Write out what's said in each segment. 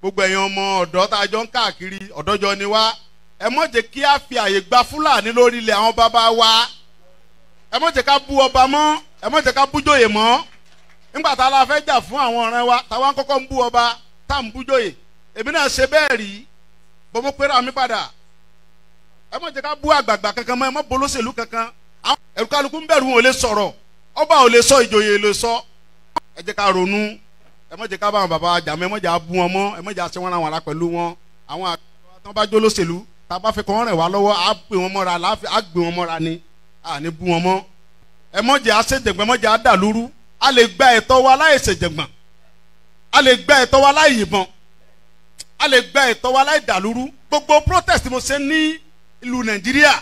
gbogbo ẹ̀yin ọmọ ọ̀dọ́ tá a jọ ń káàkiri ọ̀dọ́jọ ni wá ẹ má jẹ́ kí a fi àyè gba fúlàní lórí ilẹ̀ àwọn bàbá wa ẹ má jẹ́ ká bú ọba mọ́ ẹ má jẹ́ ká bújòyè mọ́ nígbà tá a la fẹ́ jà fún àwọn ọ̀rẹ́ wa táwa ń kọ́kọ́ ń bú ọba tá à ń bújòyè èmi náà ṣe bẹ́ẹ̀ rí bó mo pera mi padà ẹ má jẹ́ ká bú àgbààgbà kankan mọ́ ẹ má bolóṣèlú kankan ẹ̀rù kálukú ń bẹ̀rù wọn ẹ mọ̀jẹ̀ ká báwọn bàbá àjàmọ́ ẹ mọ̀jẹ̀ abú wọn mọ́ ẹ mọ̀jẹ̀ àṣẹ wọn làwọn ará pẹ̀lú wọn àwọn àtọ́ bá jó lóṣèlú tá a bá fẹ́ kọ́ wọn rẹ̀ wá lọ́wọ́ á gbé wọn mọ́ra láàfin á gbé wọn mọ́ra ni à ní bú wọn mọ́ ẹ mọ̀jẹ̀ àṣẹjẹ̀gbọ́n mọ̀jẹ̀ àdàlúrú a lè gba ẹ̀tọ́ wa láì ṣèjẹ̀gbọ́n a lè gba ẹ̀tọ́ wa láì yìnbọn a lè gba ẹ̀tọ́ wa láì dàlúrú gbogbo protest mo ṣe ní ìlú Nàìjíríà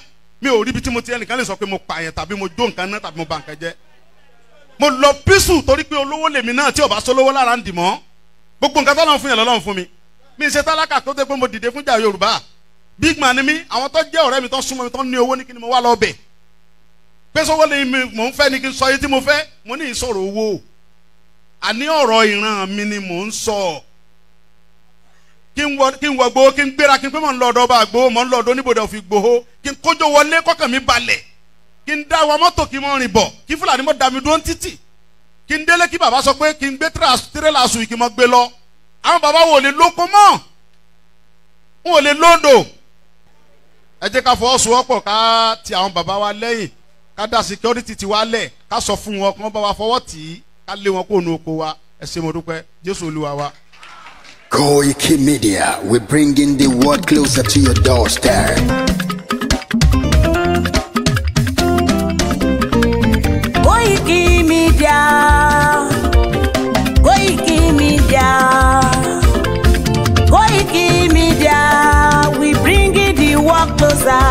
mi ò ríbi tí mo ti ẹnìkan lè sọ pé mo pààyàn tàbí mo jó nǹkan náà tàbí mo bà nǹkan jẹ́ mo lọ písù torí pé olówó lèmi náà tí ò bá sọlówó lára ń dì mọ́ gbogbo nǹkan tọ́lọ́run fún yẹn lọ́lọ́run fún mi mi ṣe tálákà tó dé pé mo dìde fún jà Yorùbá big man ni mi àwọn tó jẹ́ ọ̀rẹ́ mi tó súnmọ́ mi tó ní owó ní kí ni mo wá lọ bẹ̀ pé sọ́wọ́ ni mò ń fẹ́ ni kí n sọ yìí tí mo fẹ́ mo ní ìsọ̀rọ̀ owó àní ọ̀rọ̀ ìran mi ni mò ń sọ kí n wọ kí n wọ gbowó kí n gbéra kí n pé mò ń lọ ọ̀dọ̀ ọba àgbowó mò ń lọ ọ̀dọ̀ oníbodè òfin gbowó kí n kójó wọlé kọ́kàn mi balẹ̀ kí n dá wa mọ́tò kí n mọ́ rìn bọ̀ kí fúlàní mọ́ dàmí dúró ń títì kí n délé kí bàbá sọ pé kí n gbé tírélà sùn kí n mọ́ gbé lọ àwọn bàbá wo lè lóko mọ́ n ò lè lóńdò ẹ jẹ́ ká fọwọ́sowọ́pọ̀ ká ti àwọn bàbá wa lẹ́yìn ká dá security ti wa lẹ̀ ká sọ fún wọn kí wọ́n bá wa fọwọ́ tì í ká lé wọn kó nu oko wa ẹ ṣé mo dúpẹ́ Jésù Olúwa wa. Koiki Media, we're bringing the world closer to your doorstep. media Koiki media Koiki media we bring the work closer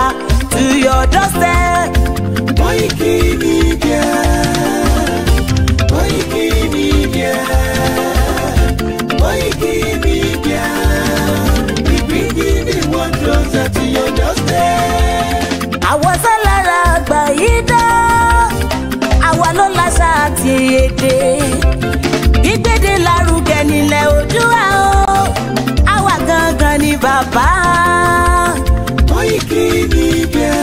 to your doorstep Koiki media ilẹ̀ Oòduà o àwa gangan ni bàbá. Koiki Media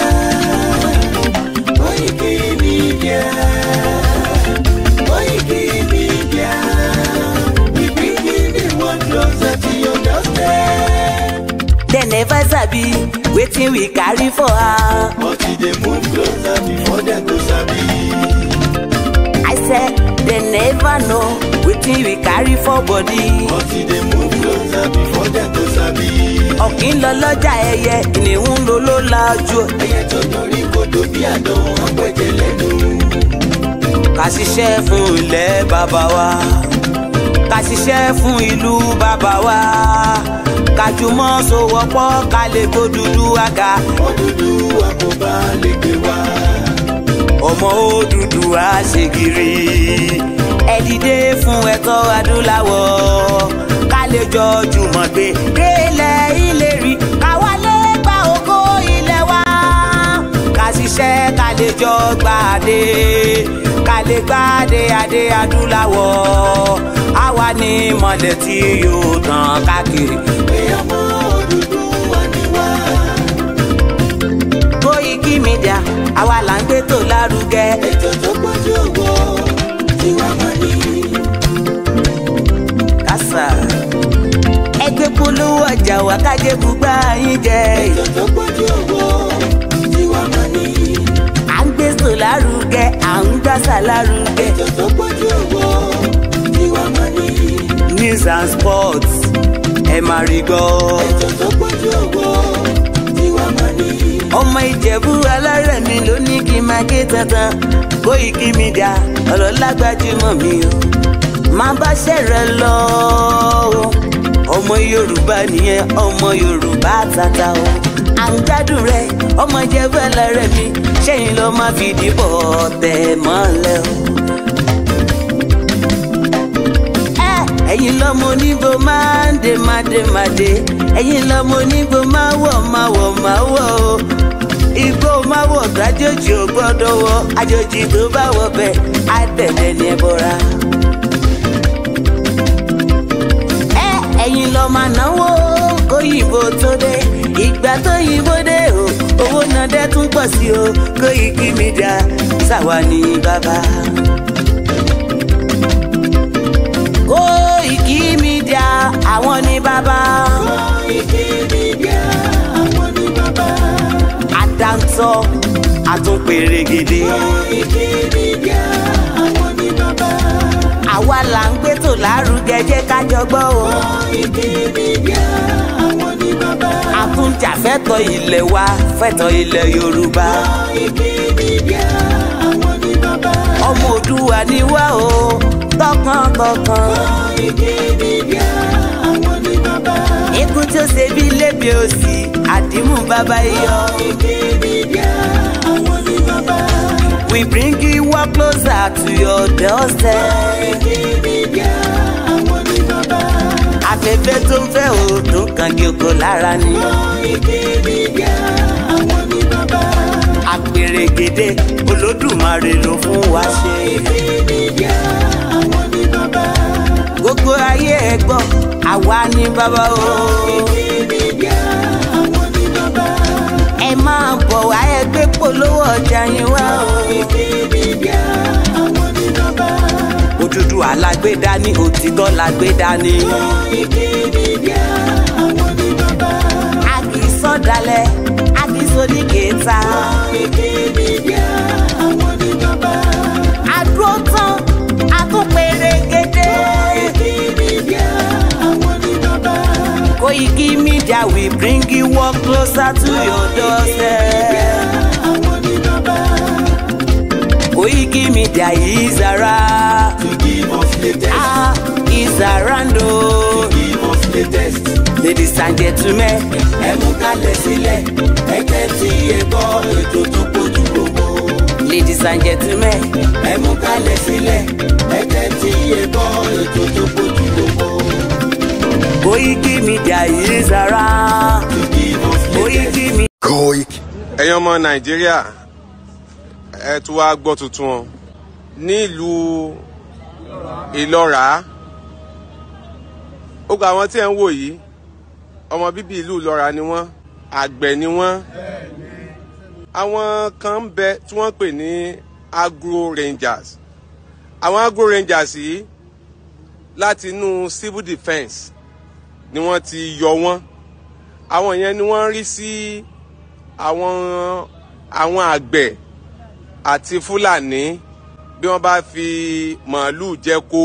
Koiki Media Koiki Media we bring you the one closer to your doorstep. dem never sabi wetin we carry for her. but e dey move closer before dem go sabi said dem never know wetin we carry for body. but e dey move closer before dem go sabi. ọ̀kìn lọ lọ́jà ẹyẹ ìníhùn ló ló la ojú. ẹyẹ tó dorí kodò bí àdán àpẹjẹ lẹ́nu. ká ṣiṣẹ́ fún ilẹ̀ bàbá wa ká ṣiṣẹ́ fún ìlú bàbá wa kájùmọ̀ sowọ́pọ̀ ká lè gbódúdú àga. ó dúdú àkóbá lè gbé wá ọmọ Odùduwà ṣègìrì ẹ dìde fún ẹ̀kọ́ adúláwọ̀ ká lè jọ jùmọ̀ gbé délẹ̀ ìlérí káwálé gba ògo ilẹ̀ wa ká ṣiṣẹ́ ká lè jọ gbàdé ká lè gbàdé adé adúláwọ̀ àwa ni mọ̀lẹ̀ tí yóò tàn káàkiri. èèyàn Media àwa là ń gbé tó lárugẹ. ètò tó pọ̀jù owó tí wọ́n mọ̀ ní. kásà. ẹgbẹ́ polówó ọjà wà kájé bùgbà yín jẹ. ètò tó pọ̀jù owó tí wọ́n mọ̀ ní. à ń gbé tó lárugẹ à ń gbàsà lárugẹ. ètò tó pọ̀jù owó tí wọ́n mọ̀ ní. news and sports ẹ máa rí gbọ́. ètò ọmọ ìjẹ̀bú alárẹ̀ mi ló ní kí n máa ké tantan Koiki Media ọ̀rọ̀ lágbájúmọ̀ mi o máa bá ṣẹ̀rẹ̀ lọ o ọmọ Yorùbá nìyẹn ọmọ Yorùbá tata o à ń gbádùn rẹ ọmọ ìjẹ̀bú alárẹ̀ mi ṣẹ́yìn ló máa fi dìbò tẹ̀ mọ́lẹ̀ o. ẹ̀yin lọ́mọ onígbò máa ń dé máa dé máa dé ẹ̀yin lọ́mọ onígbò máa wọ̀ máa wọ̀ máa wọ̀ o igbó má wọ̀ gbájòjì ò gbọ́dọ̀ wọ àjòjì tó bá wọ bẹ́ẹ̀ á tẹ̀lé ní ẹbọra. ẹ ẹ̀yin lọ máa náwó kóyìnbó tó dé ìgbà tó yìnbó dé o owó náà dẹ́ tún pọ̀ sí o kóyì kí mi dá sáwa ní bàbá. kóyì kí mi dá àwọn ní bàbá. kóyì kí mi dá dáńtọ́ àtúnpèrè gidi. Oríkìdìbíà àwọn ní bàbá. àwa là ń gbé tò lárugẹ jẹ́ ká jọgbọ́ o. Oríkìdìbíà àwọn ní bàbá. àtúnjà fẹ́tọ̀ ilẹ̀ wa fẹ́tọ̀ ilẹ̀ Yorùbá. Oríkìdìbíà àwọn ní bàbá. ọmọ Òdùwà ni wá o tọkàntọkàn. Oríkìdìbíà eégún tí ó ṣe bí lébè òsì àdìmú bàbá iyọ. We bring you closer to your doorstep afẹ́fẹ́ tó ń fẹ́ òòdùn kàngi oko lára ni. Ìkìdìbíà àwọn ní Àpèrè gèdè olódùmarè ló fún wa ṣe. Gbogbo ayé ẹ gbọ́ àwa ni bàbá o. ẹ máa bọ̀ wá ẹgbẹ́ polówó ọjà yín wá o. òdúdú alágbèdá ní òtítọ́ lágbèdá ní. àkìsọ̀dálẹ̀ àkìsọ̀díkẹ́ta. Koiki Media, we bring you work closer to your doorstep. give Media is around. To give us the test. Ah, Isarando To give us the test. Ladies and gentlemen. Ẹ mú kalẹ̀ sílẹ̀, ẹ tẹ́tí ẹ gbọ́ ètò tó kojú gbogbo. Ladies and gentlemen. Ẹ mú kalẹ̀ sílẹ̀, ẹ tẹ́tí ẹ gbọ́ ètò tó kojú gbogbo. Boy, give me around. Isara. Boy, give me. ọmọ nàìjíríà ẹ tún wá gbọ́ tuntun ọ nílùú ìlọ́ra ó gba àwọn tí ẹ̀ ń wò yìí ọmọ bíbí ìlú ìlọ́ra ni wọ́n àgbẹ̀ ni wọ́n àwọn kan ń bẹ tí wọ́n pè ní agro rangers àwọn agro rangers yìí láti inú civil defence ni wọ́n ti yọ wọ́n àwọn yẹn ni wọ́n rí sí àwọn àwọn àgbẹ̀ àti fúlàní bí wọ́n bá fi màálù jẹko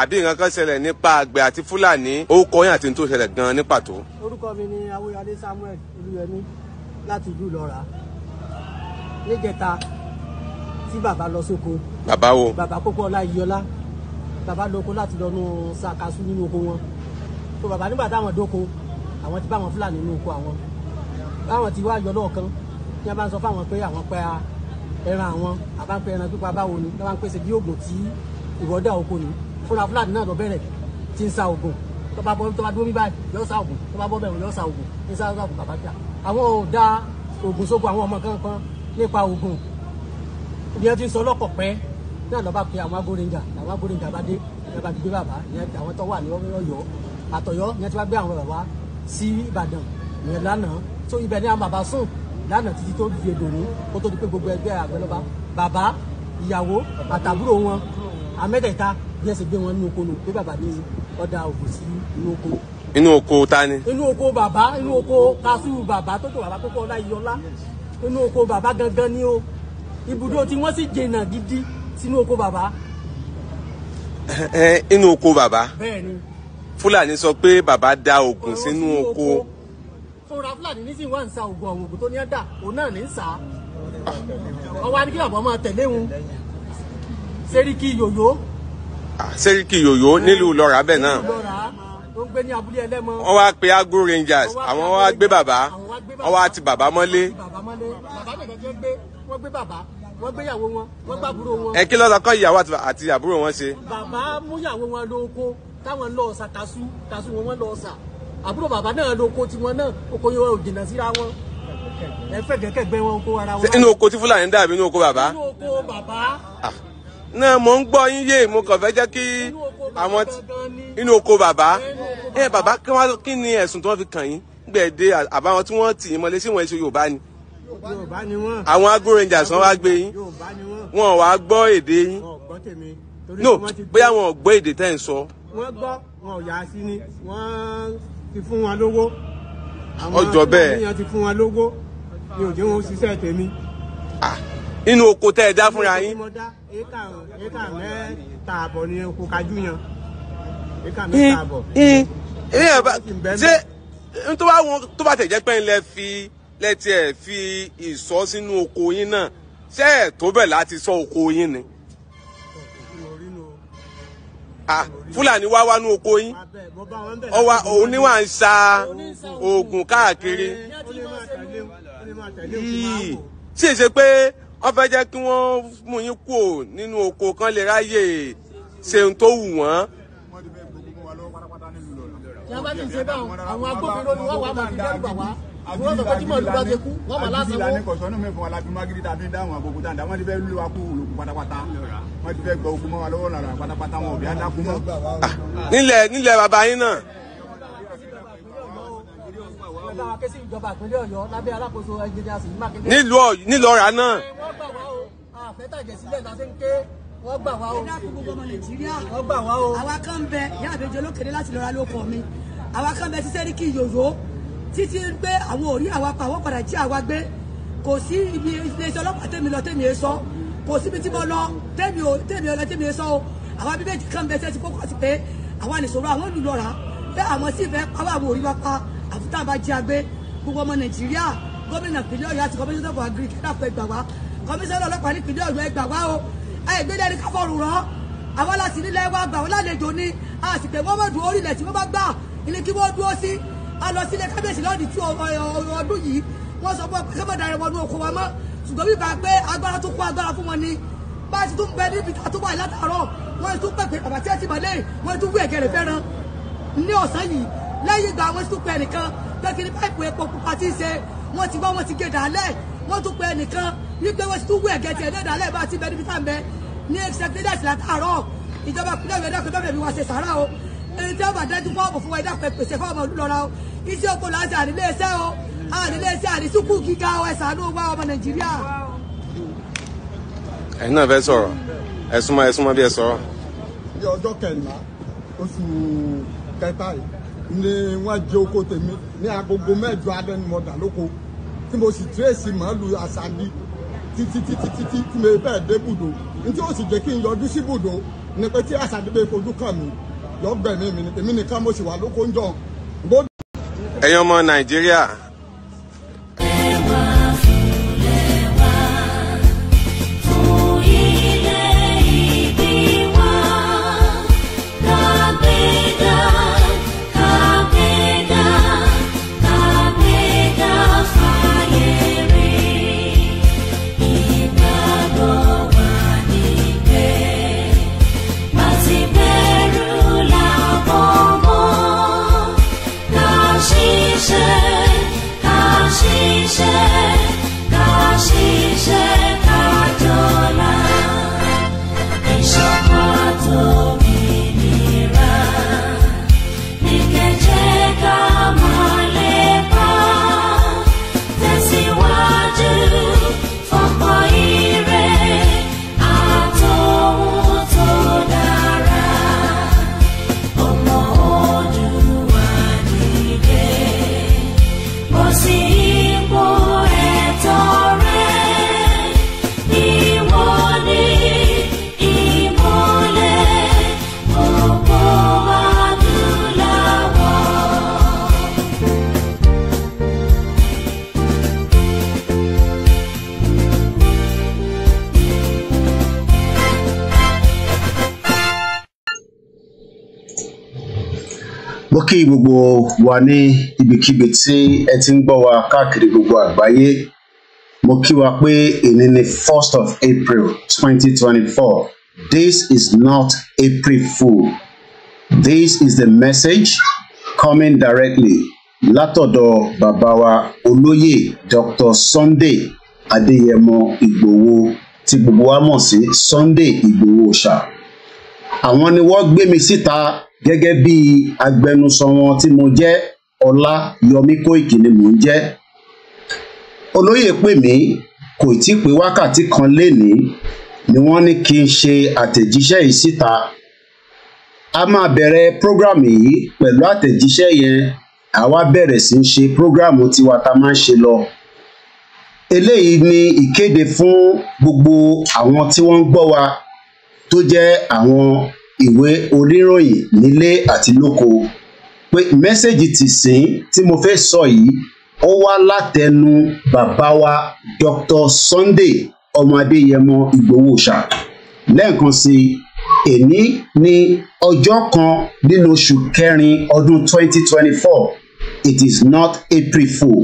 àbí nǹkan kan ṣẹlẹ̀ nípa àgbẹ̀ àti fúlàní ó kọ́ yín àti ní tó ṣẹlẹ̀ gan-an ní pàtó. orúkọ mi ni awolade samuel olúyẹmí láti ìlú ìlọra níjẹta tí bàbá lọ sóko. bàbá wo. bàbá kókó ọlá ìyọlá bàbá lọ oko láti lọ nù sàkásù nínú oko wọn so bàbá nígbà táwọn dóko àwọn ti bá àwọn fúlàní inú oko àwọn báwọn ti wá yọ lọ́ọ̀kan tí wọ́n bá ń sọ fáwọn pé àwọn pa ẹran àwọn àbápẹ́ ẹran pípa báwo ni wọ́n bá ń pèsè bí oògùn tí ìwọ́dà oko ni fúnra fúlàní náà lọ bẹ̀rẹ̀ tí ń sa oògùn tó bá bọ́ tó bá dúró bí báyìí yọ sa oògùn tó bá bọ́ bẹ̀rẹ̀ yọ sa oògùn ń sa oògùn bàbá jà àwọn ò da oògùn sóko àwọn ọmọ kankan nípa oògùn ìyẹn ti ń sọ lọ́kọ̀ pẹ́ náà lọ́ bá pe àwọn agbórinjà àwọn agbórinjà bá dé ìyẹn bá gbé bàbá ìyẹn àwọn tó wà ní Ọ̀yọ́ àtọ̀yọ́ yẹn ti wá gbé àwọn ọ̀rọ̀ wá sí ìbàdàn yẹn lánàá tó ibẹ̀ ní àwọn bàbá sùn lánàá títí tó di èdòní kó tó di pé gbogbo ẹgbẹ́ àgbẹ̀lọ́ba bàbá ìyàwó àtàbúrò wọn amẹ́tẹ̀ẹ̀ta bí ẹ sì gbé wọn nínú oko nù pé bàbá ní ọ̀dà òkú sí inú oko. inú oko ta ni. inú oko bàbá inú oko kasu bàbá tó tó bàbá kókó ọlá ìyọlá inú oko bàbá gangan ni o ibùdó tí wọ́n sì jìnnà gidi sínú oko bàbá. Eh, inú oko bàbá. bẹ́ẹ̀ni fúlàní sọ pé bàbá da oògùn sínú oko. fúnra fúlàní ní sì wá ń sa oògùn àwọn oògùn tó ní ẹ dà òun náà ní sá ọwọ́ adigun àbọ̀ máa tẹ̀lé wọn sẹ́ríkì yòyó. sẹ́ríkì yòyó nílùú lọ́ra bẹ́ẹ̀ náà. wọ́n wá pe agro rangers àwọn wá gbé bàbá wọ́n wá ti bàbá mọ́lé. bàbá nìkan jẹ́ gbé wọ́n gbé bàbá wọ́n gbéyàwó wọn wọ́n gbàbúrò wọn. ẹ kí lọ́dọ̀ kọ́ ìyàwó àti àbúrò wọn ṣe. bàbá múyàwó wọn lóko táwọn lọ ọ̀sà tasú tasú wọn wọn lọ ọ̀sà àbúrò bàbá náà lóko tiwọn náà oko yẹn ò jìnnà síra wọn ẹ fẹ́ gẹ́gẹ́gbẹ́ wọn kó ara wọn. inú oko tí fúlàní ń dàbí inú oko bàbá. inú oko bàbá. Ah, náà mò ń gbọ́ yín yé mo kàn fẹ́ jẹ́ kí àwọn inú oko bàbá. ẹ bàbá kí ni ẹ̀sùn tí wọ́n fi kàn yín gbẹ̀dẹ̀ àbáwọn tí wọ́n tì yín mọ́lé sí wọn èso yorùbá ni. yorùbá ni wọ́n. àwọn agro wá gbé yín. wọn ò wá gbọ́ èdè yín. no bóyá wọn ò gbọ́ èdè tẹ́ ń sọ wọ́n gbọ́ wọn ò yá sí ni wọ́n ti fún wọn lówó ọjọ́ bẹ́ẹ̀ àwọn èèyàn ti fún wọn lówó ni òjò wọn ṣiṣẹ́ tèmi. inú oko tẹ́ ẹ dá fúnra yín. éka éka mẹ́ta àbọ̀ ni oko kájú yan éka mẹ́ta àbọ̀. ṣé n tó bá wọn tó bá tẹ̀ jẹ́ pé ńlẹ̀ fi lẹ́tì ẹ̀ fi ìsọ sínú oko yín náà ṣé ẹ̀ tó bẹ̀ láti sọ oko yín ni fúlàní wá wánú oko yín ọwá òun ni wà ń sa oògùn káàkiri yìí sì ṣe pé wọ́n fẹ́ jẹ́ kí wọ́n mú yín kúò nínú oko kan lè ráyè ṣe tó wù wọ́n tí bá ti ṣe báwọn àwọn agbófinró ni wọ́n wà á máa fi dẹ́rù bà wá wọ́n sọ pé tí màálù bá ti kú wọ́n mà lásanwó. àbíbí ìlànà ìkọ̀sọ́ náà mẹ́fọ̀ọ́ la fi mágírí tàbí dáhùn àgbòkú dáadáa wọ́n ti fẹ́ lu akú olùkú pátápátá wọ́n ti fẹ́ gbọ́ okú mọ́ wa lọ́wọ́ lára pátápátá wọn ò bí adákú mọ́. nílẹ̀ nílẹ̀ bàbá yín náà. nílùú ọ̀rá náà. wọ́n gbà wá o. ẹ̀dá kú gbogbo ọmọ nàìjíríà. wọ́n gbà wá o. àwa kan bẹ yáàbẹ̀jọ lókèrè láti lọ́ra lóko mi àwa kan bẹ sísẹ́ríkì yòyó títí gbé àwọn òrí àwa pa àwọn padà jí àwa gbé kò sí ibi iléeṣẹ́ ọlọ́pàá tèmi lọ tèmi sọ kò síbi tí mo lọ tèmi ò tèmi ò lọ tèmi sọ o àwa bíbẹ́ kan bẹ sẹ́sì kókó sí pé àwa lè sọ̀rọ̀ àwọn olùlọ́ra bẹ́ẹ̀ àwọn sì bẹ́ẹ̀ pa àwọn òrí wa pa àfúntà bá jí agbé gbogbo ọmọ nàìjíríà gómìnà ìpínlẹ̀ ọ̀yọ́ àti kọmíṣánná ọ̀gbọ̀n agiri kẹ́dàpọ̀ ẹgbà wá kọmíṣánná ọlọ́pàá ní ìpínlẹ̀ ọ̀yọ́ ẹgbà wá o ẹgbẹ́dẹ́ ní káfọ́ọ̀rù rán àwọn aláṣìírí lẹ́wọ́ àgbà wọn lálejò ni àsìkò ìwọ́n mọ̀ dùn orílẹ̀ tí wọ́n bá gbà ilé kí wọ́n dúró sí a kábíyèsí lọ́ọ̀dì tí eh, ọdún yìí wọ́n sọ fún ọ pé kí wọ́n oko wa mọ́ ṣùgbọ́n bí pé agbára tó kó agbára fún wọn ni bá a ti tún bẹ níbi tá a tún wà látàárọ̀ tún pè bàbá tí ẹ ti mọ̀ lé wọ́n tún wú ẹ̀gẹ̀rẹ̀ fẹ́ràn ní ọ̀sán yìí lẹ́yìn ìgbà wọ́n tún pè ẹnìkan pé kí ni páìpù epo pupa ti ṣe wọ́n ti wọ́n wọ́n ti gé dàálẹ̀ wọ́n tún pè ẹnìkan wípé wọ́n ti tún wú ẹ̀gẹ̀ tiẹ̀ ní dàálẹ̀ bá a ti bẹ níbi tá a bẹ ní secretariat látàárọ̀ ìjọba ìpínlẹ̀ ẹni tí wọ́n bá dájú fọ́ọ̀mù fún wa ẹ̀dá pẹ̀ pèsè fọ́ọ̀mù olùlọ́ra o iṣẹ́ oko là ń ṣe àdílé iṣẹ́ o àdílé iṣẹ́ àdísùkú gíga o ẹ̀sánú wa ọmọ nàìjíríà. ẹ̀yin náà fẹ́ sọ̀rọ̀ ẹ súnmọ́ ẹ súnmọ́ bí ẹ sọ̀rọ̀. bí ọjọ́ kẹrìnlá oṣù kẹta yìí ni wọ́n jẹ oko tèmi ní agogo mẹ́jọ alẹ́ ni mo dà lóko tí mo sì tírèsì màálù àṣàlì títí títí tí mo bẹ́ẹ̀ dé bùdó ní tí ó sì jẹ́ kí n yọjú sí bùdó ni pé tí àṣàlì fojú kàn mí lọ́gbẹ̀mí mi ni èmi nìkan mo sì wà lóko ń jọ. ẹ̀yin ọmọ nàìjíríà kí gbogbo wa ní ibikíbi tí ẹ ti ń gbọ́ wa káàkiri gbogbo àgbáyé mo kí wa pé èní ni first of April twenty twenty four this is not April fool this is the message coming directly látọ̀dọ̀ bàbá wa olóyè Dr. Sunday Adéyẹmọ Ìgbòho tí gbogbo wa mọ̀ sí Sunday Ìgbòho ṣá àwọn ni wọ́n gbé mi síta gẹ́gẹ́ bí agbẹnusọ wọn tí mo jẹ́ Ọláyọmí Kóìkì ni mò ń jẹ́ olóyè pè mí kò tí ì pé wákàtí kan lénìí ni wọ́n ní kí n ṣe àtẹ̀jíṣẹ́ yìí síta a máa bẹ̀rẹ̀ prógrámù yìí pẹ̀lú àtẹ̀jíṣẹ́ yẹn àwa bẹ̀rẹ̀ sí í ṣe prógrámù tiwa tá máa ń ṣe lọ eléyìí ni ìkéde fún gbogbo àwọn tí wọ́n ń gbọ́ wa tó jẹ́ àwọn ìwé oníròyìn nílé àti lóko pé mẹ́sẹ̀gì tìsín tí mo fẹ́ sọ yìí ó wá látẹnu bàbá wa Dr. Sunday ọmọ Adéyẹmọ Ìgbòho-ṣà lẹ́ẹ̀kan sí i èní ní ọjọ́ kan nínú oṣù kẹrin ọdún 2024 it is not April fool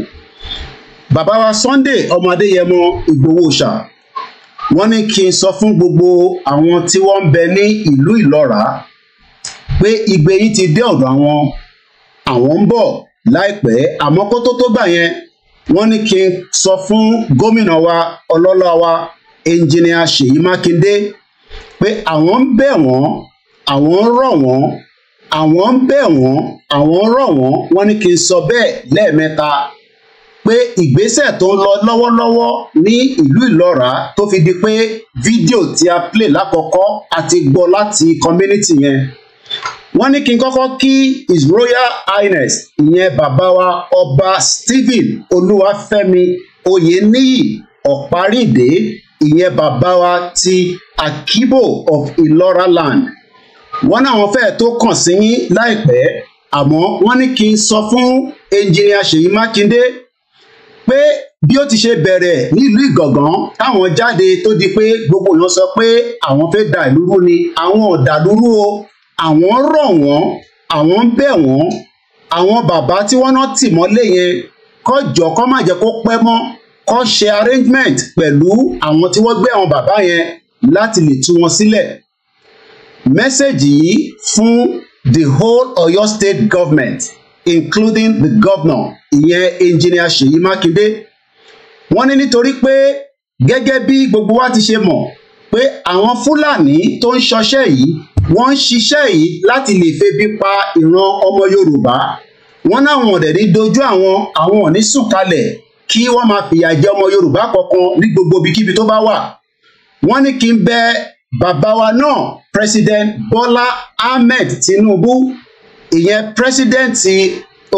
bàbá wa Sunday ọmọ Adéyẹmọ ìgbòho wọ́n ní kí n sọ fún gbogbo àwọn tí wọ́n ń bẹ ní ìlú ìlọ́ra pé igbe yìí ti dé ọ̀dọ̀ àwọn àwọn ń bọ̀ láìpẹ́ àmọ́ kó tó tó gbà yẹn wọ́n ní kí n sọ fún gómìnà wa ọlọ́lá wa ẹnjìnìà Ṣèyí Mákindé pé àwọn ń bẹ̀ wọ́n àwọn ń rọ̀ wọ́n àwọn ń bẹ̀ wọ́n àwọn ń rọ̀ wọ́n wọ́n ní kí n sọ bẹ́ẹ̀ lẹ́ẹ̀mẹ́ta pé ìgbésẹ̀ tó ń lọ lọ́wọ́lọ́wọ́ ní ìlú ìlọ́ra tó fi di pé fídíò tí a play lákọ̀ọ́kọ́ àti gbọ́ láti community yẹn wọ́n ní kí n kọ́kọ́ kí his royal highness ìyẹn bàbá wa ọba stephen olúwafẹ́mi oyeniyi ọ̀párìndé ìyẹn bàbá wa ti akibo of ìlọ́ra land wọ́n náà wọ́n fẹ́ẹ̀ tó kàn sí yín láìpẹ́ àmọ́ wọ́n ní kí n sọ fún engineer ṣèyí mákindé pé bí ó ti ṣe bẹ̀rẹ̀ nílùú Ìgàngán táwọn jáde tó di pé gbogbo èèyàn sọ pé àwọn fẹ́ da ìlú rú ni àwọn ò dà ìlú rú o àwọn rọ̀ wọ́n àwọn ń bẹ̀ wọ́n àwọn bàbá tí wọ́n náà tì mọ́lé yẹn kó jọ kó má jẹ́ kó pẹ́ mọ́ kó ṣe arrangement pẹ̀lú àwọn tí wọ́n gbé àwọn bàbá yẹn láti lè tú wọn sílẹ̀ mẹ́sẹ̀gì yìí fún the whole Ọ̀yọ́ state government including the governor ìyẹn engineer Ṣèyí Mákindé wọ́n ní nítorí pé gẹ́gẹ́ bí gbogbo wa ti ṣe mọ̀ pé àwọn Fúlàní tó ń ṣọṣẹ́ yìí wọ́n ń ṣiṣẹ́ yìí láti lè febi pa ìran ọmọ Yorùbá wọ́n náwọn ọ̀dẹ̀ ní dojú àwọn àwọn ò ní sùn kalẹ̀ kí wọ́n máa fìyà jẹ ọmọ Yorùbá kankan ní gbogbo ibikíbi tó bá wà wọ́n ní kí n bẹ̀ bàbá wa náà President Bola Ahmed Tinubu ìyẹn pírẹsidẹ́ǹtì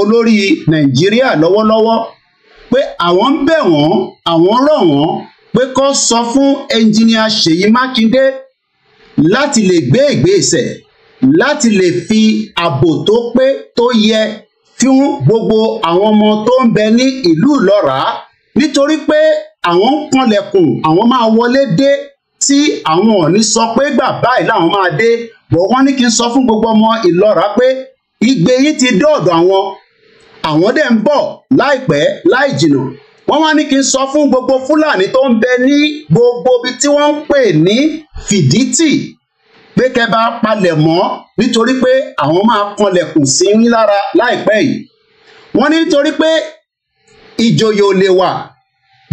olórí nàìjíríà lọ́wọ́lọ́wọ́ pé àwọn ń bẹ̀ wọ́n àwọn rọ̀ wọ́n pé kó sọ fún ẹnjìníà Ṣèyí Mákindé láti lè gbé ìgbésẹ̀ láti lè fi ààbò tó pé tó yẹ fún gbogbo àwọn ọmọ tó ń bẹ ní ìlú ìlọ́ra nítorí pé àwọn ń kanlẹ̀kùn àwọn máa wọlé dé tí àwọn ò ní sọ pé gbà báyìí làwọn máa dé bọ̀ wọ́n ní kí n sọ fún gbogbo ọmọ ìlọ́ra pé igbe yín ti dọ́ọ̀dọ̀ àwọn àwọn dẹ̀ ń bọ̀ láìpẹ́ láì jìnnà wọ́n wá ní kí n sọ fún gbogbo fúlàní tó ń bẹ ní gbogbo ibi tí wọ́n ń pè ní fìdítì pé kẹ́ bá palẹ̀ mọ́ nítorí pé àwọn máa kanlẹ̀kùn sí yín lára láìpẹ́ yìí wọ́n ní nítorí pé ìjòyè ò lè wà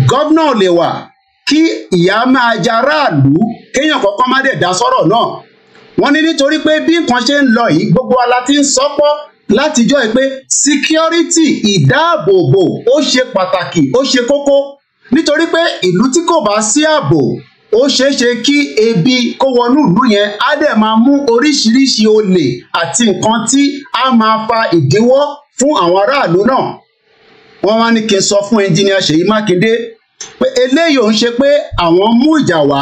gọ́vnà ò lè wà kí ìyá máa jẹ kéèyàn kọ́kọ́ má dẹ̀ dá sọ́rọ̀ náà wọ́n ní nítorí pé bí nǹkan ṣe ń lọ yìí gbogbo ala ti ń sọpọ látijọ́ ẹ pé security ìdáàbòbò ó ṣe pàtàkì ó ṣe kókó nítorí pé ìlú tí kò bá sí ààbò ó ṣeé ṣe kí ebi kó wọnú ìlú yẹn á dẹ̀ máa mú oríṣiríṣi olè àti nǹkan tí á máa fa ìdíwọ́ fún àwọn aráàlú náà wọ́n wá ní kí n sọ fún ẹnjíníà Ṣèyí Mákindé pé eléyìí ò ń ṣe pé àwọn mú ìjà wá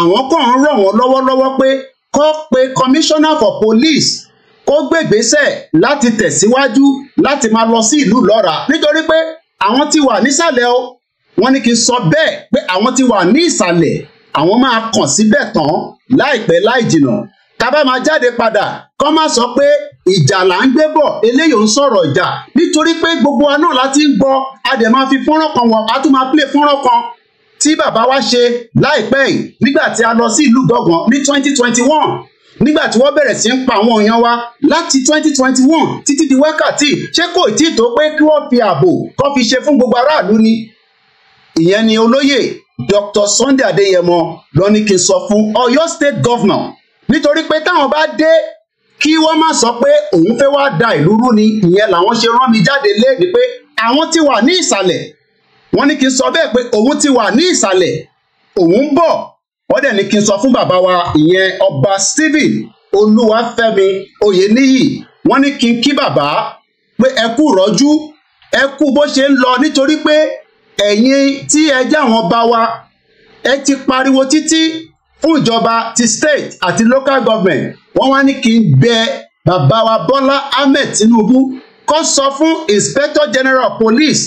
àwọn kàn ń ràn wọ́n lọ́wọ́lọ́wọ́ pé kó pe commissioner for police kó gbègbésẹ̀ láti tẹ̀síwájú láti máa lọ sí ìlú lọ́ra nítorí pé àwọn ti wà nísàlẹ̀ o wọ́n ní kí n sọ bẹ́ẹ̀ pé àwọn ti wà ní ìsàlẹ̀ àwọn máa kàn síbẹ̀ tán láìpẹ́ láì jìnà tábà máa jáde padà kọ́ máa sọ pé ìjà là ń gbé bọ̀ eléyìí ò ń sọ̀rọ̀ ìjà nítorí pé gbogbo wa náà láti ń gbọ́ a dẹ̀ máa fi fọ́nrán kan wọ̀ a tún máa plé fọ́nrán kan tí bàbá wa ṣe láìpẹ́ yìí nígbà tí a lọ sí ìlú Gangan ní twenty twenty one nígbà tí wọ́n bẹ̀rẹ̀ sí ń pa àwọn èèyàn wa láti twenty twenty one títí di wákàtí ṣé kò tí tó pé kí wọ́n fi ààbò kan fi ṣe fún gbogbo aráàlú ni ìyẹn ni olóyè Dr. Sunday Adeyemo. ló ní kí n sọ fún Ọ̀yọ́ state governor nítorí pé táwọn bá dé kí wọ́n má sọ pé òun fẹ́ wá da ìlú rú ni ìyẹn làwọn ṣe rán mi jáde léèdí pé àwọn ti wà ní ìsàlẹ̀ wọ́n ní kí n sọ bẹ́ẹ̀ pé òun ti wà ní ìsàlẹ̀ òun ń bọ̀ wọ́n dẹ̀ ní kí n sọ fún bàbá wa ìyẹn ọba Stephen Olúwafẹ́mi Oyèníyì wọ́n ní kí n kí bàbá pé ẹ kú rọ́jú ẹ kú bó ṣe ń lọ nítorí pé ẹ̀yin tí ẹ jẹ́ àwọn ọba wa ẹ ti pariwo títí fún ìjọba ti state àti local government wọ́n wá ní kí n bẹ bàbá wa Bọ́lá Ahmed Tinubu kó sọ fún inspector general police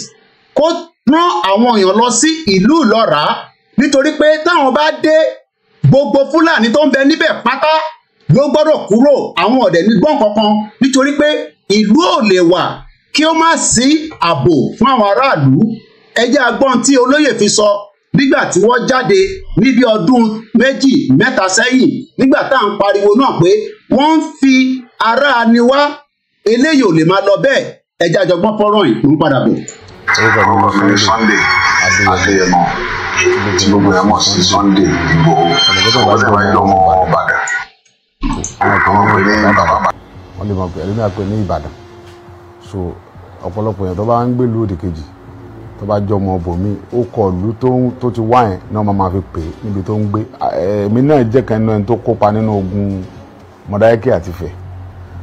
kó rán àwọn èèyàn lọ sí ìlú ìlọ́ra nítorí pé táwọn bá dé gbogbo fúlàní tó ń bẹ níbẹ̀ pátá ló gbọ́dọ̀ kúrò àwọn ọ̀dẹ̀ ní gbọ́n kankan nítorí pé ìlú ò lè wà kí ó má sí ààbò fún àwọn aráàlú ẹjẹ́ agbọ́n tí olóyè fi sọ nígbà tí wọ́n jáde níbi ọdún méjì mẹ́ta sẹ́yìn nígbà tá à ń pariwo náà pé wọ́n ń fi ara ni wá eléyìí ò lè máa lọ bẹ́ẹ̀ ẹjẹ́ àjọgbọ́n fọ́rọ̀ yìí ń padà bọ̀ orúkọ mi ni Sunday Adéyẹmọ tí gbogbo ẹ̀ mọ̀ sí Sunday Ìgbòho wọ́n lè máa yọ ọmọ Ìbàdàn wọ́n lè máa pè ẹlẹ́mìí àpè ní Ìbàdàn so ọ̀pọ̀lọpọ̀ èèyàn tó bá ń gbé lóde kejì tó bá jọ ọmọ ọbọ mi ó kọ ìlú tó ti wá yẹn náà máa fi pè é níbi tó ń gbé èmi náà jẹ́ kan náà tó kópa nínú ogun Mọdákẹ́kẹ́ àti Ifẹ̀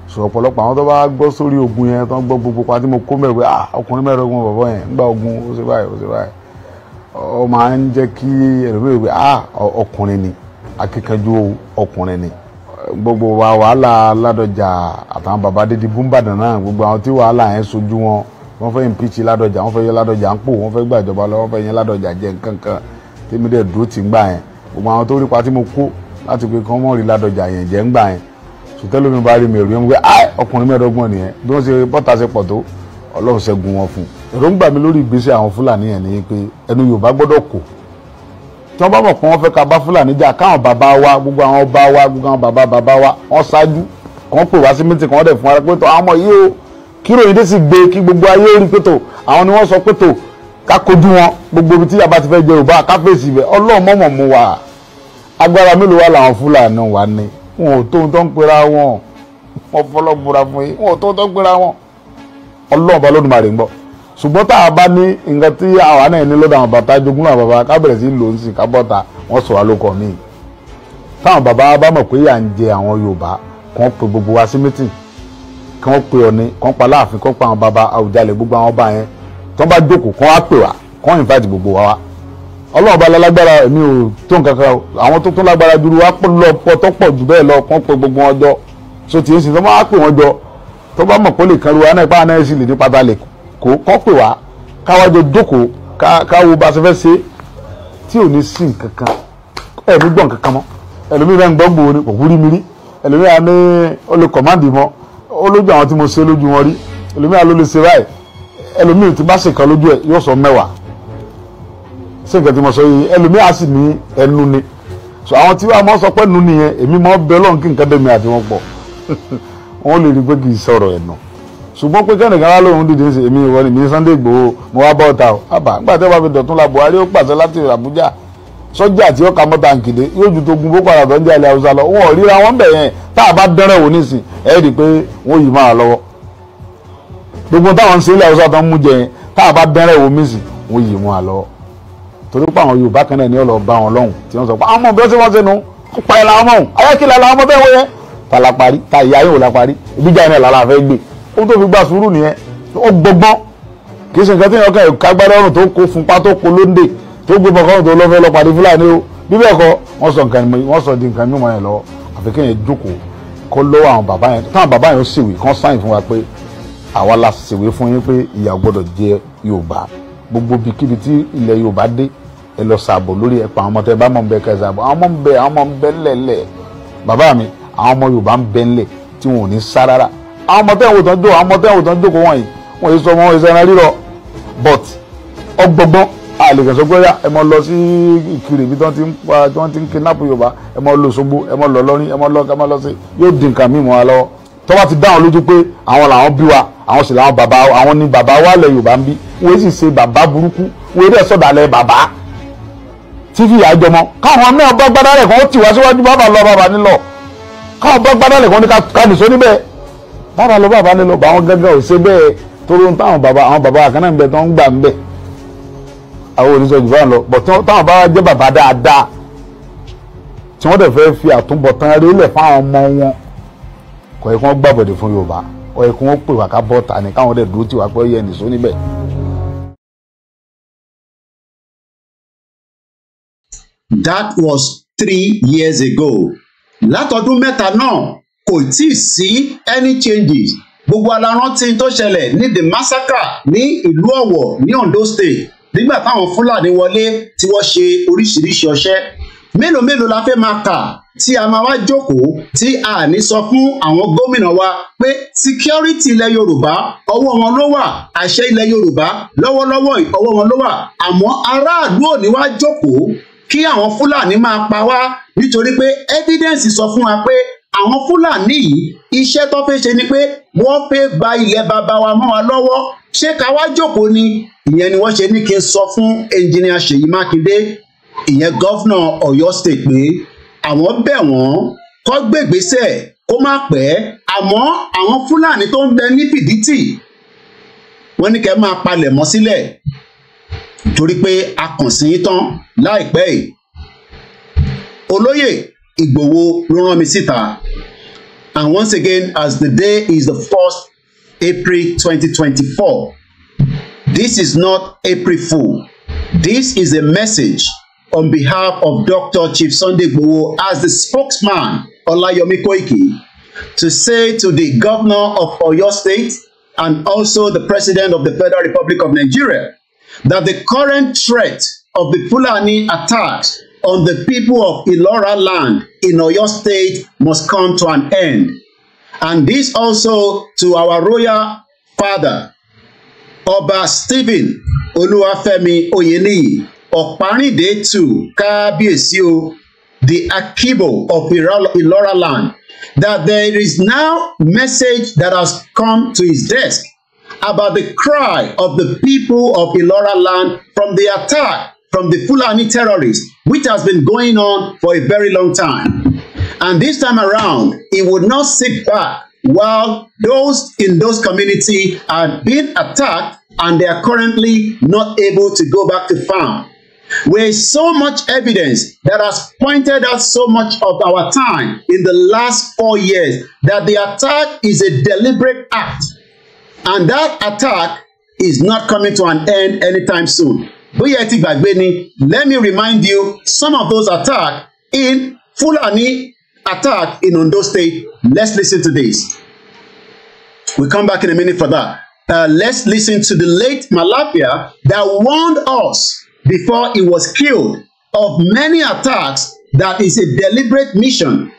so ọ̀pọ̀lọpọ̀ àwọn tó bá gbọ́ sórí ogun yẹn tó ń gbọ́ gbogbo pa tí mo kó mẹ́rin ah ọkùnrin mẹ́ẹ̀ẹ́dọ́gbọ̀n bàbá yẹn ń gba ogun ó ṣe báyìí ó ṣe báyìí ó máa ń jẹ́ kí ẹlòmíràn pé ah ọkùnrin ni akíkanjú ọkùnrin ni gbogbo wa wàhálà ládọjà àtàwọn bàbá dídí búmbàdàn náà gbogbo àwọn tí wàhálà yẹn sojú wọn wọ́n fẹ́ impeach ládọjà wọ́n fẹ́ yẹ ládọjà ń pò wọ́n fẹ́ gbàjọba lọ wọ́n fẹ́ yẹ ládọjà jẹ nǹkankan tèmi dẹ̀ dúró tì ń gbà yẹn gbogbo àwọn tó rí pa tí mo kó láti pé kí wọ́n rí ládọjà yẹn jẹ́ ń gbà yẹn sùtẹ́lómi bá rí mi èrò yẹn mo gbé ah ọkùnrin mẹ́ẹ̀ẹ́dọ́gbọ̀n nìyẹn bí wọ́n ṣe bọ́ta ṣe pọ̀ tó ọlọ́run ṣẹ́gun wọn fún èròǹgbà mi lórí ìgbésẹ̀ àwọn fúlàní yẹn ni pé ẹnu yorùbá gbọ́dọ̀ kò tí wọ́n bá mọ̀ pé wọ́n fẹ́ ka bá fúlàní jà káwọn bàbá wa gbogbo àwọn bá wa gbogbo àwọn bàbá bàbá wa wọ́n ṣáájú kàn pè wá sí mítìn kàn dẹ̀ fún ara pé tó àwọn ọmọ yìí o kí ròyìn dé sì gbé kí gbogbo ayé rí pé tó àwọn ni wọ́n wọn ò tó ń tán pera wọn wọn fọlọ́ búra fún yín wọn ò tó ń tán pera wọn ọlọ́run bá lọ́dún máa rè ń bọ̀ ṣùgbọ́n tá a bá ní nǹkan tí àwa náà ní lọ́dọ̀ àwọn bàtà jogún náà bàbá ká bẹ̀rẹ̀ sí lò ń sìn ká bọ́ta wọ́n sọ̀rọ̀ lóko míì táwọn bàbá bá mọ̀ pé yà ń jẹ àwọn Yorùbá kàn pé gbogbo wa sí mítìn kàn pé Ọọ̀ni kàn pa láàfin kàn pa àwọn bàbá Àwùjalẹ̀ gbogbo àwọn ọba yẹn tó bá jókòó kàn á pè wá kàn invite gbogbo wa wá ọlọ́run bá lálágbára èmi ò tó nǹkan kan àwọn tó tún lágbára dúró wá pọ̀ lọ pọ̀ tó pọ̀ jù bẹ́ẹ̀ lọ kán pé gbogbo wọn jọ so tìyẹn sì tó máa pè wọn jọ tó bá mọ̀ pé lè kan ruwa náà ipá náà sì lè ní pátá lè kó kọ́ pè wá káwájọ jókòó káwo bá a ṣe fẹ́ ṣe tí ò ní sí nǹkan ẹ̀mí gbọ̀n kankan mọ́ ẹlòmíì bá ń gbọ́n gbòó ni kò wúrí mi rí ẹlòmíì á ní olùkọ̀mándì mọ́ olójú àwọn tí mo ṣe lójú wọn rí ẹlòmíì á ló lè ṣe báyìí sí nǹkan tí mo sọ yìí ẹlòmíà sì ní ẹnu ni so àwọn tí wàá mọ sọ pé ẹnu nìyẹn èmi mọ bẹ Ọlọ́run kí nǹkan bẹ̀mí àti wọn pọ̀ wọn lè rí pé kì í sọ̀rọ̀ ẹ̀nà ṣùgbọ́n pé kẹ́nìkan wá lóun dìde ṣe èmi ìwọ ni mi Sunday Igboho mo wá bọ́ ọ̀tá o àbá ah, nígbà tí wọ́n bá fi dọ̀tún la Buhari ó pàṣẹ láti Àbújá sọ́jà tí ó ka mọ́ta nkìdé yóò ju togun boko haram tó ń jẹ́ haúsá lọ wọn ò ríra wọn bẹ̀ yẹn tá a bá dẹ́rẹ̀ wò nísìn ẹ̀ rí i pé wọ́n yìí máa lọ́wọ́ gbogbo táwọn ń ṣe haúsá tó mú jẹ yẹn tá a bá dẹ́rẹ̀ wò nísìn wọ́n yìí máa lọ́wọ́ torí pé àwọn Yorùbá kan náà ni ọlọ bá wọn lọ́hùn tí wọ́n sọ pé àwọn ọmọ bí wọ́n ṣe wọ́n ṣe nu pa ẹ̀ làwọn ọmọ ọ̀hún ayákìlá làwọn ọmọ bẹ́ẹ̀ wọ́yẹ ta la parí ta ìyá yóò la parí ìbíjà iná làlá fẹ́ gbé ó tó fi gba sùúrù nìyẹn ó gbọgbọ́n kì í ṣe nǹkan tí yẹn kàn yóò kágbára ọrùn tó kó funpa tó kó lóńdè tó gbé bọ̀kọ́rùn tó lọ́fẹ́ lọ pàdé fúlàní o bí bẹ́ẹ̀ kọ́ wọ́n sọ nǹkan wọ́n sọ di nǹkan mímọ́ yẹn lọ́wọ́ àfi kéèyàn jókòó kó lọ́wọ́ àwọn bàbá yẹn táwọn bàbá yẹn ó ṣèwé kán sáyìn fún wa pé àwa la ṣèwé gbogbo ibikíbi tí ilẹ̀ Yorùbá dé ẹ lọ ṣàbò lórí ẹ̀pà àwọn ọmọ tẹ bá mọ̀ ń bẹ ká ṣàbò àwọn ọmọ ń bẹ àwọn ọmọ ń bẹ ńlẹ̀ńlẹ̀ bàbá mi àwọn ọmọ Yorùbá ń bẹ ńlẹ̀ tí wọn ò ní sá rárá àwọn ọmọ tẹ́wọ̀n tán jó àwọn ọmọ tẹ́wọ̀n tán jókòó wọ̀nyí wọn yìí sọ ọmọ wọn ìṣẹ́ran rírọ but ọgbọgbọ́n àlèkàn sọ pé ẹ mọ lọ sí Ìkirè ibi tí wọ́n ti ń kidnap Yorùbá ẹ mọ lọ Òṣogbo ẹ mọ lọ lọ́rin ẹ mọ lọ sí yóò di nǹkan mímọ́ wa lọ́wọ́ tó bá ti dá wọn lójú pé àwọn làwọn bí wa àwọn sì làwọn bàbá àwọn ni bàbá wa lẹ Yorùbá ń bí wọ́n sì ṣe bàbá burúkú wọ́n dẹ̀ sọ̀dàlẹ̀ bàbá tí fìyà jọmọ káwọn náà bá gbádá rẹ̀ kan ó tì wá síwájú bàbá lọ bàbá nílọ káwọn bá gbádá rẹ̀ kan ní ká nìṣó níbẹ̀ bàbá lọ bàbá nílọ bàwọn gángan ò ṣe bẹ́ẹ̀ torí ohun táwọn bàbá àwọn bàbá àkànnà ń bẹ tó ń gbà ń bẹ̀ àwọn oníṣẹ́ jù fáwọn lọ bọ̀ táwọn bá jẹ́ bàbá dáadáa tí wọ́n dẹ̀ fẹ́ fi àtúbọ̀tán rélẹ̀ fáwọn ọmọ wọn kọ̀ ẹ̀kún gbàbọ̀dẹ̀ fún yorùbá ọ̀ ẹ̀kún pè wá ká bọ́ta ni káwọn dẹ̀ dúró tiwa pé ó yẹ nìṣó níbẹ̀. That was three years ago. látọdún mẹ́ta náà kò tí ì sí any changes gbogbo alárántí tó ṣẹlẹ̀ ní the massacre ní ìlú Ọ̀wọ̀ ní Ondo State nígbà táwọn Fúlàní wọlé tí wọ́n ṣe oríṣiríṣi ọṣẹ́ mélòó mélòó la fẹ́ máa kà tí a máa wá jókòó tí a ní sọ fún àwọn gómìnà wa pé security ilẹ̀ Yorùbá ọwọ́ wọn ló wà àṣẹ ilẹ̀ Yorùbá lọ́wọ́lọ́wọ́ ọwọ́ wọn ló wà àmọ́ aráàlú ò ní wá jókòó kí àwọn Fúlàní máa pa wá nítorí pé evidence sọ fún wa pé àwọn Fúlàní yìí iṣẹ́ tó fẹ́ ṣe ni pé wọ́n fẹ́ ba ilẹ̀ bàbá wa mọ́ wa lọ́wọ́ ṣé ká jókòó ni ìyẹn ni wọ́n ṣe ní kí n sọ fún ẹnjìnìà Ṣèyí Mákindé ìyẹn gọ́fúnà Ọ̀yọ́ state pé àwọn bẹ̀ wọ́n kó gbègbésẹ̀ kó má pẹ́ àmọ́ àwọn Fúlàní tó ń bẹ ní Fìdítì wọ́n ní kẹ́ máa palẹ̀ mọ́ sílẹ̀ torí pé a kàn sí tán láìpẹ́ yìí olóyè Ìgbòho ló rán mi síta and once again as the day is the first April 2024 this is not April fool this is a message on behalf of Dr. Chief Sunday Gbowo as the spokesman Olayomi Koiki to say to the governor of Oyo State and also the president of the Federal Republic of Nigeria that the current threat of the Fulani attacks on the people of Ilora land in Oyo State must come to an end. And this also to our royal father, Oba Stephen Oluwafemi Oyeniyi, ọ̀párìndé tù kábíyèsí o the akibo of Ilora land that there is now message that has come to his desk about the cry of the people of Ilora land from the attack from the Fulani terrorists, which has been going on for a very long time. And this time around, he would not sit back while those in those community are being attacked and they are currently not able to go back to farm with so much evidence that has pointed out so much of our time in the last four years that the attack is a deliberate act. And that attack is not coming to an end anytime soon. Bóyá ẹ ti gbàgbé ni, let me remind you some of those attack in Fulani attack in Ondo State. Let's listen to this. We come back in a minute for that. Uh, let's listen to the late Malapia that warned us before he was killed of many attacks that is a deliberate mission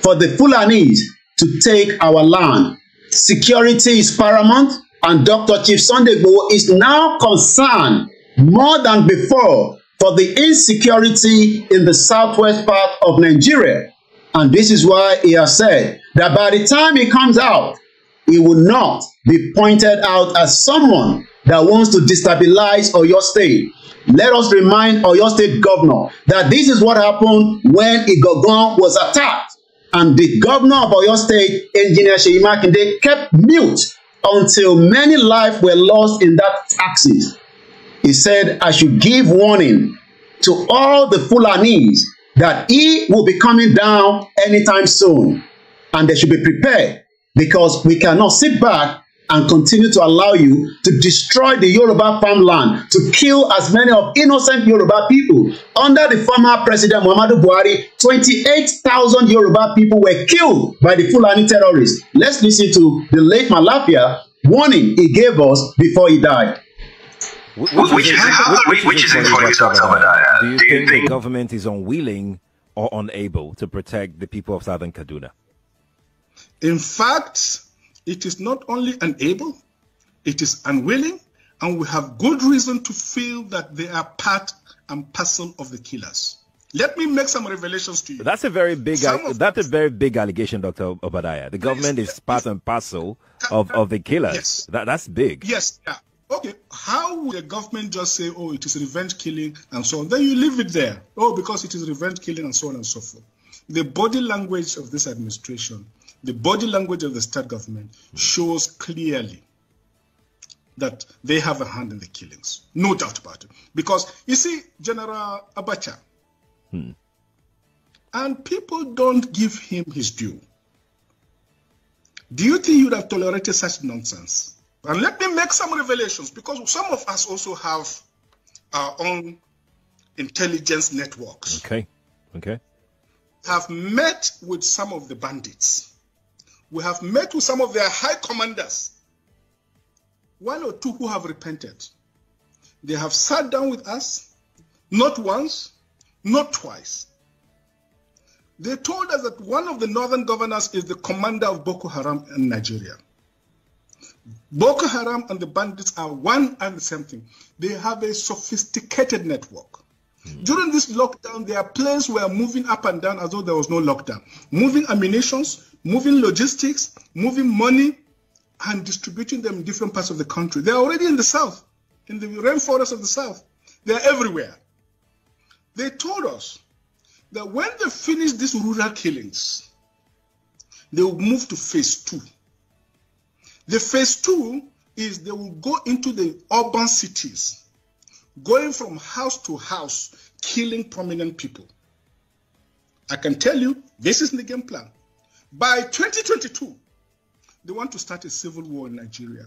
for the Fulanis to take our land. Security is paramount and Dr. Chief Sunday is now concerned more than before for the insecurity in the southwest part of Nigeria. And this is why he has said that by the time he comes out, he will not be pointed out as someone that wants to destabilize Oyo State Let us remind Oyo State Governor that this is what happened when Igogon was attacked. And the governor of Oyo State, Engineer Seyi Makinde, kept mute until many lives were lost in that axis. He said, I should give warning to all the Fulanis that he will be coming down anytime soon. And they should be prepared because we cannot sit back and continue to allow you to destroy the Yoruba farmland, to kill as many of innocent Yoruba people. Under the former President Muhammadu Buhari, 28,000 Yoruba people were killed by the Fulani terrorists. Let's listen to the late Malapia warning he gave us before he died. Which, which is, which, which is, is Do you, Do you think, think the government is unwilling or unable to protect the people of southern Kaduna? In fact, it is not only unable, it is unwilling, and we have good reason to feel that they are part and parcel of the killers. Let me make some revelations to you. That's a very big that's a very big allegation, Doctor Obadiah. The government is, part and parcel of, of the killers. Yes. That, that's big. Yes, yeah. Okay, how would the government just say, oh, it is revenge killing and so on? Then you leave it there. Oh, because it is revenge killing and so on and so forth. The body language of this administration the body language of the state government shows clearly that they have a hand in the killings. No doubt about it. Because, you see, General Abacha, hmm. and people don't give him his due. Do you think you'd have tolerated such nonsense? And let me make some revelations because some of us also have our own intelligence networks. Okay. Okay. Have met with some of the bandits. We have met with some of their high commanders, one or two who have repented. They have sat down with us, not once, not twice. They told us that one of the northern governors is the commander of Boko Haram in Nigeria. Boko Haram and the bandits are one and the same thing. They have a sophisticated network. During this lockdown, their planes were moving up and down as though there was no lockdown, moving ammunitions, moving logistics, moving money, and distributing them in different parts of the country. They're already in the south, in the rainforest of the south. They're everywhere. They told us that when they finish these rural killings, they will move to phase two. The phase two is they will go into the urban cities going from house to house, killing prominent people. I can tell you, this is the game plan. By 2022, they want to start a civil war in Nigeria.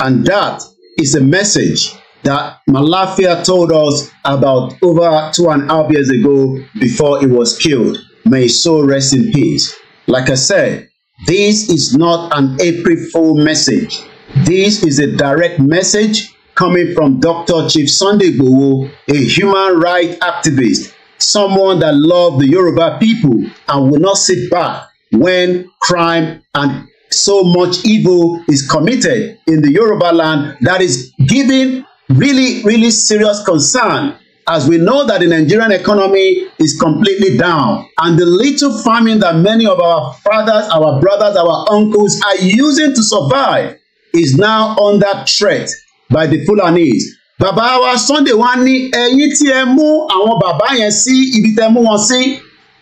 And that is a message that Malafia told us about over two and a half years ago before he was killed. May his soul rest in peace. Like I said, this is not an April Fool message. This is a direct message coming from Dr. Chief Sunday Igboho, a human rights activist, someone that loved the Yoruba people and will not sit back when crime and so much evil is committed in the Yoruba land that is giving really, really serious concern as we know that the Nigerian economy is completely down and the little farming that many of our fathers, our brothers, our uncles are using to survive is now under threat by the Fulanis bàbá wa Sunday wa ní ẹ̀yin tí ẹ mú àwọn bàbá yẹn sí ibi tẹ́ mú wọn sí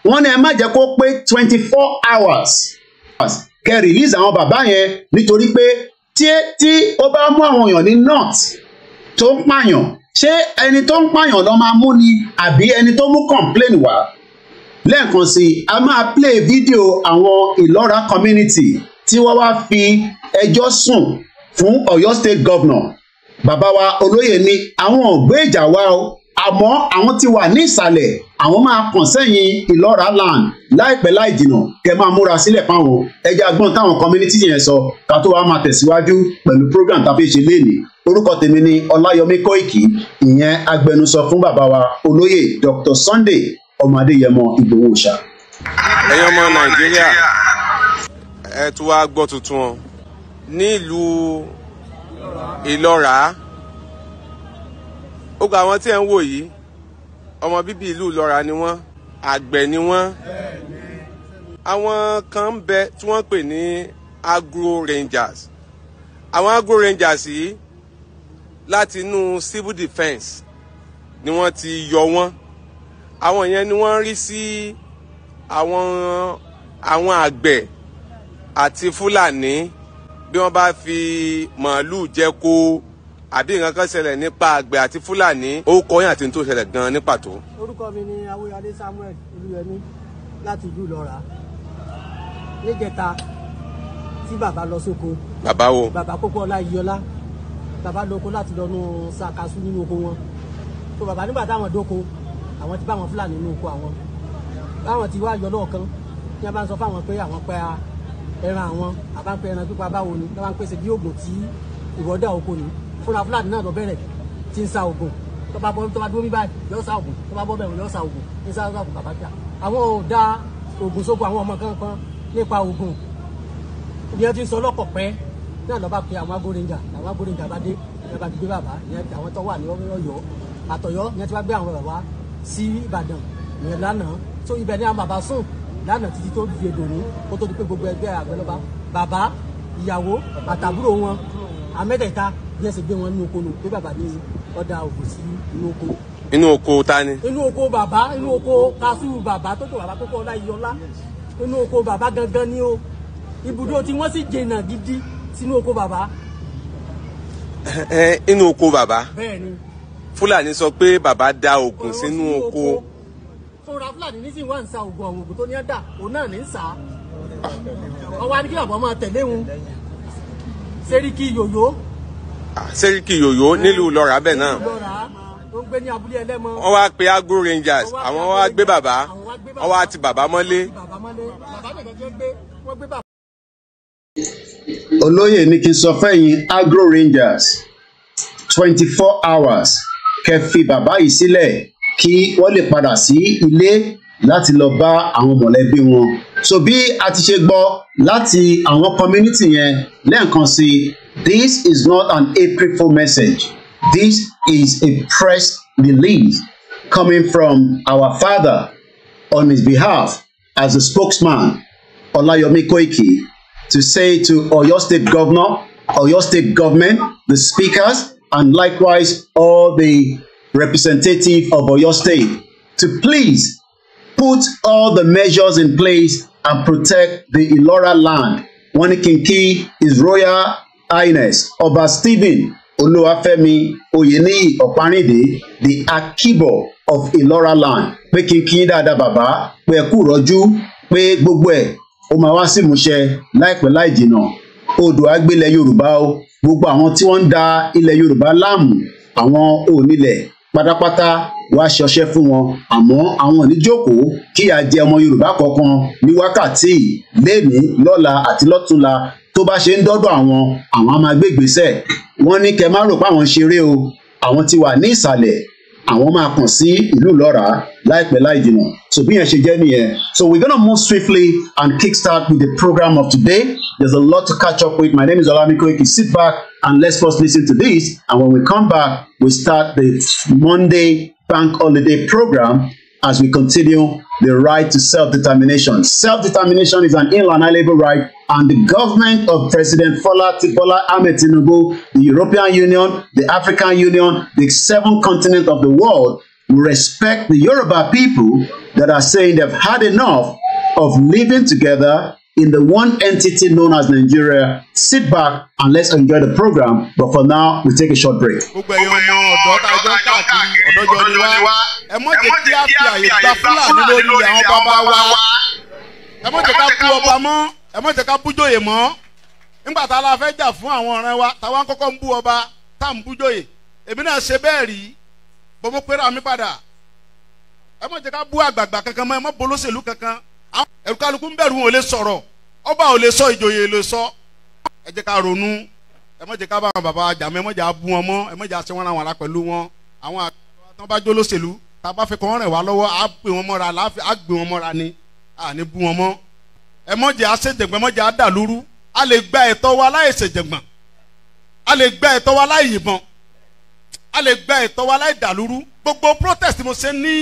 wọ́n ní ẹ má jẹ́ kó pé twenty four hours kẹ́ release àwọn bàbá yẹn nítorí pé tí tí ó bá mú àwọn èèyàn ní north tó ń pààyàn ṣé ẹni tó ń pààyàn ló máa mú ni àbí ẹni tó mú complain wá lẹ́ẹ̀kan sí i a máa play fídíò àwọn ìlọ́ra community tí wọ́n wá fi ẹjọ́ sùn fún Ọ̀yọ́ state governor bàbá wa olóyè ni àwọn ò gbé ìjà wá o àmọ́ àwọn ti wà ní ìsàlẹ̀ àwọn máa kàn sẹ́yìn ìlọ́ra land láìpẹ́ láì jìnà kẹ máa múra sílẹ̀ fáwọn ẹja agbọ́n táwọn community yẹn sọ ká tó wàá máa tẹ̀síwájú pẹ̀lú program tá a fi ṣe lénìí orúkọ tèmi ni ọláyọmí kóìkì ìyẹn agbẹnusọ fún bàbá wa olóyè dr sunday ọmọ adéyẹmọ ìgbòho ṣá. ẹ̀yin ọmọ nàìjíríà ẹ tún wá gbọ́ tuntun ní ìlú ìlọ́ra ó gba àwọn tí ẹ̀ ń wò yìí ọmọ bíbí ìlú ìlọ́ra ni wọ́n àgbẹ̀ ni wọ́n àwọn kan ń bẹ tí wọ́n pè ní agro rangers àwọn agro rangers yìí láti inú civil defence ni wọ́n ti yọ wọ́n àwọn yẹn ni wọ́n rí sí àwọn àwọn àgbẹ̀ àti fúlàní bí wọ́n bá fi màálù jẹko àbí nǹkan kan ṣẹlẹ̀ nípa àgbẹ̀ àti fúlàní ó kọ́ yín àti ní tó ṣẹlẹ̀ gan-an ní pàtó. orúkọ mi ni awóyalé samuel olúyẹmí láti ìlú ìlọra níjẹta tí bàbá lọ sóko. bàbá wo. bàbá kókó ọlá iyọlá bàbá lóko láti lọ nu sakasu nínú oko wọn tó bàbá nígbà táwọn dóko àwọn ti bá àwọn fúlàní nínú oko àwọn báwọn ti wá yọ lọ́ọ̀kan tí wọ́n bá ń sọ fáwọn pé àwọn pẹ́ a ẹran àwọn àbápẹ ẹran pípa báwo ni lọ́wọ́ ń pèsè bí oògùn tí ìwọ́dà oko ni fúnra fúlàní náà lọ bẹ̀rẹ̀ tí ń sa oògùn tó bá bọ́ tó bá dúró bí báyìí yọ sa oògùn tó bá bọ́ bẹ̀rẹ̀ yọ sa oògùn ń sa oògùn bàbá kíá àwọn ò oògùn sóko àwọn ọmọ kankan nípa oògùn ìyẹn ti ń sọ lọ́kọ̀ pẹ́ náà lọ́ba pe àwọn agbórinjà àwọn agbórinjà bá dé ìyẹn bá gbé bàbá ìyẹn àwọn tó wà lánàá títí tó di èdòní kó tó di pé gbogbo ẹgbẹ́ àgbẹ̀lọ́ba bàbá ìyàwó àtàbúrò wọn amẹ́tẹ̀ẹ̀ta yẹn sì gbé wọn nínú oko nù pé bàbá ní ọ̀dà òkú sí inú oko. inú oko ta ni. inú oko bàbá inú oko kasu bàbá tó kọ bàbá tó kọ ọlá ìyọlá inú oko bàbá gangan ni o ibùdó tí wọ́n sì jìnnà gidi sínú oko bàbá. inú oko bàbá. bẹ́ẹ̀ni. fúlàní sọ pé bàbá da oògùn sínú oko. oko fúnra fúlàní ní sì wá ń sa oògùn àwọn oògùn tó ní ẹ dà òun náà ní ń sà á ọwọ́ adigun àbọ̀ máa tẹ̀lé wọn sẹ́ríkì yòyó. sẹ́ríkì yòyó nílùú lọ́ra bẹ́ẹ̀ náà. wọ́n wá pe agro rangers àwọn wá gbé bàbá wọ́n wá ti bàbá mọ́lé. olóyè ní kí n sọ fẹ́yìn agro rangers twenty four hours kẹ́ fi bàbá yìí sílẹ̀ kí wọ́n lè padà sí ilé láti lọ bá àwọn mọ̀lẹ́bí wọn so bí a ti ṣe gbọ́ láti àwọn community yẹn lẹ́ẹ̀kan sí this is not an April four message this is a press release coming from our father on his behalf as a spokesman Olayomi Koiki to say to Oyo State Governor Oyo State government the speakers and likewise all the representative of Oyo State, to please put all the measures in place and protect the Ilora land. Wọ́n ní Kinki is Royal Highness Ọba Stephen Olúwafẹ́mi Oyeniyi Ọ̀pánìdé the Akibo of Ilora land pé Kinki dáadáa bàbá pé ẹ roju rọ́jú pé gbogbo ẹ̀ ó máa wá sí ìmúṣẹ láìpẹ́ láì jìnà odò àgbélẹ̀ Yorùbá o gbogbo àwọn tí wọ́n ń da ilẹ̀ Yorùbá láàmú àwọn onílẹ̀ pátápátá wàá ṣọṣẹ́ fún wọn àmọ́ àwọn oníjókòó kí a jẹ ọmọ Yorùbá kankan ní wákàtí lẹ́ẹ̀ní lọ́la àti lọ́túnla tó bá ṣe ń dọ́dọ̀ àwọn àwọn á máa gbé ní kẹ́ má rò pé àwọn ṣeré o àwọn ti wà ní ìsàlẹ̀ àwọn máa kàn sí ìlú ìlọ́ra láìpẹ́ láì jìnnà so bí yẹn ṣe jẹ́ nìyẹn so we're gonna move swiftly and kickstart with the program of today there's a lot to catch up with my name is Olamide Koiki sit back and let's first listen to this and when we come back we start the Monday bank holiday program as we continue the right to self-determination. Self-determination is an inalienable right, and the government of President Fola Tipola Ahmed the European Union, the African Union, the seven continents of the world will respect the Yoruba people that are saying they've had enough of living together in the one entity known as Nigeria. Sit back and let's enjoy the program. But for now, we take a short break. nígbà tá a la fẹ́ jà fún àwọn ọ̀rẹ́ wa táwa kọ́kọ́ ń bú ọba tá à ń bújòyè èmi náà ṣe bẹ́ẹ̀ rí bọ́mọ́ pẹ́rẹ́ àmì padà ẹ mọ̀ jẹ́ ká bú àgbààgbà kankan mọ́ ẹ mọ̀ bolóṣèlú kankan àwọn ẹ̀rù kálukú ń bẹ̀rù wọn ò lè sọ̀rọ̀ ọba ò lè sọ ìjòyè lè sọ ẹ jẹ́ ká ronú ẹ má jẹ́ ká bá àwọn bàbá àjàmọ́ ẹ má jẹ́ abú wọn mọ́ ẹ má jẹ́ àṣẹ wọn ará pẹ̀lú wọn àwọn àtọ́ bá jó lóṣèlú tá a bá fi kàn rìn wá lọ́wọ́ á pè wọn mọ́ra láàfin á gbé wọn mọ́ra ni à ní bú wọn mọ́ ẹ má jẹ́ àṣejẹ̀gbọ́n ẹ má jẹ́ àdàlúrú a lè gba ẹ̀tọ́ wa láì ṣèjẹ̀gbọ́n a lè gba ẹ̀tọ́ wa láì a lè gba ẹ̀tọ́ wa láì gbogbo protest mo ṣe ní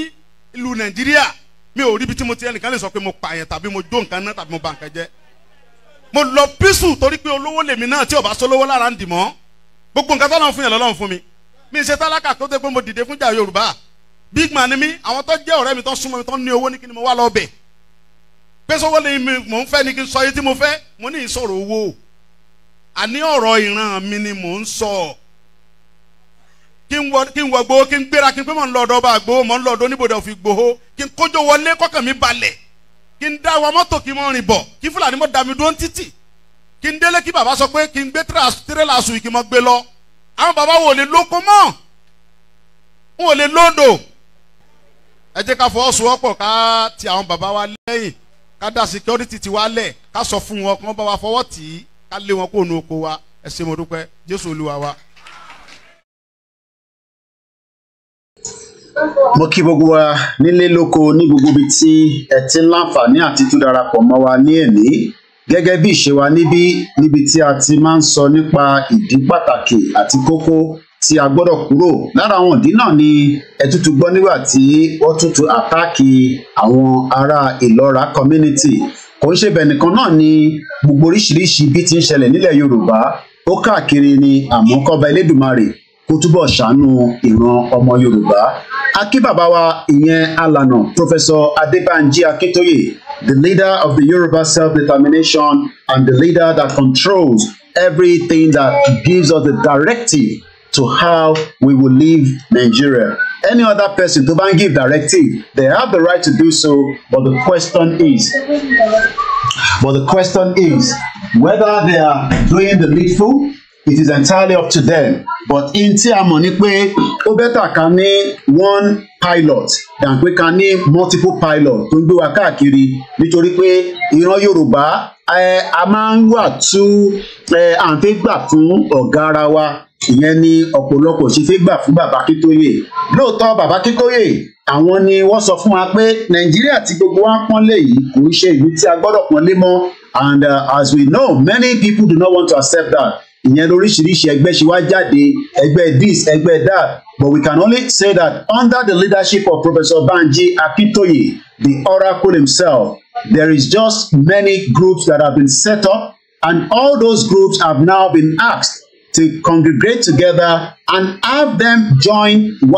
ìlú Nàìjíríà mi ò rí ibi tí mo ti ẹnìkan lè sọ pé mo pààyàn tàbí mo jó nǹkan náà tàbí mo bà nǹkan jẹ́ mo lọ písù torí pé olówó lèmi náà tí ò bá sólówó lára ń dì mọ́ gbogbo nǹkan tọ́lọ́run fún yẹn lọ́lọ́run fún mi mi ṣe tálákà tó dé pé mo dìde fún jà Yorùbá big man ni mí àwọn tó jẹ́ ọ̀rẹ́ mi tó súnmọ́ mi tó ní owó ní kí ni mo wá lọ bẹ̀ pé sọ́wọ́ ni mò ń fẹ́ ni kí n sọ yìí tí mo fẹ́ mo ní ìsọ̀rọ̀ owó àní ọ̀rọ̀ ìran mi ni mò ń sọ kí n wọ kí n wọ gbowó kí n gbéra kí n pé mọ̀ ń lọ́dọ̀ bá gbowó mọ̀ ń lọ́dọ̀ oníbodè òfin gbowó kí n kójó wọlé kọ́kàn mi balẹ̀ kí n dá wa mọ́tò kí n mọ̀ rìn bọ̀ kí fúlàní mọ̀ dàmí dúró ń títì kí n délé kí bàbá sọ pé kí n gbé tírélà sùn kí n mọ̀ gbé lọ àwọn bàbá wò lè lóko mọ́ n lè lóńdò ẹ jẹ́ ká fọwọ́sowọ́pọ̀ ká ti àwọn bàbá wa lẹ́yìn ká dá security ti wa lẹ̀ ká sọ fún wọn kí wọ́n wa fọwọ́ tì í wa. mo kí gbogbo wa nílé lóko ní gbogbo ibi tí ẹ ti ń láǹfààní àti tún darapọ̀ mọ́ wa ní ẹ̀ní gẹ́gẹ́ bí ìṣe wa níbí níbi tí a ti máa ń sọ nípa ìdí pàtàkì àti kókó tí a gbọ́dọ̀ kúrò lára àwọn ìdí náà ni ẹtútù gbọ́ nígbà tí wọ́n tútù àtáàkì àwọn ará ìlọ́ra community kò ń ṣe bẹ́ẹ̀ nìkan náà ni gbogbo oríṣiríṣi bí ti ń ṣẹlẹ̀ nílẹ̀ yorùbá ó káàkiri ni àmọ́ kọ́ba elédùnmarè kó túbọ̀ ṣàánú ìran ọmọ yorùbá akí wa ìyẹn alànà professor adébánjí akíntóyè the leader of the yorùbá self-determination and the leader that controls everything that gives us the directive to how we will live nigeria any other person tó bá ń give directive they have the right to do so but the question is but the question is whether they are doing the needful it is entirely up to them but in tí a mọ̀ ni pé ó bẹ́tà ká ní one pilot than pé ká ní multiple pilot to ń gbé wa káàkiri nítorí pé ìran Yorùbá a máa ń wà tú à ń fẹ́ gbà fún ọ̀gá ara wa ìyẹn ni ọ̀pọ̀lọpọ̀ ṣe fẹ́ gbà fún bàbá Akíntóyè lóòótọ́ bàbá Akíntóyè àwọn ni wọ́n sọ fún wa pé Nàìjíríà tí gbogbo wa ń pọ́nlé yìí kò ń ṣe ìlú tí a gbọ́dọ̀ pọ́nlé mọ́ and uh, as we know many people do not want to accept that ìyẹn lóríṣiríṣi ẹgbẹ́ ṣe wá jáde ẹgbẹ́ this ẹgbẹ́ that but we can only say that under the leadership of Professor Banji Akintoye the oracle himself there is just many groups that have been set up and all those groups have now been asked to congregate together and have them join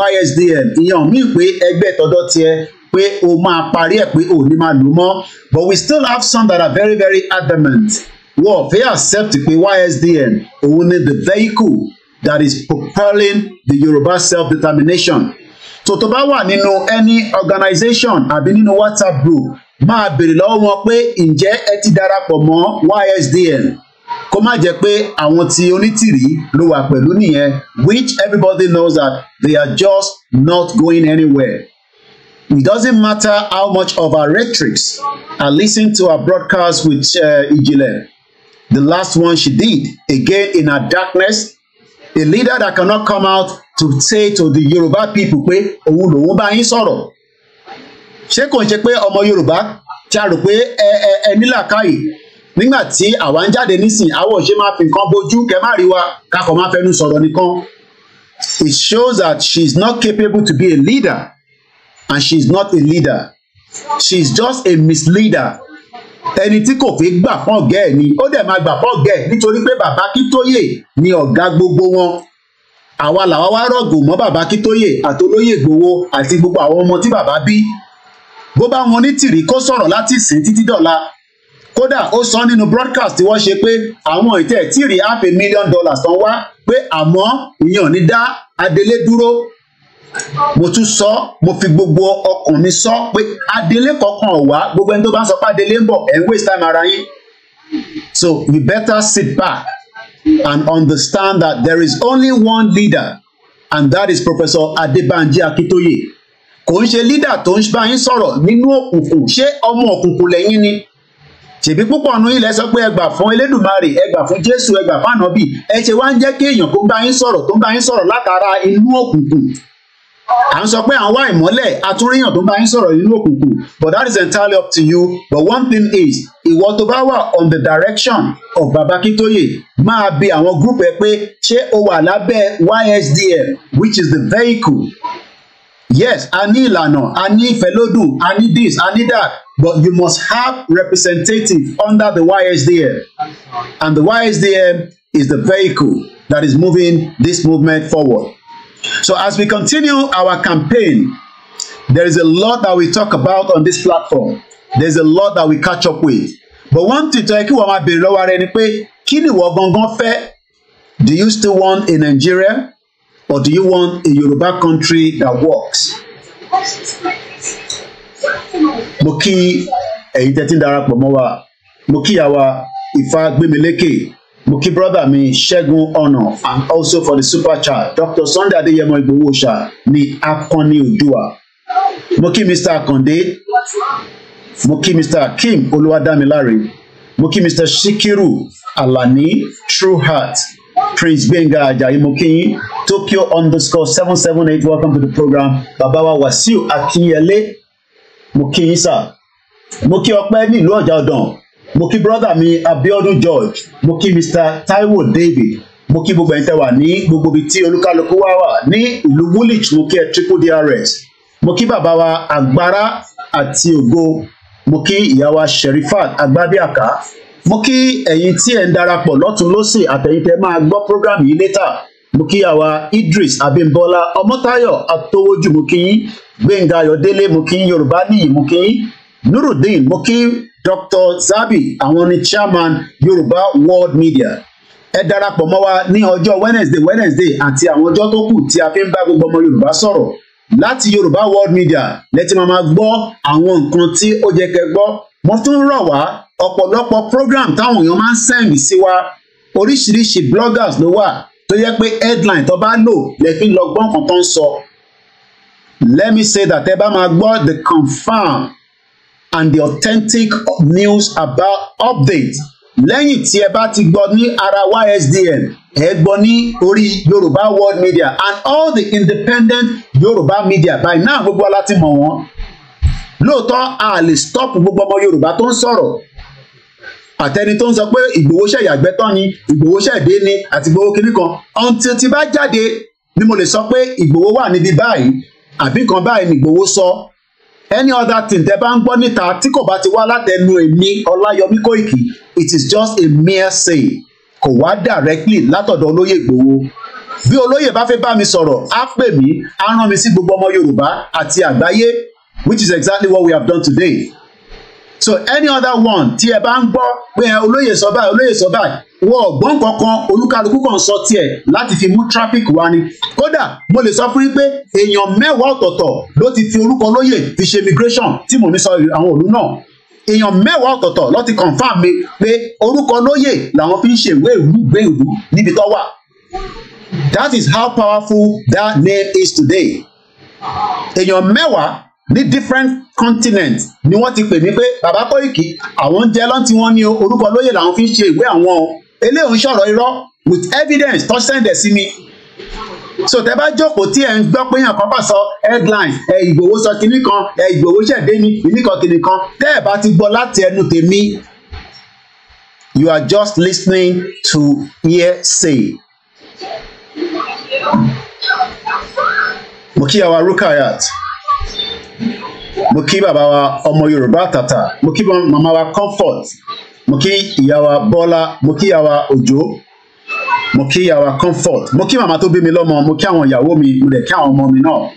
YSDM ìyẹn mi pé ẹgbẹ́ tọ̀dọ̀ tiẹ̀ pé o máa parí ẹ̀ pé o ní máa lò mọ́ but we still have some that are very very adamant wọ́n They accept pé YSDN òun ni the vehicle that is propelling the Yorùbá self-determination so tó bá wà nínú any organization àbí nínú WhatsApp group máa béèrè lọ́wọ́ wọn pé ǹjẹ́ ẹ ti darapọ̀ mọ́ YSDN kó má jẹ́ pé àwọn tí onítìrí ló wà pẹ̀lú nìyẹn which everybody knows that they are just not going anywhere. It doesn't matter how much of our rhetorics are listened to our broadcast with uh, the last one she did, again in her darkness, a leader that cannot come out to say to the Yoruba people pé òun lòun bá yín sọ̀rọ̀. Ṣé kò ń ṣe pé ọmọ Yorùbá tí a rò pé ẹ ẹ ẹ nílàkàyè nígbà tí àwa ń jáde nísìn àwọn òṣè máa fi nǹkan bojú kẹ má rí wa kakọ̀ máa fẹnu sọ̀rọ̀ nìkan. It shows that she is not capable to be a leader and she is not a leader. She is just a misleader ẹni tí kò fi gbà fún ọ̀gá ẹ̀ ni ó dẹ̀ máa gbà fún ọ̀gá ẹ̀ nítorí pé bàbá Akíntóyè ni ọ̀gá gbogbo wọn àwa làwa wá rọ̀gùn mọ́ bàbá Akíntóyè àti olóyè Ìgbòho àti gbogbo àwọn ọmọ tí bàbá bí bó bá wọn ní tìrí kó sọ̀rọ̀ láti sìn títí dọ̀la kódà ó sọ nínú broadcast tí wọ́n ṣe pé àwọn ìtẹ̀ tìrí half a million dollars tán wá pé àmọ́ ìyẹn ò ní dá adelé dúró mo tún sọ mo fi gbogbo ọkàn mi sọ pé adelé kankan ò wá gbogbo ẹni tó bá ń sọ pé adelé ń bọ̀ ẹ̀ ń waste time ara yín so we better sit back and understand that there is only one leader and that is Professor Adebanji Akintoye kò ń ṣe leader tó ń bá yín sọ̀rọ̀ nínú òkùnkùn ṣé ọmọ òkùnkùn lẹ́yìn ni ṣèbí púpọ̀ nù ilẹ̀ sọ pé ẹgbà fún Elédùmarè ẹgbà fún Jésù ẹgbà fún ànábì ẹ ṣe wá ń jẹ́ kí èèyàn tó ń bá yín sọ̀rọ̀ tó ń bá yín sọ̀rọ̀ látara inú òkùnkùn à ń sọ pé à ń wá ìmọ́lẹ̀ àtúnríyàn tó bá ń sọ̀rọ̀ nínú òkùnkùn but that is entirely up to you but one thing is ìwọ tó bá wà on the direction of Baba Akintoye máa bi àwọn gúrùpù ẹ pé ṣé o wà lábẹ́ YSDM which is the vehicle yes a ní ìlànà a ní ìfẹ́lódùn a ní this a ní that but you must have representative under the YSDM and the YSDM is the vehicle that is moving this movement forward. So as we continue our campaign, there is a lot that we talk about on this platform. There's a lot that we catch up with. But one thing tó yẹ kí my máa béèrè lọ́wọ́ rẹ ni pé kí Do you still want a Nigeria or do you want a Yoruba country that works? Mo kí ẹ̀yin tẹ́tí darapọ̀ mọ́ wa, mo kí Muki brother mi Ṣẹ́gun Ọ̀nà and also for the super chat Dr. Sunday Adéyẹmọ Igbowósà ni Akànni Òdùà. Muki Mr. Akande. Muki Mr. Akeem Olúwadámiláre. Muki Mr. Shikiru Alani True Heart. Prince Benga Ajayi Mukiyin Tokyo underscore seven seven eight welcome to the program Babawa Wasiu Akinyele Mukiyin sir. Muki Ọpẹ́ nílùú Ọjà Ọ̀dàn mo kí brọ́dà mi Abiodun George mo kí Mr Taiwo David mo kí gbogbo ẹ̀yin tẹ́ wà ní gbogbo ibi tí olúkálukú wá wà ní ìlú Woolwich mo kí ẹ triple DRS mo kí bàbá wa agbára àti ògo mo kí ìyá wa Sherifat agbábíàká mo kí ẹ̀yin tí ẹ̀ ń darapọ̀ lọ́tún lọ́sìn àtẹ̀yin máa gbọ́ program yìí later mo kí àwa Idris abimbola, Ọmọ́táyọ̀ Atowójú mo kí yín Gbẹ́ngà Ayọ̀délé mo kí Yorùbá níyì mo kí yín Nurudeen mo kí Dr. Zabi àwọn ni chairman Yorùbá World Media ẹ darapọ̀ mọ́ wa ní ọjọ́ Wednesday Wednesday àti àwọn ọjọ́ tó kù tí a fi ń bá gbogbo ọmọ Yorùbá sọ̀rọ̀ láti Yorùbá World Media lẹ́tí máa ma gbọ́ àwọn nǹkan tí ó yẹ kẹ́ gbọ́ mo tún rọ̀ wá ọ̀pọ̀lọpọ̀ program táwọn èèyàn máa ń sẹ́ǹdì sí wa oríṣiríṣi bloggers ló wà tó yẹ pé headline tó bá lò lè fi lọ gbọ́n kan sọ let me say that ẹ bá máa gbọ́ the confam and the authentic news about update lẹ́yìn tí ẹ bá ti gbọ́ ní ara ysdn ẹ gbọ́ ní orí yorùbá world media and all the independent yorùbá media by now gbogbo wa láti mọ̀ wọ́n lóòótọ́ a lè stop gbogbo ọmọ yorùbá tó ń sọ̀rọ̀ àtẹni tó ń sọ pé ìgbòho ṣe ìyàgbẹ́ tán ni ìgbòho ṣe èdè ni àti ìgbòho kìíní kan until ti bá jáde ni mo lè sọ pé ìgbòho wà níbi báyìí àbí kan báyìí ni ìgbòho sọ any other thing tẹ́ bá ń gbọ́ níta tí kò bá ti wá látẹnu èmi Ọláyọmí Kóìkì it is just a mere say kò wá directly látọ̀dọ̀ olóyè Ìgbòho bí olóyè bá fẹ́ bá mi sọ̀rọ̀ á pè mí á rán mi sí gbogbo ọmọ Yorùbá àti àgbáyé which is exactly what we have done today so any other one tí ẹ bá ń gbọ́ pé olóyè sọ báyìí olóyè sọ báyìí wọ ọgbọ́n kankan olúkálukú kan sọ tiẹ̀ láti fi mú traffic wá ni kódà mo lè sọ fún yín pé èèyàn mẹ́wàá ọ̀tọ̀ọ̀tọ̀ ló ti fi orúkọ lóyè fi ṣe immigration tí mò ń sọ àwọn òlu náà èèyàn mẹ́wàá ọ̀tọ̀ọ̀tọ̀ ló ti confam mi pé orúkọ lóyè làwọn fi ń ṣe ìwé ìlú gbé ìlú níbi tó wà that is how powerful that name is today èèyàn mẹ́wàá ní different continent ni wọ́n ti pè mí pé bàbá Koiki àwọn jẹ́ lọ́ntí wọn ní orúkọ lóyè làwọn fi ń ṣe ìwé àwọn eléyìí ń sọ̀rọ̀ irọ́ with evidence tó sẹ́ndẹ̀ sí mi so tẹ bá jókòó tí ẹ ń gbọ́ pé yàn kọ́kọ́ sọ headline ẹ Ìgbòho sọ kinní kan ẹ Ìgbòho ṣẹ̀dé ni ìníkan kinní kan tẹ́ ẹ bá ti gbọ́ láti ẹnu tèmi you are just listening to hearsay. mo kí àwa Rukayat mo kí bàbá wa ọmọ Yorùbá tàtà mo kí màmá wa comfort mo kí ìyá wa Bọ́lá mo kí ìyá wa mo kí ìyá Comfort mo kí màmá tó bí mi lọ́mọ mo kí àwọn ìyàwó mi mo dẹ̀ kí àwọn ọmọ mi náà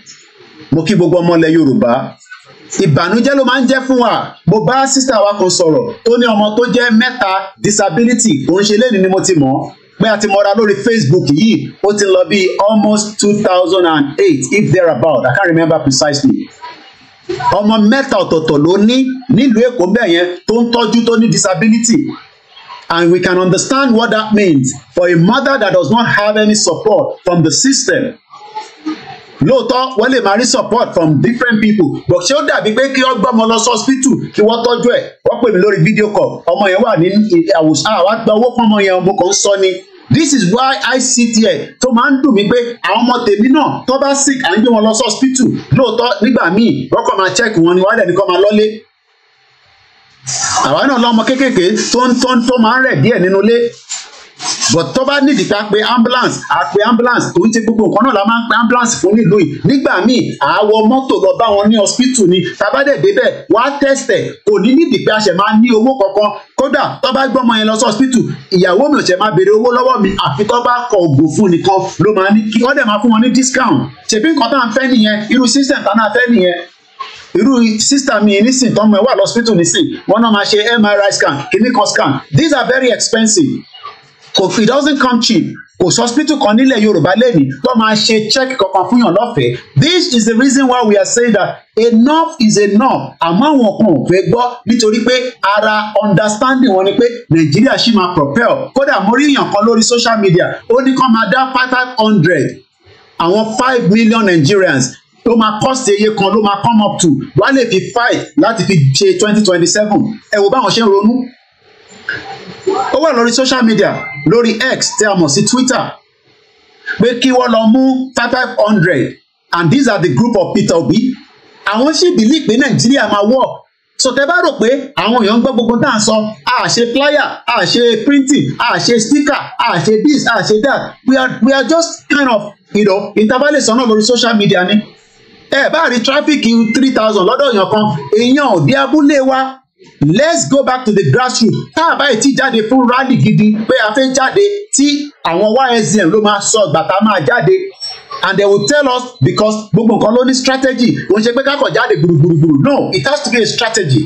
mo kí gbogbo ọmọ ilẹ̀ Yorùbá ìbànújẹ́ ló máa ń jẹ́ fún wa mo bá sísá wa kan sọ̀rọ̀ tó ní ọmọ tó jẹ́ mẹ́ta disability òun ṣe ni mo ti mọ̀ pé a ti mọra lórí Facebook yìí ó ti lọ bí almost two thousand and eight if there about I can't remember precisely ọmọ mẹ́ta ọ̀tọ̀ọ̀tọ̀ ló ní nílùú èkó bẹ́ẹ̀ yẹn tó ń tọ́jú tó ní disability and we can understand what that means for a mother that does not have any support from the system lóòótọ́ wọ́n lè máa rí support from different people but ṣé ó dàbí pé kí wọ́n gbọ́ ọmọ lọ sí hospital kí wọ́n tọ́jú ẹ̀ wọ́n pè mí lórí video call ọmọ yẹn wà ní àwòsàn àwọn àgbà owó pọ́nmọ yẹn mo kàn ń sọ ni this is why i sit here tó máa ń dùn mí pé àwọn ọmọ tèmi náà tó bá sick à ń gbé wọn lọ sí hospital lóòótọ́ nígbà míì wọ́n kàn máa check wọn ni wọ́n á dẹ̀ ní kọ́ máa lọ́lé àwa náà lọ́mọ kéékèèké tó ń tó ń tó máa ń rẹ̀ díẹ̀ nínú ilé but tó bá nídìí ká pe ambulance á pe ambulance tó ń ṣe gbogbo nǹkan náà la máa ń pe ambulance fún nílùú yìí nígbà míì àá wọ mọ́tò lọ bá wọn ní hospital ni tabadẹ̀ débẹ̀ wá tẹ̀sẹ̀ kò ní nídìí pé a ṣẹ̀ máa ní owó kankan kódà tó bá gbọ́mọ yẹn lọ sí hospital ìyàwó mi ò ṣẹ̀ máa béèrè owó lọ́wọ́ mi àfi tó bá kọ ògùn fún nìkan ló máa ní kí wọ́n dẹ̀ máa fún wọn ní discount ṣèbí nǹkan tá à ń fẹ́ nìyẹn irú system tá à ń fẹ́ nìyẹn irú sísítà mi nísìn tọ́mọ ẹ̀ wà lọ́sítítù nísìn wọ́n náà máa ṣe MRI scan kidney scan these are very expensive kò fi doesn't come cheap kò sọ́spítù kan nílẹ̀ yorùbá lẹ́nìí tó máa ṣe check kankan fún yàn lọ́fẹ̀ẹ́ this is the reason why we are saying that enough is enough àmọ́ àwọn kan ò fẹ́ gbọ́ nítorí pé ara understanding wọn ni pé nàìjíríà ṣì máa propel kódà mo rí èèyàn kan lórí social media ó ní kán máa dá five hundred àwọn five million nigerians ló máa cost eye kan ló máa come up to wàá lè fi fight láti fi ṣe twenty twenty seven ẹ wo báwọn ṣe ń ronú ó wà lórí social media lórí X tí a mọ̀ sí Twitter pé kí wọ́n lọ mú five five hundred and these are the group of Peter Obi àwọn sì bìlí pé Nàìjíríà máa work sọtẹ bá rò pé àwọn èèyàn ń gbọ́ gbogbo tá à ń sọ a ṣe flyer a ṣe printing a ṣe sticker a ṣe this a ṣe that we are we are just kind of you know intervale sọ náà lórí social media ni ẹ bá rí traffic three thousand lọ́dọ̀ èèyàn kan èèyàn ò dé abúlé wa let's go back to the grassroots tá a báyìí ti jáde fún rally gidi pé a fẹ́ jáde tí àwọn ysm ló máa sọ gbàtà máa jáde and they will tell us because gbogbo nǹkan ló ní strategy òun ṣe pé kákọ̀ jáde gbùrùgbùrù no it has to be a strategy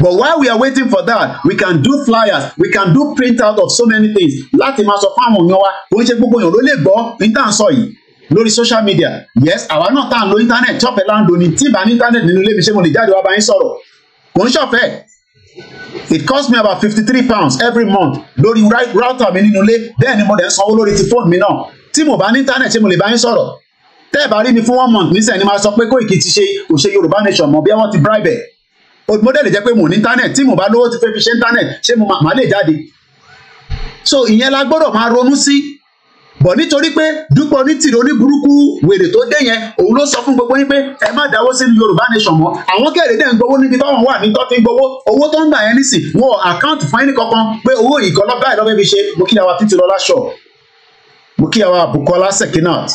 but while we are waiting for that we can do flyers we can do printout of so many things láti máa sọ fún àwọn èèyàn wa òun ṣe gbogbo èèyàn ló lè gbọ́ ní tá sọ yìí lórí social media yes àwa náà tá à ń lo internet chop a land ni tí ìbá ní internet nínú ilé mi ṣé mo lè jáde wá bá yín sọ̀rọ̀ kò ń ṣọ̀fẹ́ it cost me about fifty three pounds every month lórí router mi nínú ilé bẹ́ẹ̀ ni mo dẹ̀ ń sanwó lórí ti fóònù mi náà tí mo bá ní internet ṣé mo lè bá yín sọ̀rọ̀ tẹ́ ẹ̀ bá rí mi fún one month nísìnyí ni máa sọ pé Koiki ti ṣe kò ṣe Yorùbá nation mọ́ bí wọ́n ti bribe mọ́dẹ̀lì jẹ́ pé mo ní internet tí mo bá lówó ti fẹ́ fi ṣe internet ṣé mo máa lè jáde so ìyẹn la gbọ́dọ̀ máa ronú sí bọ̀ nítorí pé Dúpẹ́ Onítìrí oníburúkú wèrè tó dé yẹn òun ló sọ fún gbogbo yín pé ẹ má dáwọ́ sínú Yorùbá nation mọ́ àwọn kẹrẹ dẹ̀ ń gbowó níbi táwọn wà ní tó ti ń gbowó owó tó ń gbà yẹn nísìn wọn àkáǹtì fún ẹnì kankan pé owó ìkọ́ lọ́gbà ẹ̀ lọ́fẹ́ fi ṣe mo kí àwa títí lọ́lá ṣọ̀ mo kí àwa Bukola Sekinat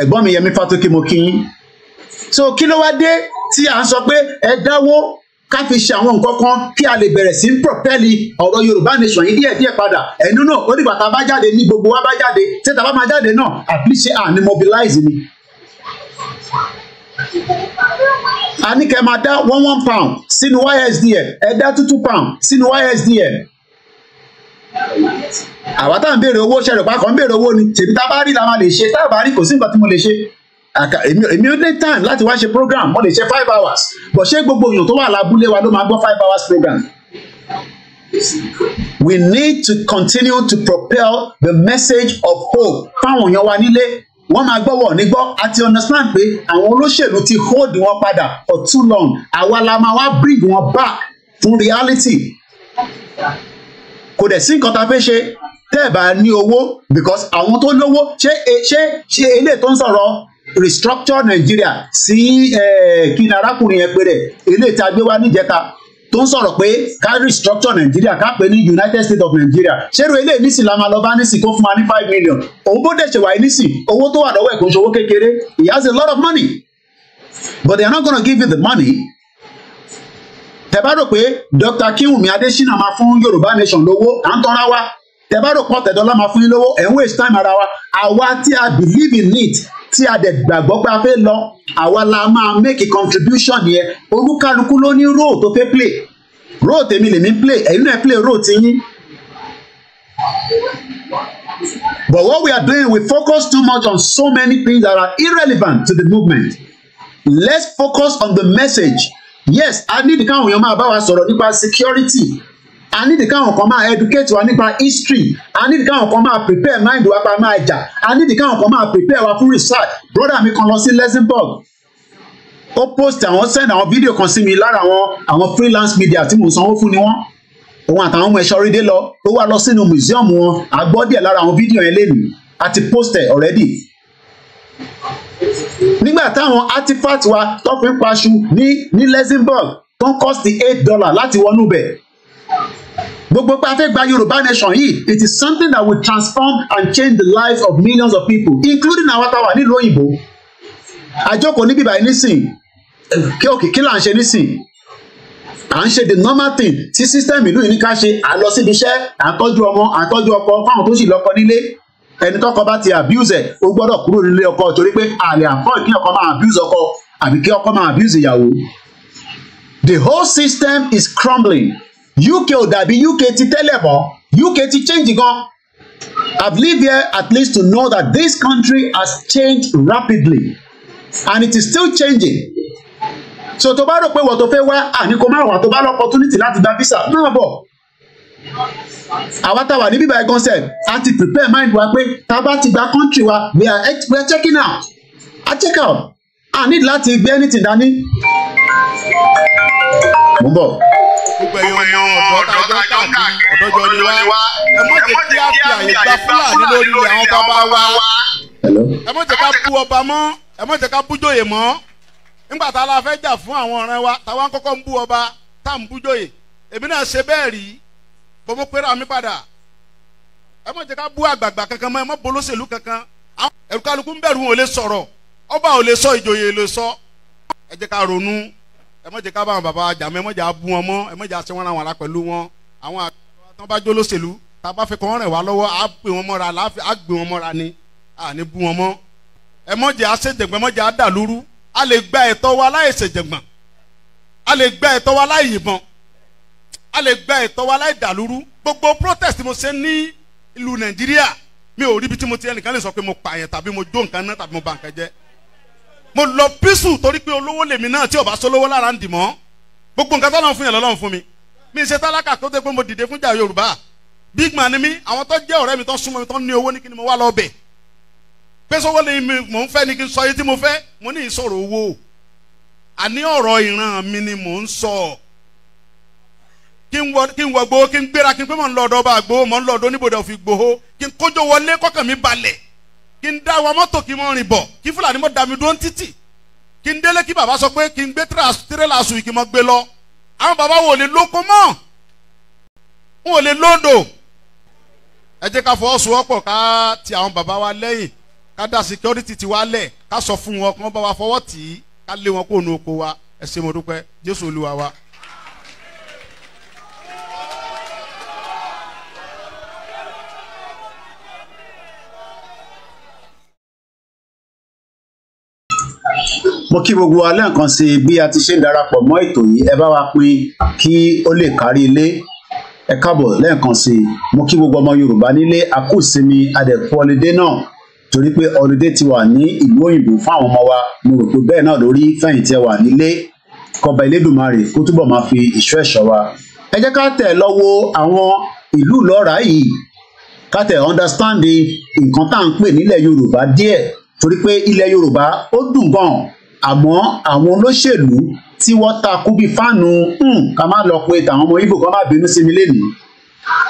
ẹ̀gbọ́n mi Yẹmí Fatoki mo kí yín so kí ló wá dé tí à ń sọ pé ẹ dáwó ká fi ṣe àwọn nǹkan kan kí a lè bẹ̀rẹ̀ sí pọ̀pẹ́lì ọ̀rọ̀ yorùbá nation yìí díẹ̀ díẹ̀ padà ẹnu náà ó dìgbà tá a bá jáde ní gbogbo wa bá jáde tí tá a bá máa jáde náà àbíṣe àní mobilize ni. a ní kẹ́ máa dá one one pound sínú ysdf ẹ dá two two pound sínú ysdf àwa tá à ń béèrè owó ṣẹlẹ̀ pàkàn ń béèrè owó ni tèmi tá a bá rí la máa lè ṣe tá a bá rí kò sí nǹkan tí mo lè ṣe àkà èmi ò ní time láti wá ṣe program mo lè ṣe five hours but ṣé gbogbo èèyàn tó wà lábúlé wa ló máa gbọ́ five hours program. We need to continue to propel the message of hope fáwọn èèyàn wa nílé wọ́n máa gbọ́wọ́ ní gbọ́ àti understand pé àwọn olóṣèlú ti hold wọn padà for too long àwa la máa wá bring wọn back fún reality kò dẹ̀ sí nǹkan tá a fẹ́ ṣe tẹ́ ẹ̀ bá ní owó because àwọn tó lówó ṣé ṣé ṣé eléyìí tó ń sọ̀rọ̀ restructure Nigeria sí eh, kí ni arákùnrin yẹn pé rẹ̀ eléyìí tá a gbé wá níjẹta tó ń sọ̀rọ̀ pé ká restructure Nigeria ká pè ní United States of Nigeria ṣérò eléyìí nísìn la máa lọ bá nísìn kó fún wa ní five million òun bó dẹ̀ ṣe wáyé nísìn owó tó wà lọ́wọ́ ẹ̀ kò kékeré he has a lot of money but they are not gonna give you the money tẹ́ bá rò pé Dr. Kinwumi Adesina máa fún Yorùbá Nation lówó à ń tọ́ra wa tẹ́ bá rò pọ̀ tẹ̀dọ́lá máa fún yín lówó ẹ̀ ń waste time ara wa àwa tí a believe in it tí a dẹ̀ gbàgbọ́ pé a fẹ́ lọ àwa la máa make a contribution yẹn olúkálukú ló ní role tó fẹ́ play role tèmi lèmi play ẹ̀yin náà play role tiyín. But what we are doing, we focus too much on so many things that are irrelevant to the movement. Let's focus on the message. Yes, a ní ìdíkàwọn èèyàn máa bá wa sọ̀rọ̀ nípa security a nídìí káwọn kan máa educate wa nípa history a nídìí káwọn kan máa prepare mind wa pa máa jà a nídìí káwọn kan máa prepare wa fún research brother mi kan lọ sí Luxembourg ó post àwọn send àwọn fídíò kan sí mi lára àwọn àwọn freelance media tí mò ń sanwó fún ni wọ́n òun àtàwọn ọmọ ẹ̀ṣọ́ rédé lọ ó wà lọ sínú museum wọn a gbọ́ díẹ̀ lára àwọn fídíò yẹn lẹ́nu àti post ẹ̀ already nígbà táwọn artifact wa tó fi ń paṣu ní ní Luxembourg tó ń cost eight dollar láti wọnú bẹ̀ gbogbo pé a fẹ́ gba yorùbá nation yìí it is something that will transform and change the lives of millions of people including our tower. nílùú òyìnbó àjọkò níbí báyìí nísìn kí òkè kí là ń ṣe nísìn à ń ṣe the normal thing tí system ìlú yìí ní ká ṣe à lọ síbi iṣẹ́ à ń tọ́jú ọmọ à ń tọ́jú ọkọ fáwọn tó sì lọ́kọ nílé ẹni tọ́kọ bá ti abuse ẹ ó gbọ́dọ̀ kúrò nílé ọkọ torí pé àlè àkọ kí ọkọ máa abuse ọkọ àbí kí ọkọ máa abuse ìyàwó the whole system is crumbling UK ò dàbí UK ti tẹ́lẹ̀ mọ́ UK ti change gan I've lived here at least to know that this country has changed rapidly and it is still changing so tó bá rò pé wọ́n tó fẹ́ wá àní kó má wà tó bá lọ opportunity láti gba visa náà bọ̀ àwa tá a wà ní bíbá ẹ̀gán sẹ̀ a ti prepare mind wa pé tá a bá ti gba country wa we are we are checking out a check out I need láti gbé anything dání. mo ń bọ̀ gbogbo ẹ̀yọ́ ọ̀dọ́ tájọ́ káàkiri ọ̀dọ́jọ́ ni wá ẹ má jẹ́ kí á fi àyè gba fúlàní lórí àwọn bàbá wa ẹ má jẹ́ ká bú ọba mọ́ ẹ má jẹ́ ká bú jòyè mọ́ nígbà tá a la fẹ́ jà fún àwọn ọ̀rẹ́ wa táwa kọ́kọ́ ń bú ọba tá à ń bú jòyè èmi náà ṣe bẹ́ẹ̀ rí bọ́mọ́ pé ra mi padà ẹ má jẹ́ ká bú àgbààgbà kankan mọ́ ẹ má bolóṣèlú kankan ẹ̀rù kálukú ń bẹ̀rù wọn ò lè sọ̀rọ̀ ọba ò lè sọ ìjòyè lè sọ ẹ jẹ́ ká ronú ẹ mọ̀jẹ̀ ká báwọn bàbá àjàmọ́ ẹ mọ̀jẹ̀ abú wọn mọ́ ẹ mọ̀jẹ̀ àṣẹ wọn àwọn ará pẹ̀lú wọn àwọn àgbà tán bá jó lóṣèlú tá a bá fẹ́ kọ́ wọn rìn wá lọ́wọ́ á gbé wọn mọ́ra láàfin á gbé wọn mọ́ra ni à ní bú wọn mọ́ ẹ mọ̀jẹ̀ àṣẹjẹ̀gbọ́n mọ̀jẹ̀ àdàlúrú a lè gba ẹ̀tọ́ wa láì a lè gba ẹ̀tọ́ wa láì a lè gba ẹ̀tọ́ wa láì gbogbo protest mo ṣe ní ìlú Nàìjíríà mi ò ríbi tí mo ti ẹnìkan lè sọ pé mo pààyàn tàbí mo jó nǹkan náà tàbí mo bà nǹkan jẹ́ mo lọ písù torí pé olówó lèmi náà tí ò bá sọlówó lára ń dì mọ́ gbogbo nǹkan tọ́lọ́run fún yẹn lọ́lọ́run fún mi mi ṣe tálákà tó tẹ́ pé mo dìde fún jà Yorùbá big man ni mi àwọn tó jẹ́ ọ̀rẹ́ mi tó súnmọ́ mi tó ní owó ní kí ni mo wá lọ bẹ̀ pé sọ́wọ́ ni mò ń fẹ́ ni kí n sọ yìí tí mo fẹ́ mo ní ìsọ̀rọ̀ owó àní ọ̀rọ̀ ìran mi ni mò ń sọ kí n wọ gbowó kí n gbéra kí n pé mò ń lọ ọ̀dọ̀ ọba àgbowó mò ń lọ ọ̀dọ̀ oníbodè òfin gbowó kí n kójó wọlé kọ́kàn mi balẹ̀ kí n dá wa mọ́tò kí n mọ́ rìn bọ̀ kí fúlàní mọ́ dàmí dúró ń títì kí n délé kí bàbá sọ pé kí n gbé tírélà sùn kí n mọ́ gbé lọ àwọn bàbá wo lè lóko mọ́ n ò lè lóńdò ẹ jẹ́ ká fọwọ́sowọ́pọ̀ ká ti àwọn bàbá wa lẹ́yìn ká dá security ti wa lẹ̀ ká sọ fún wọn kí wọ́n bá wa fọwọ́ tì í ká lé wọn kó nu oko wa ẹ ṣé mo dúpẹ́ Jésù Olúwa wa. mo kí gbogbo wa lẹ́ẹ̀kan sí i bí a ti ṣe ń darapọ̀ mọ́ ètò yìí ẹ bá wa pín kí ó lè kárí ilé ẹ káàbọ̀ lẹ́ẹ̀kan sí i mo kí gbogbo ọmọ yorùbá nílé àkósinmi adẹ̀kú ọlẹ́dẹ́ náà torí pé ọlẹ́dẹ́ ti wà ní ìlú òyìnbó fáwọn ọmọ wa mo rò pé bẹ́ẹ̀ náà lórí fẹ̀yìntì ẹ wà nílé kọba elédùnmarè kó túbọ̀ máa fi ìṣọ́ ẹ̀ṣọ́ wa ẹ jẹ́ ká tẹ̀ lọ́wọ́ àwọn ìlú lọ́ra yìí ká tẹ̀ understand nǹkan tá à ń pè nílẹ̀ yorùbá díẹ̀ torí pé ilẹ̀ yorùbá ó dùn gan àmọ́ àwọn olóṣèlú tí wọ́n takú bíi fáànù hmm, ká má lọ pé tàwọn ọmọ Ìgbò kan má bínú sí mi lénìí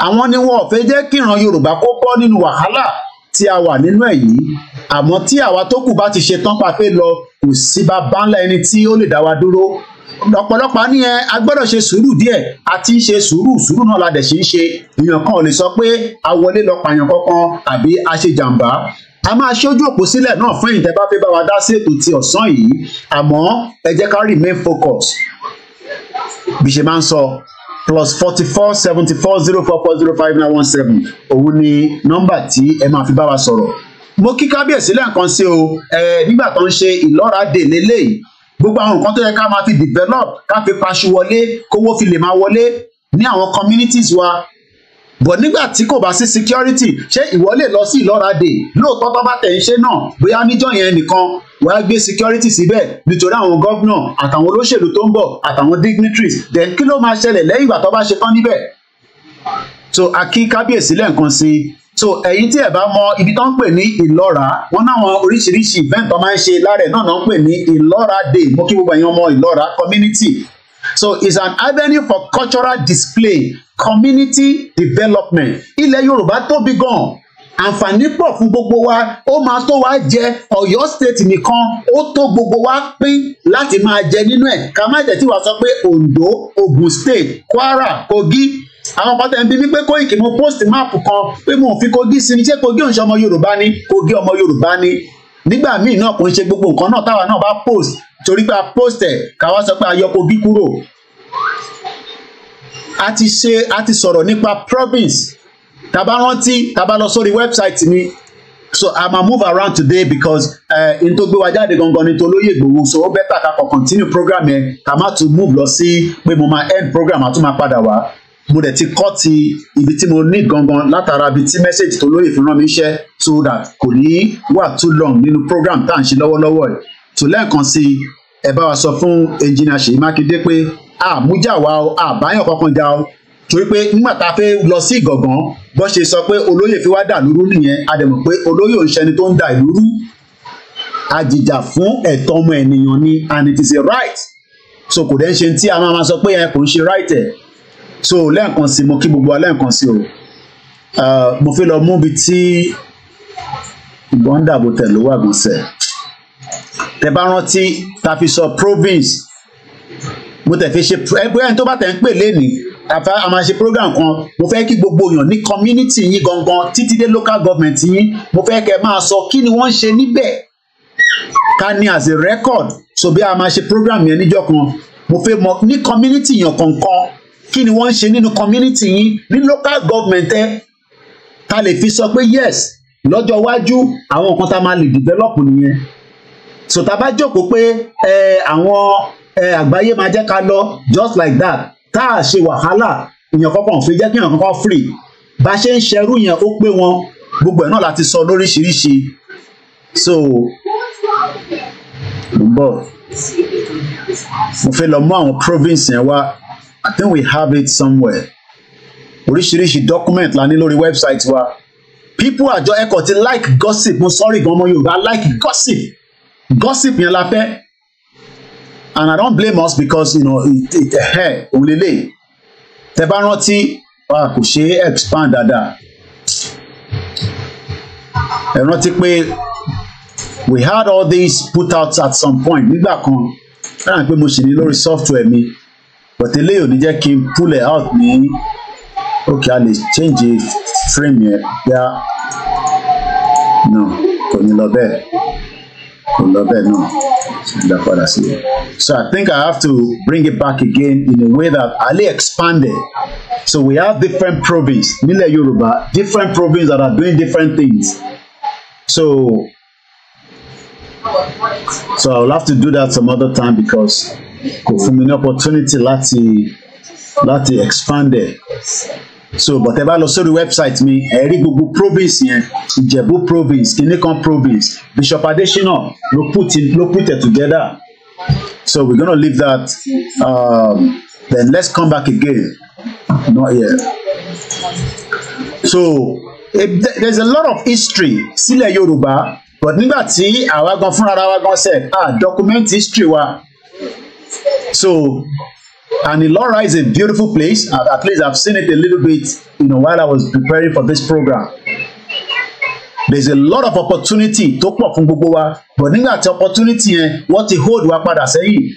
àwọn ni wọn ò fẹ́ jẹ́ kíran Yorùbá kó bọ́ nínú wàhálà tí a wà nínú ẹ̀ yìí àmọ́ tí àwa tó kù bá ti ṣe tán pàpé lọ kò sí bá báńlá ẹni tí ó lè dá wa dúró ọ̀pọ̀lọpọ̀ á ẹ a gbọ́dọ̀ ṣe sùúrù díẹ̀ àti ṣe sùúrù sùúrù náà la dẹ̀ ṣe ń ṣe èèyàn kan ò lè sọ pé a wọlé lọ pààyàn kankan àbí a ṣe jàǹbá a máa ṣí ojú òpó sílẹ̀ náà fún ìtẹ́ bá fẹ́ bá wa dá sí ètò ti ọ̀sán yìí àmọ́ ẹ jẹ́ ká remain focus bí ṣe máa ń sọ plus forty four seventy four zero four four zero five nine one seven òun ni nọ́mbà tí ẹ máa fi bá wa sọ̀rọ̀ mo kí kábíyèsí lẹ́ẹ̀kan sí o nígbà tó ń ṣe ìlọ́radè lélẹ́yìí gbogbo àwọn nǹkan tó yẹ ká máa fi develop ká fi paṣu wọlé kówó fi lè máa wọlé ní àwọn communities wa but nígbà tí kò bá sí security ṣé ìwọ lè lọ sí ìlọ́ra dè lóòótọ́ tó bá tẹ̀ ń ṣe náà bóyá níjọ́ yẹn nìkan wàá gbé security síbẹ̀ nítorí àwọn gómìnà àtàwọn olóṣèlú tó ń bọ̀ àtàwọn dignitaries then kí ló máa ṣẹlẹ̀ lẹ́yìn ìgbà tó bá ṣe tán níbẹ̀ so a kí kábíyèsí lẹ́ẹ̀kan sí i so ẹ̀yin tí ẹ bá mọ ibi tó ń pè ní ìlọ́ra wọn náwọn oríṣiríṣi event tó máa ń ṣe lára náà náà ń pè ní ìlọ́ra day mo kí gbogbo ẹ̀yin ọmọ ìlọ́ra community so it's an avenue for cultural display community development ilẹ̀ yorùbá tóbi gan àǹfààní pọ̀ fún gbogbo wa ó máa tó wa jẹ ọ̀yọ́ state nìkan ó tó gbogbo wa pín láti máa jẹ nínú ẹ̀ ká má jẹ́ tí wàá sọ pé ondo ogun state kwara kogi àwọn kan tẹ̀ ń bi pé Koiki mo post map kan pé mo fi kogi sí ni ṣé kogi òun ṣe ọmọ yorùbá ni kogi ọmọ yorùbá ni nígbà míì náà kò ń ṣe gbogbo nǹkan náà táwa náà bá post torí pé a post ẹ̀ káwá sọ pé a yọ kogi kúrò a ti ṣe a ti sọ̀rọ̀ nípa province Taba rántí taba lọ sórí website mi so i'm a move around today because eh, n tó gbé wa jáde gangan ni tó lóye Ìgbòho so ó bẹ́tà ká kàn continue program yẹn ká má tún move lọ sí pé mo máa end program àtún máa padà wá mo dẹ̀ ti kọ́ ti ibi tí mo ní gangan látara ibi tí message tó lóye fi rán mi iṣẹ́ so that kò ní wà too long nínú program tá à ń ṣe lọ́wọ́lọ́wọ́ yìí tó lẹ́ẹ̀kan sí i ẹ bá wa sọ fún ẹnjìnà Ṣèyí Mákindé pé àmújà wa o àbáyàn kankan já o torí pé nígbà tá a fẹ́ lọ sí Ìgàngán bó ṣe sọ pé olóyè fi wá dà lúrú nìyẹn a dẹ̀ mọ̀ pé olóyè ò ń ṣẹni tó ń dà lúrú àjìjà fún ẹ̀tọ́ ọmọ ènìyàn ni and it is a right so kò dẹ́ ṣe tí a máa máa sọ pé ẹ kò ń ṣe right ẹ̀ so lẹ́ẹ̀kan sí mo kí gbogbo wa lẹ́ẹ̀kan sí o uh, mo fẹ́ lọ mú bi tí ìbọn dàbò tẹ̀ ló wà gan sẹ́ẹ̀ tẹ bá rántí ta fi sọ province mo tẹ̀ fi ṣe ẹgbẹ́ ẹni tó bá tẹ̀ ń pè lénìí àfa a ṣe program kan mo fẹ́ kí gbogbo èèyàn ní community yín gangan títí dé local government yín mo fẹ́ kẹ́ máa sọ kí ni wọ́n ń ṣe níbẹ̀ ká ní as a record so bí a máa ṣe program yẹn níjọ́ kan mo fẹ́ mọ̀ ní community yẹn kankan kí ni wọ́n ń ṣe nínú community yín ní local government ẹ ta lè fi sọ pé yes lọ́jọ́ iwájú àwọn nǹkan tá a máa lè develop nìyẹn sòtàbá jókòó pé àwọn àgbáyé máa jẹ́ ká lọ just like that tá a ṣe wàhálà èèyàn kankan fi jẹ́ kí èèyàn kankan free bá ṣe ń ṣerú yẹn ó pé wọn gbogbo ẹ̀ náà láti sọ lóríṣiríṣi so bọ́ mo fẹ́ lọ mú àwọn province yẹn wá I think we have it somewhere oríṣiríṣi document la ní lórí website wa people àjọ ẹ̀kọ́ ti like gossip mo sorry gan ọmọ Yorùbá like gossip gossip yẹn la fẹ́ and I don't blame us because you know ẹ̀hẹ́ eh, òun lélẹ̀ tẹ bá rántí kò ṣe é expand dáadáa ẹ rántí pé we had all these put out at some point nígbà kan lára pé mo ṣì ní lórí software mi but eléyìí ò ní jẹ́ kí n pull it out ní okay a lè change the frame yẹn yeah. no kò ní lọ bẹ́ẹ̀ kò so I think I have to bring it back again in a way that Ali expanded so we have different provinces, nílẹ̀ Yoruba, different provinces that are doing different things so so I will have to do that some other time because kò fún mi ní opportunity láti láti expand it so but ẹ bá lọ sórí website mi ẹ rí gbogbo province yẹn ìjẹ̀bú province kìnnì kan province bishop adesina ló put it ló put it together so we gonna leave that um, then let's come back again not yet. so if eh, there's a lot of history sílẹ̀ yorùbá but nígbà tí àwa gan fúnra wa gan sẹ̀ ah document history wa so And Ilora is a beautiful place. At least I've seen it a little bit, you know, while I was preparing for this program. There's a lot of opportunity tó pọ̀ fún gbogbo wa, but nígbà tí opportunity yẹn wọ́n ti hold wa padà sẹ́yìn.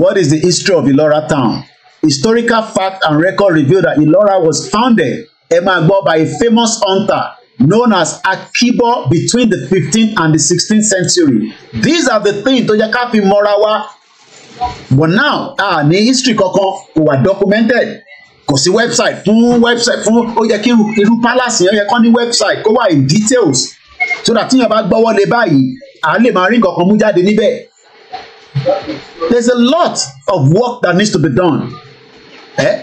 What is the history of Ilora town? Historical fact and record reveal that Ilora was founded, ẹ máa gbọ́, by a famous hunter known as Akibo between the 15th and the 16th century. These are the things tó yẹ ká fi mọ́ra wa but now a ní history kankan kò wà documented kò sí website fún website fún ó yẹ kí irú palace yẹn yẹ kán ní website kó wà in details so that tíyẹn bá gbọ́wọ́ lé báyìí à lè máa rí nǹkan mú jáde níbẹ̀ there's a lot of work that needs to be done eh?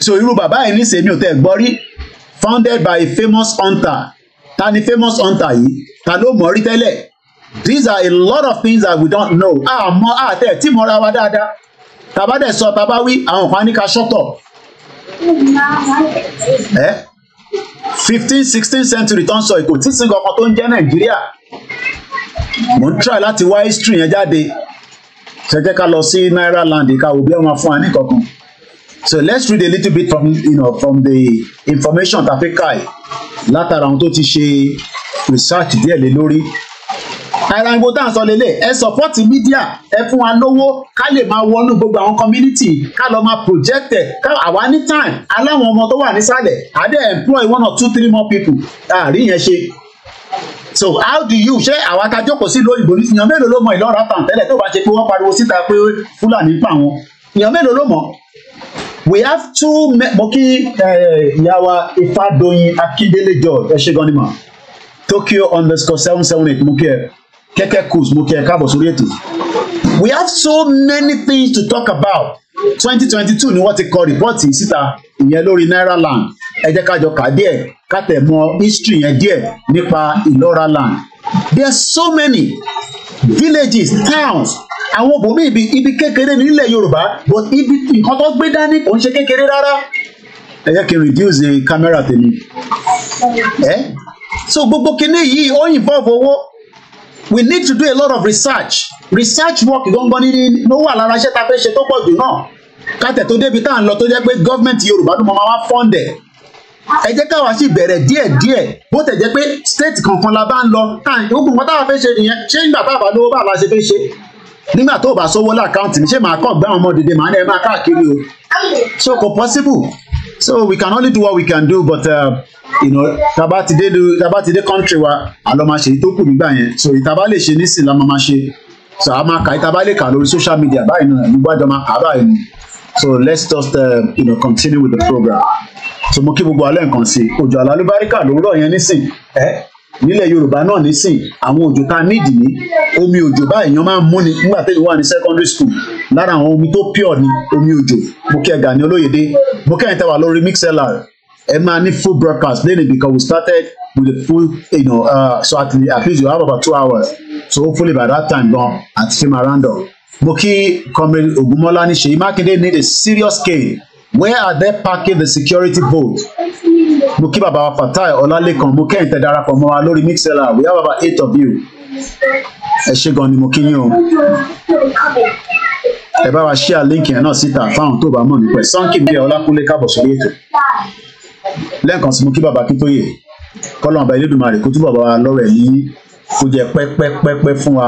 so irú bàbá yìí níṣẹ́ mi ò tẹ́ gbọ́ rí founded by a famous hunter ta ni famous hunter yìí ta ló mọ̀ rí tẹ́lẹ̀ these are a lot of things that we don't know àmọ́ àtẹ̀ tí mo ra wa dáadáa tàbá dẹ̀ sọ tàbá wí àwọn kan ní ká ṣọ́tọ̀ fifteen sixteen century tó ń sọ èkó tí sin kankan tó ń jẹ́ nàìjíríà mo ń try láti wá history yẹn jáde ṣe jẹ́ ká lọ sí naira land ká wò bí wọ́n máa fún wa ní kankan so let's read a little bit from you know from the information tafikai látara àwọn tó ti ṣe research díẹ̀ lé lórí àìrango tá à ń sọ lélẹ̀ ẹ sọ̀pọ́tì mídíà ẹ fún wa lówó ká lè máa wọnú gbogbo àwọn community ká lọ máa project ẹ̀ ká àwa ní time aláwọn ọmọ tó wà nísàlẹ̀ àdé employ one or two three more people àárín yẹn ṣe so how do you ṣé àwọn atajọpọ̀ sí lóyìnbó ní ìyàn mélòó ló mọ ìlọ́ra tàn tẹ́lẹ̀ tó bá ṣe pé wọ́n pariwo síta pé fúlàní pa wọn ìyàn mélòó ló mọ̀ we have two mo kí ìyàwó Ifádòyìn Akíndélé George ẹ ṣe gan ni mọ̀ Tokyo underscore seven seven eight mo kí ẹ Kẹ́kẹ́ Kuz mo kí ẹ káàbọ̀ sórí ètò. We have so many things to talk about. 2022 ni wọ́n ti kọ rìpọ́ọ̀tì síta ìyẹn lórí Nairaland ẹ jẹ́ ká jọ kà díẹ̀ ká tẹ̀ mọ history yẹn díẹ̀ nípa Ìlọ́ra land. There are so many villages towns àwọn òbòmí ibi ibi kékeré nílẹ̀ Yorùbá but ibi nǹkan tó gbé dání kò ń ṣe kékeré rárá ẹ jẹ́ kí n reduce the camera tèmi. ẹ so gbogbo kinní yìí ó involve owó we need to do a lot of research research work gangan ní ló wà lára iṣẹ́ ta fẹ́ ṣe tó pọ̀ jù náà kátẹ̀ tó débi tá à ń lọ tó jẹ́ pé gọ́ọ̀mẹ̀ntì Yorùbá ló máa wá fọ́ǹdẹ̀ ẹ jẹ́ káwa sì bẹ̀rẹ̀ díẹ̀ díẹ̀ bó tẹ̀ jẹ́ pé state kankan la bá ń lọ gbogbo nǹkan táwa fẹ́ ṣe nìyẹn ṣé nígbà táwa lówó bá a la ṣe fẹ́ ṣe nígbà tó o bá sówó láàkáǹtì mi ṣé màá kàn gbá àwọn ọmọ dìde màá ní ẹ máa káàkiri o so kò possible so we can only do what we can do but uh, you know taba ti dé taba ti dé country wa àlọ́ máa ṣe èyí tó kù nígbà yẹn so ìtaba lè ṣe nísìn la máa máa ṣe so a máa kà ìtaba lè kà lórí social media báyìí náà nígbà jọ máa kà báyìí ni so let's just uh, you know, continue with the program so mo kí gbogbo alẹ́ nǹkan Ojo òjò àlálùbáríkà ló ń rọ̀ yẹn nísìn ẹ́ nílẹ̀ yorùbá náà nísìn àwọn òjò tá a nídìí omi òjò báyìí yan máa ń múni nígbà téèyàn wà ní secondary school lára àwọn omi tó pure ni omi òjò mo kí ẹ Gani Olóyèdé mo kẹ́yìn tẹ́wà lórí mixlr ẹ máa ní full broadcast lẹ́yìn because we started with a full you know, uh, so at, at least you have about two hours so hopefully by that time gan àti fi máa round up mo kí comrade Ògúnmọ́lá ní Ṣèyí Mákindé need a serious case where are they packing the security boat? mo kí bàbá wa Fatai Ọlálékan mo kẹ́yìn tẹ́ darapọ̀ mọ́ wa lórí mixlr we have about eight of you ẹ ṣé gan ni mo kí yín o ẹ bá wa share link yẹn náà síta fáwọn tó bá mọ̀ nípa ẹ̀ Sunky Ìgbéyàwó Ọlákúnlé káàbọ̀ sórí ètò lẹ́ẹ̀kan sí mo kí bàbá Akíntóyè kọ́lọ́n ọba Elédùmarè kó túbọ̀ bá wa lọ́rọ̀ ẹ̀ ní kó jẹ́ pẹ́pẹ́pẹ́pẹ́ fún wa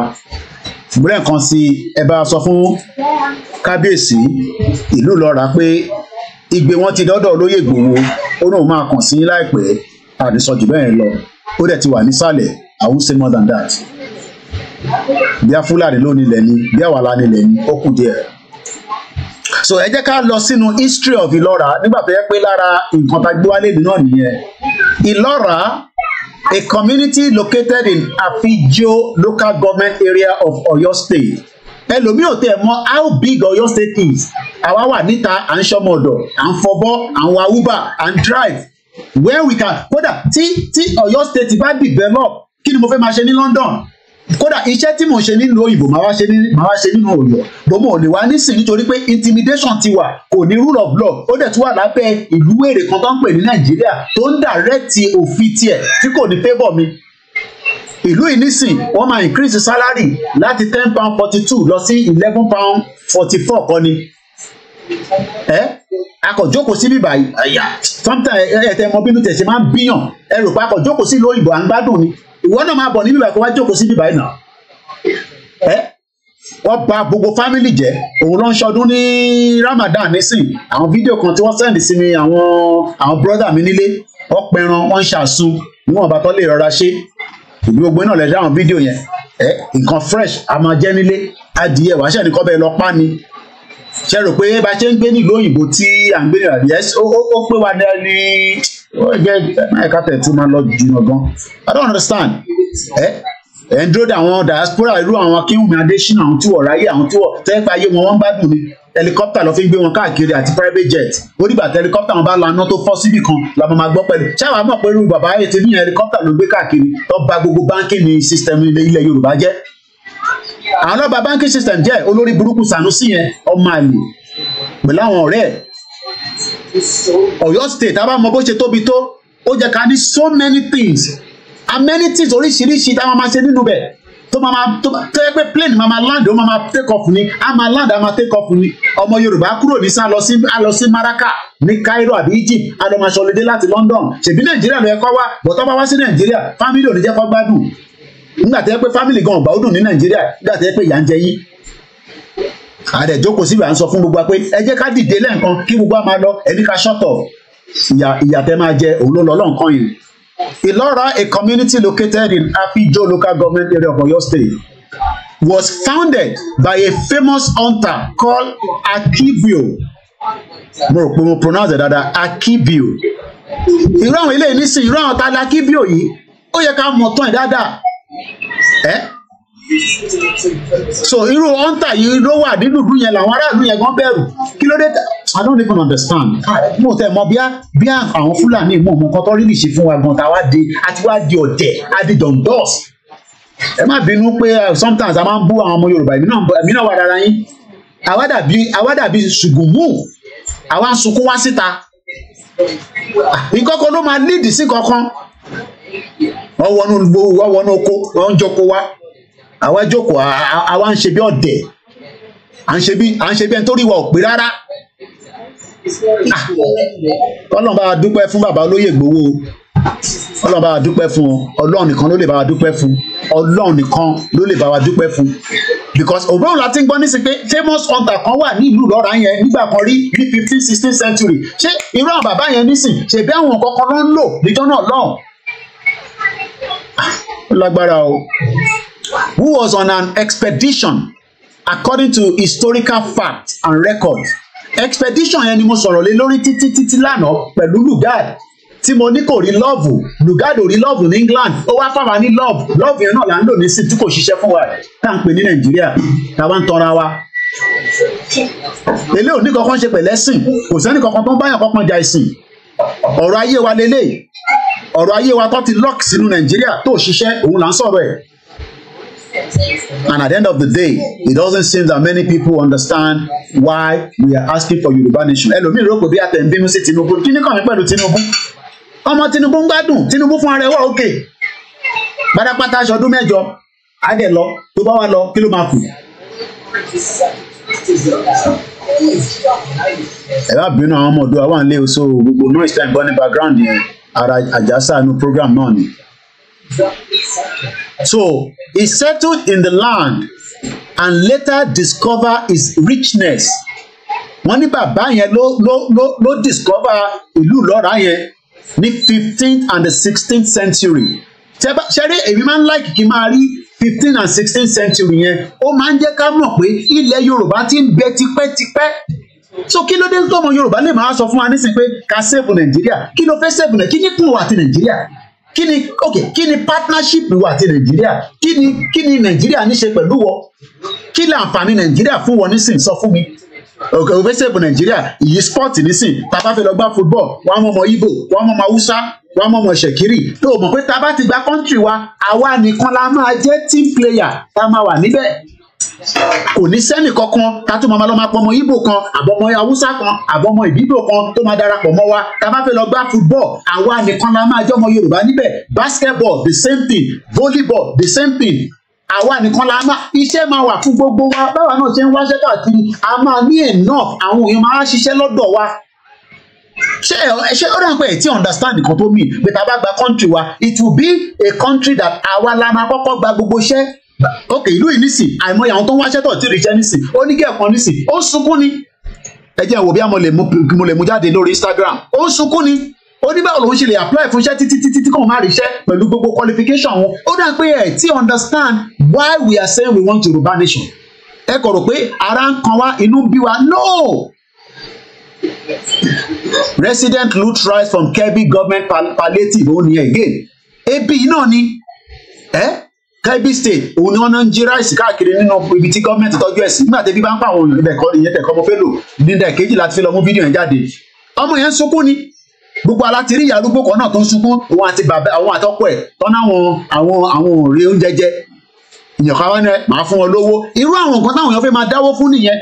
ṣùgbọ́n lẹ́ẹ̀kan sí ẹ bá sọ fún kábíyèsí ìlú lọ́ra pé igbe wọn ti dọ́dọ̀ olóyè Ìgbòho ó náà máa kàn sí láìpẹ́ àdìsọ jù lọ ó dẹ̀ ti wà nísàlẹ̀ I won't say more than that bíá fúlàní ló nílẹ̀ ni bíá wàhálà nílẹ̀ ni ó kù díẹ̀ so ẹ jẹ́ ká lọ sínú history of Ìlọ́ra nígbà tó yẹ pé lára nǹkan tá a gbé wálé nínú nìyẹn Ìlọ́ra a community located in Afijio local government area of Oyo State ẹlòmíì ò tẹ mọ how big Oyo State is àwa wà níta à ń ṣọmọ ọ̀dọ̀ à ń fọbọ́ à ń wa uber à ń drive where we can kódà tí tí Oyo State bá develop kí ni mo fẹ́ máa ṣe ní London kódà iṣẹ́ tí mò ń ṣe nílùú òyìnbó màá wá ṣe màá wá ṣe nínú Ọ̀yọ́ bòmọ ò lè wá nísìn nítorí pé intimidation ti wà kò ní rule of law ó dẹ̀ tún wà lábẹ́ ìlú èrè kan tó ń pè ní Nàìjíríà tó ń dàrẹ́tì òfin tiẹ̀ tí kò ní favour mi ìlú yìí nísìn máa increase salary láti ten pound forty two lọ sí eleven pound forty four kọ́ ni ẹ akọ̀jókòó síbí báyìí sometimes ẹ̀ ẹ̀ tẹ́ mọ bínú tẹ̀ ṣe máa ń bíyàn ẹ rò pé akọ̀jókòó sí ìlú òyìnbó à ń gbádùn ni ìwọ náà máa bọ̀ níbí báyìí kó wá jókòó sí bíbá yìí náà ẹ wọ́n bà gbogbo fámìlì jẹ́ òun ló ń ṣọdún ní Ramadan nísìn àwọn fídíò kan tí wọ́n sẹ́ndì sí mi àwọn àwọn bírọ́dà mi nílé wọ́n pẹran wọ́n ń ṣàsun níwọ̀n bá tọ́ lè rọra ṣe ìlú ogun náà lẹ́dá àwọn fídíò yẹn ẹ nǹkan fresh a máa jẹ́ nílé adìyẹ wàá ṣẹ̀ nìkan bẹ́ẹ̀ lọ pa ni ṣe rò pé bá ṣe ń gbé nílùú òyìnbó tí à ń gbé nílùú àbí ẹ ó pé wa ní jẹ́ ẹ̀ka tẹ̀ tún máa lọ jùlọ gan I don't understand ẹ ẹ̀ ń dúró de àwọn diaspora irú àwọn Akínwùmí Adésínà àwọn tí wọ́n ráyè àwọn tí wọ́n tẹ́ẹ̀pá ayé wọn wọ́n ń gbádùn ni helicopter lọ fi ń gbé wọn káàkiri àti private jet onígbà tí helicopter wọn bá laná tó fọ́ síbì kan la máa máa gbọ́ pẹ̀lú ṣáà mọ̀ pé irú bàbá ayé ti ní helicopter ló gbé káàkiri tó bà gbogbo banking system ilẹ̀ Yorùbá jẹ́ àwọn ọlọ́ba banking system jẹ́ olórí burúkú Sanusi yẹn ọmọ àlè pẹ̀lú àwọn ọ̀rẹ́ ẹ̀ Ọ̀yọ́ state àbá mọ bó ṣe tóbi tó ó jẹ́ ká ní so many things amenities oríṣiríṣi tá a máa ṣe nínú bẹ̀ tó máa tó yẹ pé plane máa máa land ó máa máa take off ni a máa land a máa take off ni ọmọ Yorùbá kúrò ní sá lọ sí a lọ sí Maraka ní Cairo àbí Egypt a lọ máa ṣọlódé láti London ṣèbí Nàìjíríà ló yẹ kó wá bọ̀tọ́ bá wá sí Nàìjíríà family ò ní jẹ́ kó gbádùn nígbà tó yẹ pé family gan ọ̀gbà ó dùn ní Nàìjíríà nígbà tó yẹ pé ìyà ń jẹ yín àdẹ̀jókòó síbi à ń sọ fún gbogbo pé ẹ jẹ́ ká dìde lẹ́ẹ̀kan kí gbogbo wa máa lọ ẹbí ká ṣọ́tọ̀ ìyà máa jẹ òun ló lọ lọ́nkàn yìí. Ìlọ́ra a community located in Apijo local government area of Oyo State was founded by a famous hunter called Akibio mo rò pé mo pronounce it dáadáa Akibio irú àwọn ilé ìnísìn irú àwọn tá a lè Akibio yìí ó yẹ ká mọ̀ tán ẹ̀ dáadáa so irú ọ̀ǹtà yìí ló wà nínú ìlú yẹn làwọn aráàlú yẹn gan bẹ̀rù kí ló dé i don't even understand mo tẹ mọ bíá bíá àwọn fúlàní mọ mọ nǹkan tó rí nìṣe fún wa gan tá a wá di àti wá di ọ̀dẹ̀ àti dundus ẹ má bínú pé uh, sometimes a máa ń bú àwọn ọmọ yorùbá èmi náà wà rárá yín àwa dàbí àwa dàbí ṣùgbùnmù àwa ń sunkún wá síta nǹkan kan ló máa lead sí kankan wọ́n oko wọ́n ń jọko wá àwa jókòó àwa ń ṣe bí ọ̀dẹ̀ à ń ṣe bí à ń ṣe bí ẹni tó rí wa ò pé rárá ah, ọlọ́run bá wa dúpẹ́ fún bàbá olóyè Ìgbòho ọlọ́run bá wa dúpẹ́ fún ọlọ́run nìkan ló lè bá wa dúpẹ́ fún ọlọ́run nìkan ló lè bá wa dúpẹ́ fún because òbúrò la ti ń gbọ́ nísìnyí pé famous hunter kan wà ní ìlú lọ́ra yẹn nígbà kan rí ní fifteen sixteen century ṣé irú àwọn bàbá yẹn nísìn ṣèbí àwọn nǹkan kan ló ń lò níjọ́ náà lọ́hùn ah, lágbára o who was on an expedition according to historical facts and records expedition yẹn ni mo sọ̀rọ̀ lé lórí títí títí lánàá pẹ̀lú lugard tí mo ní kò rí lọ́ọ̀bù lugard ò rí lọ́ọ̀bù ní England ó wá fáwa ní lọ́ọ̀bù lọ́ọ̀bù yẹn náà là ń lò ní sí tí kò ṣiṣẹ́ fún wa tá à ń pè ní Nàìjíríà táwa ń tanra wa èlé ò ní kankan ṣe pẹ̀lẹ́ sìn kò sẹ́ni kankan tó ń báyàn kankan ja ìsìn ọ̀rọ̀ ayé wa lélẹ̀ ọ̀rọ̀ ayé wa tó ti lock sínú Nàìjíríà tó ṣiṣẹ́ òun là ń And at the end of the day, it doesn't seem that many people understand why we are asking for Yoruba nation. Ẹlòmíì rò pé bí àtẹ̀bínú sí Tinubu, kí ni kàn mí pẹ̀lú Tinubu? Ọmọ Tinubu ń gbádùn, Tinubu fún ara ẹ̀ wá òkè. Pátápátá aṣọ ọdún mẹ́jọ, àdẹ̀ lọ, tó bá wá lọ, kí ló máa kù? Ẹ bá bínú àwọn ọmọ ọdún àwọn ilé oṣù gbogbo noise time gbọ́ ní background yẹn, ara àjàsà inú program náà ni. So he settled in the land and later discovered its richness. Wọ́n ní bàbá yẹn ló ló ló ló discover ìlú lọ́ra yẹn ní fifteenth and the sixteenth century. Ṣẹ́rí èmi máa ń láìkì kí n máa rí fifteenth and sixteenth century yẹn ó máa ń jẹ́ ká mọ̀ pé ilẹ̀ Yorùbá ti ń bẹ tipẹ́tipẹ́ so kí ló dé tọmọ Yorùbá lè máa sọ fún wa nísìnyí pé ká sèbù Nàìjíríà kí ló fẹ́ sèbù Nàìjíríà kí ní kùn wà ti Nàìjíríà kí ni ok kí ni partnership wa àti nàìjíríà kí ni kí ni nàìjíríà ní ṣe pẹ̀lú wọ kí ni àǹfààní nàìjíríà fún wọn nísìnyí sọ fún mi ok òfẹsẹ̀bù nàìjíríà ìyí sport nísìn tàbá fẹ́ lọ gbá football wọn mọ̀ ọmọ ibo wọn mọ̀ ọmọ haúsá wọn mọ̀ ọmọ ṣẹ̀kírì tó mọ̀ pé tàbá ti gba country wa àwa nìkan la máa jẹ́ team player tá a máa wà níbẹ̀ kò ní sẹ́nì kankan ká mama máa lọ máa pọ̀ ọmọ Ìgbò kan àbọ̀mọ Haúsá kan àbọ̀mọ ìbíbò kan tó máa darapọ̀ mọ́ wa tá a bá fẹ́ lọ gbá football àwa nìkan la máa jẹ́ ọmọ Yorùbá níbẹ̀ basketball the same thing volleyball the same thing àwa nìkan la máa iṣẹ́ máa wà fún gbogbo wa báwa náà ṣe ń wáṣẹ́ káàkiri a máa ní enough àwọn èèyàn máa ṣiṣẹ́ lọ́dọ̀ wa ṣé ẹ ṣe ó dà pé ti understand nǹkan tó mean pé tá a bá gba country wa it will be a country that àwa la máa kọ́kọ́ gba gbogbo iṣẹ́ ok ìlú yìí nísìn àìmọye àwọn tó ń wáṣẹ́ tó ti ríṣẹ́ nísìn ó ní kẹ́ẹ̀kan nísìn ó ń sunkún ni ẹ jẹ́ ìwò bí mo lè mo lè mú jáde lórí Instagram ó ń sunkún ni ó ní báwo lòun ṣe lè apply fún iṣẹ́ títí títí tí kò má ríṣẹ́ pẹ̀lú gbogbo qualification wọn ó dà pé ẹ̀ tí understand why we are saying we want Yorùbá nation ẹ kò rò pé ara ń kan wá inú bí wa no resident loot rights from Kebbi government palliative ó ní ẹ̀ again ebi náà ni. Eh? Kebbi State òun ni wọ́n náà ń jí ráìsì káàkiri nínú ibi tí gọ́ọ̀mẹ̀ntì tọ́jú ẹ̀sìn nígbà tẹ́bí bá ń pa àwọn èèyàn níbẹ̀ kọ́ ìyẹn tẹ̀kọ́ ọmọ fẹ́ lò nílẹ̀ kejì láti fi lọ mú fídíò yẹn jáde ọmọ yẹn ń sunkún ni gbogbo alátìrí ìyá arúgbó kan náà tó ń sunkún òun àti bàbá àwọn àtọ́kọ ẹ̀ tọ́nà àwọn àwọn àwọn òrè oúnjẹ jẹ ìyànká wọn máa fún wọn lówó irú àwọn nǹkan táwọn èèyàn fẹ́ máa dáwó fún nìyẹn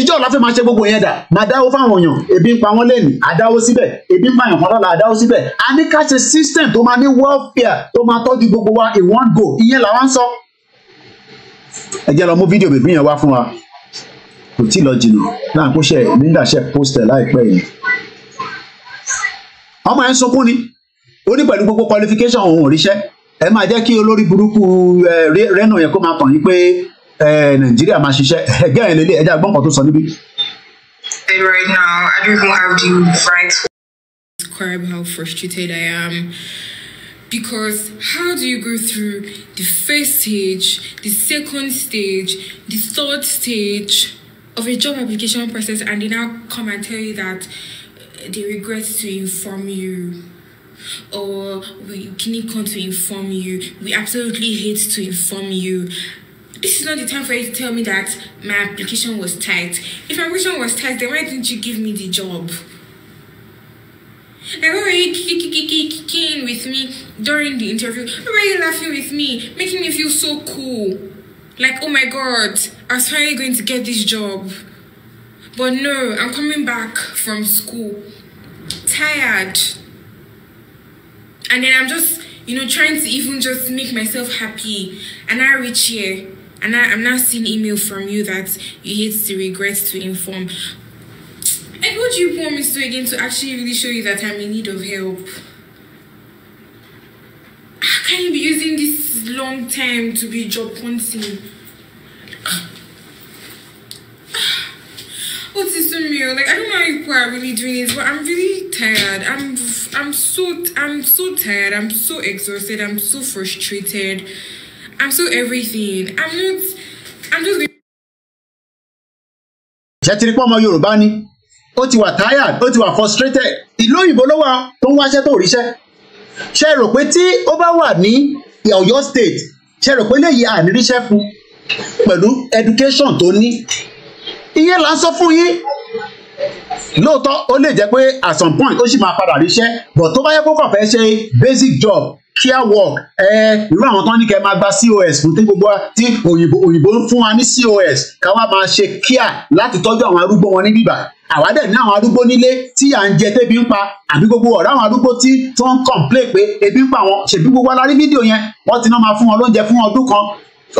ìjọ ọ̀la fẹ́ máa ṣe gbogbo yẹn dà máa dáwó fáwọn èèyàn ebi ń pa wọ́n lẹ́nu àdáwó síbẹ̀ ebi ń pa èèyàn kan lọ́la àdáwó síbẹ̀ a ní ká ṣe system tó máa ní welfare tó máa tọ́jú gbogbo wa in one go ìyẹn làwa ń sọ. ẹ jẹ́ lọ mú fídíò bèbí yẹn wá fún wa kò tí ì lọ jìnnà náà kó ṣe nígbà ṣe post ẹ̀ láìpẹ́ yìí. ọmọ ẹ̀ ń sunkún ni ó ní pẹ̀lú gbogbo qualification òun ò ríṣẹ́ ẹ máa jẹ́ kí olórí burúkú rẹ́nà Eh, nàìjíríà máa ṣiṣẹ́ ẹ̀gẹ́ ẹ̀ lélẹ̀ ẹ̀jẹ̀ àgbọ̀ǹkan tó sọ níbí. Right now, I don't even have the right to describe how frustrated I am. Because how do you go through the first stage, the second stage, the third stage of a job application process and they now come and tell you that uh, they regret to inform you or we didn't come to inform you, we absolutely hate to inform you this is not the time for you to tell me that my application was tight. If my application was tight, then why didn't you give me the job? Like, why were you kicking with me during the interview? Why were you laughing with me, making me feel so cool? Like, oh my god, I was finally going to get this job. But no, I'm coming back from school tired. And then I'm just, you know, trying to even just make myself happy. And I reach here and I, I'm not seeing email from you that you hate to regret to inform. And what do you want me to again to actually really show you that I'm in need of help? How can you be using this long time to be job hunting? What is so meal? Like I don't know if we're really doing this, but I'm really tired. I'm I'm so I'm so tired. I'm so exhausted. I'm so frustrated. I'm so everything. I'm just, I'm just. ṣé ti rí pọ́ ọmọ Yorùbá ni ó ti wà tired ó ti wà frustrated ìlú òyìnbó ló wà tó ń wáṣẹ́ tó ríṣẹ́ ṣe rò pé tí ó bá wà ní Ọ̀yọ́ state ṣe rò pé léyìí àníríṣẹ́ fún pẹ̀lú education tó ní ìyẹn là ń sọ fún yín lóòótọ́ ó lè jẹ́ pé at some point ó sì máa padà ríṣẹ́ but tó bá yẹ kó kàn fẹ́ ṣe basic job care work ẹ irú àwọn tán ní kẹ́ máa gba cos fún tí gbogbo tí òyìnbó òyìnbó ń fún wa ní cos káwa máa ṣe care láti tọ́jú àwọn arúgbó wọn ní bíbà àwa dẹ̀ ní àwọn arúgbó nílé tí à ń jẹ tẹ́bi ń pa àbí gbogbo ọ̀rọ̀ àwọn arúgbó tí tó ń complain pé ebi ń pa wọn ṣèbí gbogbo alárí fídíò yẹn wọ́n ti náà máa fún wọn lóúnjẹ fún ọdún kan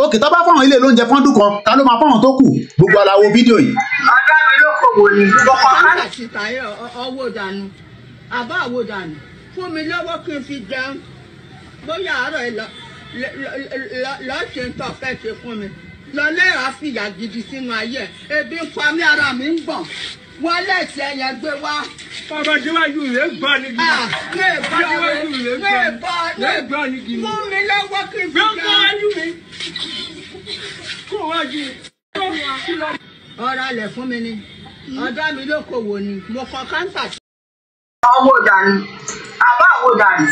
òkè tó bá fáwọn ilé lóúnjẹ fún ọdún kan ta ló máa fáwọn tó kù gbogbo aláwo fídíò yìí. ọ̀gá mi ló kò wò ní gbọ́kọ̀ ká. ọwọ́ dànù àbá àwòdànù fún mi lọ́wọ́ kí n fi jẹun bóyá àárọ̀ ẹ lọ lọ ṣe ń tọ́ fẹ́ ṣe fún mi lọlé àfìyà gidi sínú ayé ebi ń pa mí ara mi ń gbọ̀n wọlé tí ẹyẹ gbé wá. ọmọ síwájú rẹ gbọ́ ni gidi. lè bọ́ lè bọ́ lè bọ́ ni gidi. mú mi lọ́wọ́ kí n fi jẹun. lọ́wọ́ wájú mi kó wájú mi. ọ̀rọ̀ alẹ̀ fún mi ni ọ̀dọ́ mi lókòwò ni mo kọ káńtà ọwọ́ dànù àbá àwọ̀ dànù.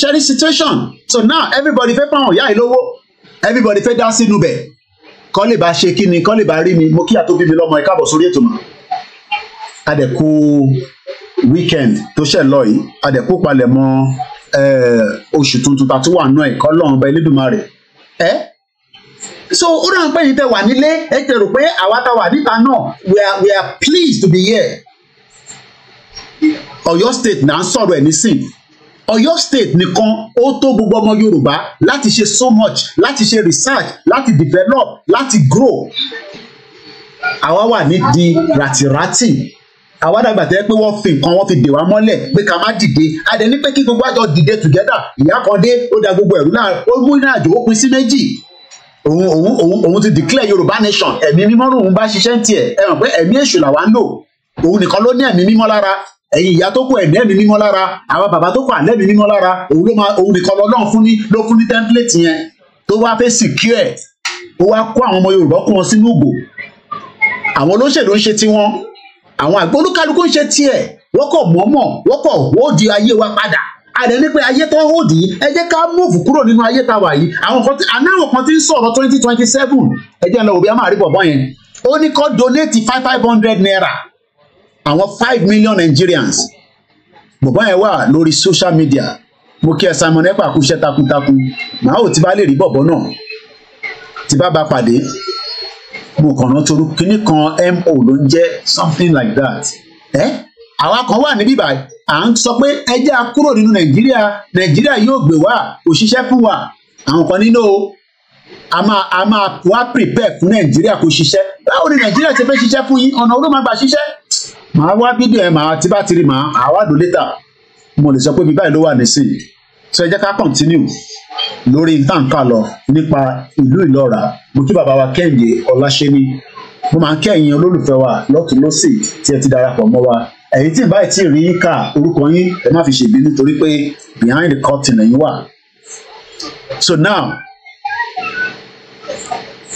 ṣẹ́rí situation so now everybody fẹ́ pàwọn ìyá ìlówó everybody fẹ́ dá sínú bẹ̀ kọ́ lè bá ṣe kí ni kọ́ lè bá rí mi mo kíyà tó bí mi lọ́mọ ẹ káàbọ̀ sórí ètò mọ́ adẹ̀kú weekend tó ṣẹ̀ lọ yìí adẹ̀kú palẹ̀ mọ́ oṣù tuntun tàtí wà náà ẹ̀kọ́ lọ́run ọba Elédùmarè ẹ́ so ó ràn pé yìí tẹ wà nílé ẹ tẹ rò pé àwa ta wà níta náà we are we are pleased to be here Ọ̀yọ́ state náà ń sọ̀rọ̀ ẹ̀ nísìn Ọ̀yọ́ state nìkan ó tó gbogbo ọmọ Yorùbá láti ṣe so much láti ṣe research láti develop láti grow àwa wà nídìí ràtìràtì àwa dàgbà tẹ́ pé wọ́n fi nǹkan wọ́n fi dè wá mọ́lẹ̀ pé ká má dìde adẹ ní pé kí gbogbo àjọ dìde together ìyá kan dé ó da gbogbo ẹ̀rú náà ó mú iná àjò ó pín sí méjì òun òun òun òun ti declare Yorùbá nation ẹ̀mí mímọ́ lòun bá ṣiṣẹ́ ń tiẹ̀ ẹ mọ̀ pé ẹ̀mí èṣù làwa ń lò òun nìkan ló ní ẹ̀mí mímọ́ lára ẹ̀yin ìyá tó kù ẹ̀lẹ́mìí mímọ́ lára àwọn bàbá tó kù àlẹ́mìí mímọ́ lára òun ló máa òun nìkan lọ́lọ́run fún ní ló fún ní tẹ́ḿpìlẹ̀tì yẹn tó wá fẹ́ secure ẹ̀ ó wá kó àwọn ọmọ Yorùbá kó wọn sínú ògbò àwọn olóṣèlú ń ṣe tiwọn àwọn àgbẹ̀ olúkálukú ń ṣe tiẹ̀ wọ́n kọ̀ mọ́mọ́ wọ́n kọ̀ wó di ayé wa padà àdẹ ní pé ayé tó ń hòdì yìí ẹ jẹ́ ká múùfù kúrò nínú ayé tá a wà yìí àwọn kan anáwọ̀ kan ti ń sọ̀rọ̀ twenty twenty seven ẹ jẹ́ ń lọ òbí àmàrí bọ̀bọ̀ yẹn ó ní kó donate five five hundred naira àwọn five million Nigerians bọ̀bọ́n yẹn wà lórí social media mo kí ẹ Simon Ekpa kú iṣẹ́ takuntakun màá ò tí bá lè rí bọ̀bọ́ náà tí bá bá pàdé mo kàn rán torú kinní kan mo ló ń jẹ́ something like that ẹ àwa kan wà níbí báyìí à ń sọ pé ẹ jẹ́ a kúrò nínú Nàìjíríà Nàìjíríà yóò gbé wá òṣìṣẹ́ fún wa àwọn kan nínú o a máa a máa wá prepare fún Nàìjíríà kó ṣiṣẹ́ báwo ni Nàìjíríà ṣe fẹ́ ṣiṣẹ́ fún yín ọ̀nà olóòmà gbà ṣiṣẹ́ màá wá fídíò ẹ màá tí bá ti rí màá àwa lò létà mo lè sọ pé mi ló wà nísìnyí so ẹ ká continue lórí ntànká lọ nípa ìlú ìlọ́ra mo kí bàbá wa kẹ́hìndé ọláṣẹ́ni mo máa ń kẹ́yìn olólùfẹ́ wa lọ́tún tí ẹ ti darapọ̀ mọ́ wa ẹ̀yin tí báyìí tí rí kà orúkọ yín ẹ má fi ṣèbí nítorí pé behind the curtain ẹ̀yin wà so now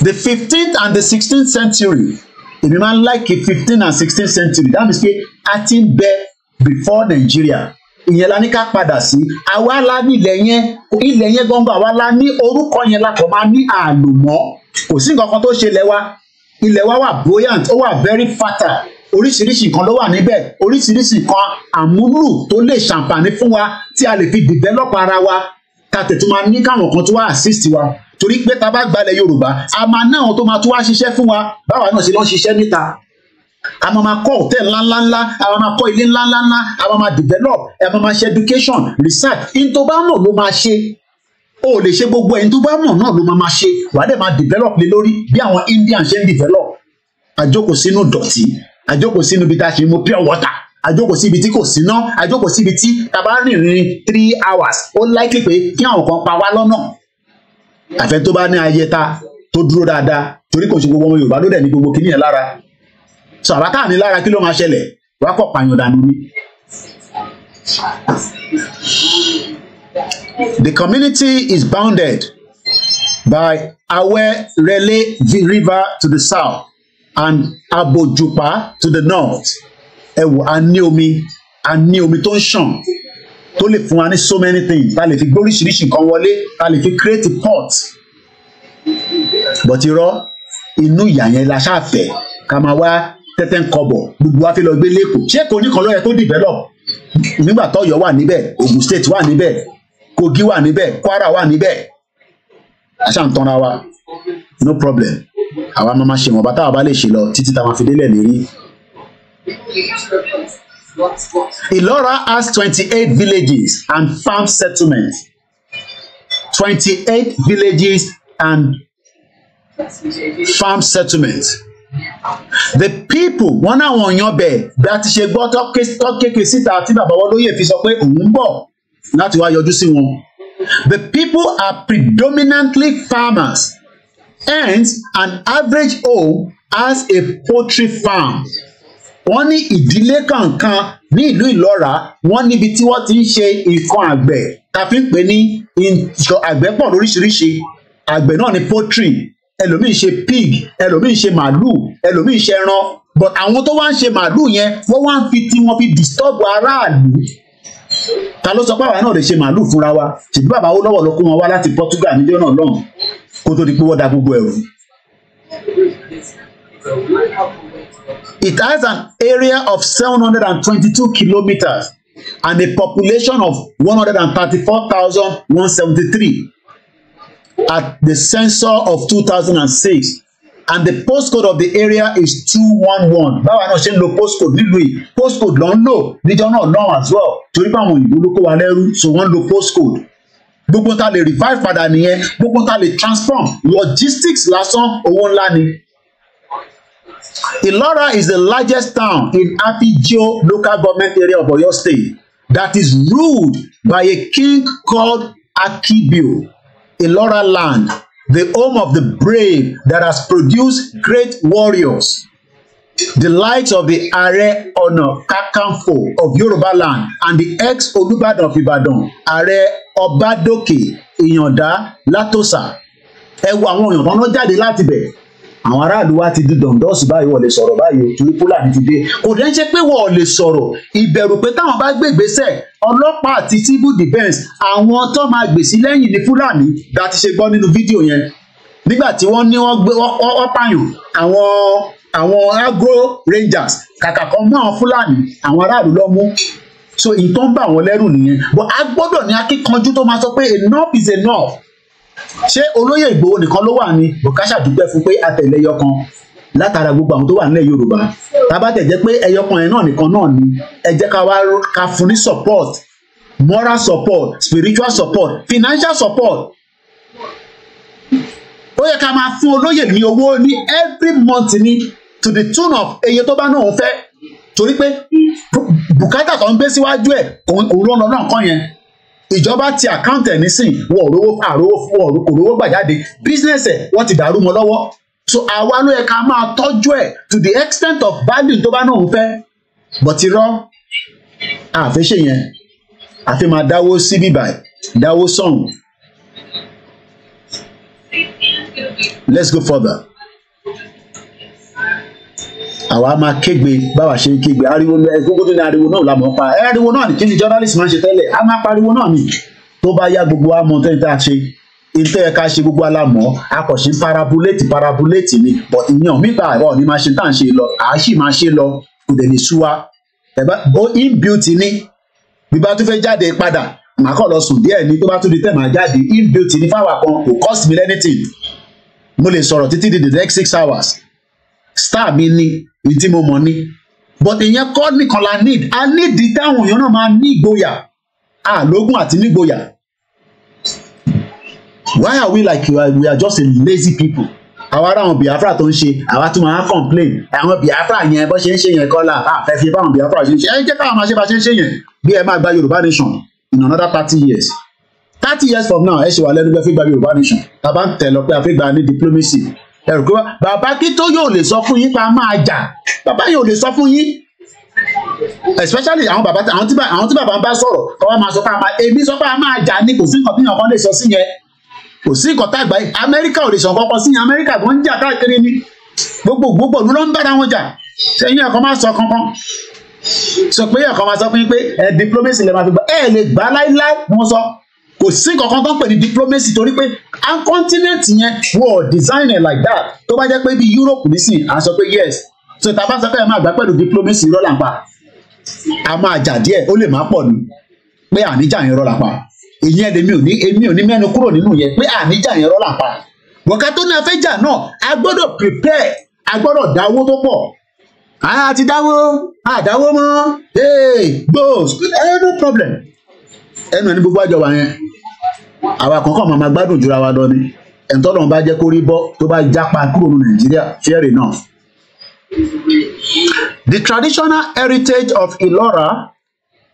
the fifteenth and the sixteenth century èmi máa ń láìkí fifteen and sixteen century that means pé a ti ń bẹ before Nigeria ìyẹn la ní ká padà sí àwa la ní ilẹ̀ yẹn ilẹ̀ yẹn gbọ́ngàn àwa la ní orúkọ yẹn la kò máa ní àlò mọ́ kò sí nǹkan kan tó ṣe ilẹ̀ wa ilẹ̀ wa wà buoyant ó wà very fertile oríṣiríṣi nǹkan ló wà níbẹ̀ oríṣiríṣi nǹkan àmúlù tó lè ṣàǹfààní fún wa tí a lè fi develop ara wa ká tètè máa ní káwọn kan tó wá assist wa torí pé tá a bá gbalẹ̀ yorùbá a máa ná àwọn tó máa tún wá ṣiṣẹ́ fún wa báwa náà sì lọ ṣiṣẹ́ níta a máa máa kọ́ hòtẹ́ẹ̀lì ńláńláńlá a máa máa kọ́ ilé ńláńláńlá a máa máa develop a máa máa ṣe education research in tó bá mọ̀ ló máa ṣe o lè ṣe gbogbo ẹni tó bá mọ̀ náà ló máa máa ṣe wàá dẹ̀ máa develop lé lórí bí àwọn Indian ṣe ń develop àjókòó sínú dọ̀tí àjókòó sínú ibi tá a ṣe mú pure water àjókòó síbi tí kò síná àjókòó síbi tí tá a bá rìnrìn three hours ó likely pé kí àwọn kan pa wá lọ́nà àfẹ́ tó bá ní ayẹta tó dúró dáadáa torí kò ṣe gbogbo ọmọ Yorùbá ló dẹ̀ ní gbogbo kíní yẹn lára sọ ní lára kí ló máa ṣẹlẹ̀ wá kọ̀ pààyàn dànù ni. The community is bounded by Awerele River to the south and Abojupa to the north. Ẹ wò a ní omi a ní omi tó ń ṣàn tó lè fún wa ní so many things ta lè fi gbóríṣiríṣi nǹkan wọlé ta lè fi create a pot but irọ́ inú ìyà yẹn la ṣáàfẹ́ ká máa wá tẹ́tẹ́ ń kọbọ̀ gbogbo wa fi lọ gbé lẹ́kọ̀ọ́ ṣé kò ní kan ló yẹ tó develop nígbà tọ́yọ́ wà níbẹ̀ Ògùn state wà níbẹ̀ Kogi wà níbẹ̀ Kwara wà níbẹ̀ àṣà ń tanra wa no problem àwa máa ma ṣe wọn bá táwa bá lè ṣe lọ títí táwa fi délẹ̀ lérí. Ilora has 28 villages and farm settlements. 28 villages and farm settlements. The people wọ́n náwọn èèyàn bẹ̀ bí a ti ṣe gbọ́ tó kéèké síta tí bàbá wọn lóyè fi sọ pé òun bọ̀ láti wá yọjú sí wọn. The people are predominantly farmers. and an average home has a poultry farm wọ́n ní ìdílé kankan ní ìlú ìlọ́ra wọ́n níbi tí wọ́n ti ń ṣe nǹkan àgbẹ̀ tàbí pé ní àgbẹ̀ pọ̀ lóríṣiríṣi àgbẹ̀ náà ni poultry ẹlòmíì ṣe pig ẹlòmíì ṣe màlúù ẹlòmíì ṣe ẹran but àwọn tó wá ń ṣe màlúù yẹn wọ́n wá ń fi tí wọ́n fi disturb aráàlú ta ló sọ pé àwa náà lè ṣe màlúù fúnra wa ṣèbí bàbá owó lọ́wọ́ ló kó wọn wá láti Portugal nílé náà lọ́hùn kó tó di pé wọ́n da gbogbo ẹ̀rù. It has an area of 722 kilometers and a population of 134,173 at the census of 2006 and the postcode of the area is 211 báwa náà ṣe ń lo postcode nílùú yìí postcode ló ń lò níjọ náà náà as well torí pé àwọn òyìnbó ló kó wa lẹ́rú so wọ́n ń lo postcode gbogbo ta lè revive padà nìyẹn gbogbo ta lè transform logistics lásán owó ńlá ni Ilora is the largest town in Apigio local government area of Oyo State that is ruled by a king called Akibio. Ilora land, the home of the brave that has produced great warriors. The likes of the Are Ona Kakanfo of Yoruba land and the ex Olubadan of Ibadan, Are Obadoke Iyanda Latosa. Ẹ wo àwọn èèyàn náà jáde láti bẹ̀rẹ̀ àwọn aráàlú wa ti di dọ̀ǹdọ́ọ̀sì báyìí wọ́n lè sọ̀rọ̀ báyìí torí fúlàní ti dé kò dẹ́ ṣe pé wọ́n lè sọ̀rọ̀ ìbẹ̀rù pé táwọn bá gbé ìgbésẹ̀ ọlọ́pàá àti civil defence àwọn tó máa gbèsè lẹ́yìn ní fúlàní bá ti ṣe gbọ́ nínú fídíò yẹn nígbà tí wọ́n ní wọ́n gbé wọ́n pààyàn àwọn àwọn agro rangers kàkà kan mú àwọn fúlàní àwọn aráàlú lọ mú so ìtàn bà wọ́n lẹ́rù nìyẹn but a gbọ́dọ̀ ní akíkanjú tó máa sọ pé enough is enough ṣé olóyè Ìgbòho nìkan ló wà ní bùkásà dúpẹ́ fún pé àtẹ̀lé ẹyọkan látara gbogbo àwọn tó wà nílẹ̀ Yorùbá tábàtẹ̀ jẹ́ pé ẹyọkan yẹn náà nìkan náà ni ẹ jẹ́ ká wá ká fún ní support moral support spiritual support financial support ó yẹ ká máa fún olóyè ní owó ní every month ní to the tune of eye tó bá náà fẹ́ torí pé bùkátà tó ń gbé síwájú ẹ̀ òun ló ń lọ náà kàn yẹn ìjọba ti àkáǹtì ẹ̀ nísìn wọ́n rówó àrówó wọ́n kò rówó gbà jáde bísínẹ́sì ẹ̀ wọ́n ti dàrú mọ́ lọ́wọ́ so àwa ló yẹ ká máa tọ́jú ẹ̀ to the extent of value tó bá náà ń fẹ́ bọ̀tí rọ́ àfẹ́ṣe yẹn àfi máa dáwó sí bíbà dáwó sọ̀hún let's go further àwa máa kégbe báwa ṣe ń kégbe ariwo gbogbo nínú ariwo náà la mọ̀ pa ariwo náà ni kí ni journalist máa ṣe tẹ́lẹ̀ a máa pariwo náà ni tó bá yá gbogbo wa mọ tẹ́ni tá a ṣe ìtẹ́ ẹ̀ka ṣe gbogbo alámọ̀ akọ̀ṣe parabuléètì parabuléètì ni bọ̀ ìyàn mítà ẹ̀rọ ni máa ṣe tá à ń ṣe lọ à á sì máa ṣe lọ kò dẹ̀ ní sú wa ẹ̀bá ó inbuilt ni bí bá tún fẹ́ jáde padà màá kàn lọ sùn díẹ̀ ni tó bá tún di tẹ̀ máa jáde inbuilt ni fáwọn kan kò cost me anything mo lè sọ̀rọ̀ títí di the next six hours star mi ni èyí tí mo mọ̀ ni but ìyẹn kọ́ nìkan la need a need táwọn èèyàn náà máa ní ìgboyà àlógún àti nígboyà why are we like we are just a lazy people àwa ará àwọn Biafra tó ń ṣe àwa tún máa ń complain àwọn Biafra yẹn bó ṣe ń ṣe yẹn kọ́ la àfẹ́ fi báwọn Biafra ṣe ń ṣe ẹ jẹ́ káwọn máa ṣe bá ṣe ń ṣe yẹn bí ẹ máa gba Yorùbá nation in another thirty years thirty years from now ẹ ṣe wà lẹ́nu pé a fẹ́ gba Yorùbá nation tàbá ń tẹ̀ lọ pé a fẹ́ gba ní diplomacy ẹrù kí wọn bàbá kító yóò lè sọ fún yín pé a máa jà bàbá yóò lè sọ fún yín especially àwọn bàbá àwọn tí àwọn tí bàbá ń bá sọ̀rọ̀ kọ́ wa máa sọ pé a máa èmi sọ pé a máa jà ni kò sí nǹkan tí nǹkan kan lè sọ sí yẹn kò sí nǹkan tá àgbáyé amẹ́ríkà ò lè sọ nǹkan kan sí yẹn amẹ́ríkà kan ń jà káàkiri ni gbogbo gbogbo ló ń bára wọn jà ṣẹ́yìn ẹ̀kọ́ máa sọ kankan sọ pé ẹ̀kọ́ máa sọ fún yín pé ẹ̀ diplomacy lè máa fi gbọ́ ẹ̀ lè gbà láíláí ni sọ kò sí kankan tó ń pè ní diplomacy torí pé our continent yẹn wọ́n design like that tó bá jẹ́ pé bí Europe nísìn à ń sọ pé yes so tá a bá sọ pé ẹ máa gbà pẹ̀lú diplomacy rọ́lá pa a máa jà díẹ̀ ó lè má pọ̀ ni pé àníjà yẹn rọ́lá pa ìyẹn lèmi ò ní èmi ò ní mẹ́nu kúrò nínú yẹn pé àníjà yẹn rọ́lá pa bọ̀ká tó ní afẹ́jà náà a gbọ́dọ̀ prepare a gbọ́dọ̀ dáwó tó pọ̀ a ti dáwó a dáwó mọ́ hey gbòòs no problem ẹnu ẹni gbogbo àjọba yẹn àwa kankan máa ma gbádùn jura wa lọ ni ẹ̀ńtọ́ bá jẹ́ kó rí bọ́ tó bá jápa kúrò ní Nàìjíríà fair enough. The traditional heritage of Ìlọ́ra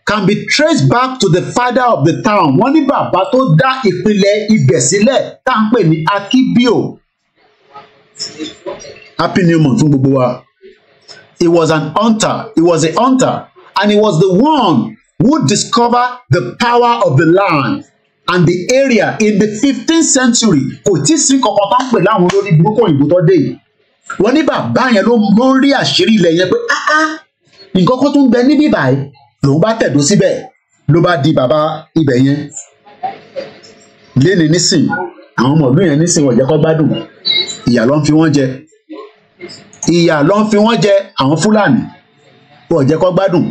can be traced back to the father of the town wọ́n ní bàbá tó dá ìpìlẹ̀ ibẹ̀ sílẹ̀ tá à ń pè ní Akíbíò happy new month fún gbogbo wa he was an hunter he was a hunter and he was the one would discover the power of the land and the area in the fifteenth century kò tí sí kankan bá ń pè láwọn olórí burúkú òyìnbó tó dé wọn ní bàbá yẹn ló ń rí àṣírí ilẹ̀ yẹn pé áá ah, ah, nǹkan kan tó ń níbí báyìí lòun bá tẹ̀dó síbẹ̀ ló bá di bàbá ibẹ̀ yẹn léni nísìn àwọn ọmọ ìlú yẹn nísìn wọn jẹ́ gbádùn ìyà ló ń fi wọ́n jẹ ìyà ló ń fi wọ́n jẹ àwọn fúlàní wọn jẹ́ gbádùn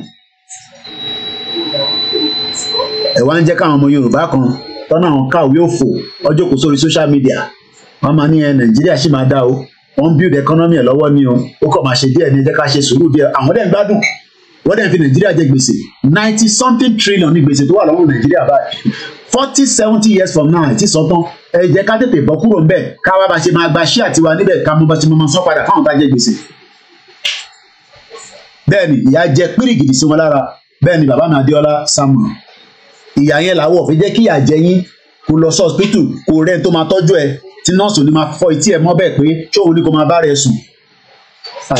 ẹ wá ń jẹ́ káwọn ọmọ Yorùbá kan tọ́nà àwọn káwé òfò ọjọ́ kò sórí social media wọ́n máa ní ẹ Nàìjíríà sì máa dá o wọ́n ń build economy ẹ̀ lọ́wọ́ ni o ó kàn máa ṣe díẹ̀ ní ẹ jẹ́ ká ṣe sùúrù díẹ̀ àwọn dẹ̀ ń gbádùn wọ́n dẹ̀ fi Nàìjíríà jẹ gbèsè ninety something trillion ní gbèsè tó wà lọ́wọ́ Nàìjíríà báyìí forty seventy years from now àti sọtán ẹ jẹ́ ká tètè bọ́ kúrò ńbẹ̀ ká wá bá ṣe máa gba ṣíà tiwa níbẹ̀ ká mọ bá ṣe máa san padà fáwọn tá a jẹ gbèsè. bẹ́ẹ̀ni ìyá jẹ pírìgìdì sí wọn lára bẹ́ẹ̀ni bàbá mi Adéọlá Samuel ìyá yẹn làwọ̀ fi jẹ́ kí ìyà jẹ yín kò lọ sí hospital kò rẹ́ tó máa tọ́jú ẹ tí nọ́ọ̀sì ni máa fọ etí ẹ mọ́ bẹ́ẹ̀ pé ṣóun ni kò máa bá rẹ sùn.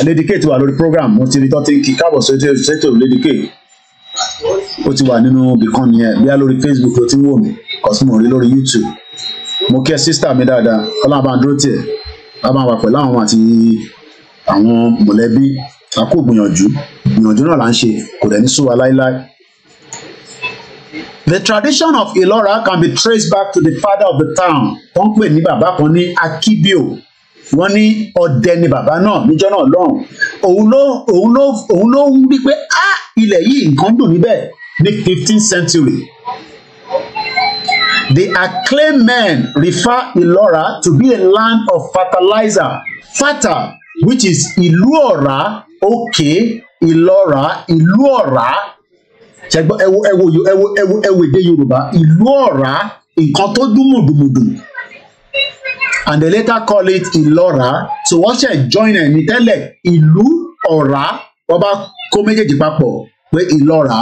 Lady K ti wà lórí program mo ti rí tán ti ń kí káàbọ̀ sórí ṣètò Lady K ó ti wà nínú ibìkan nìyẹn bí lórí Facebook ló ti ń wò mí kọ́sí mo rí lórí YouTube mo kí ẹ sísítà mi dáadáa ọlọ́run bá ń dúró tiẹ̀ bá máa wà pẹ̀lú àwọn àti àwọn mọ̀lẹ́bí a gbìyànjú gbìyànjú náà là ń ṣe kò dẹ̀ ní sú wa láéláé The tradition of Ilora can be traced back to the father of the town tó ń pè ní bàbá kan ní Akíbíò wọ́n ní ọdẹ ni bàbá náà níjọ́ náà lọ́hùn òun ló òun ló òun ló ń wí pé á ilẹ̀ yìí nǹkan dùn níbẹ̀ ní fifteenth century. The acclaimed men refer Ilora to be a land of fertilizer fata which is ìlú Oke, òkè Ìlọ́ra ìlú ọ̀rá ṣẹgbọn ẹwo ẹwo ẹwo ẹwo ẹwo èdè yorùbá ìlú ọ̀rá nǹkan tó dún mùdùmùdù and they later call it ìlọ́ra so wọ́n ṣe join ẹ̀ ní tẹ́lẹ̀ ìlú ọ̀rá wọ́n bá kó méjèèjì papọ̀ pé ìlọ́ra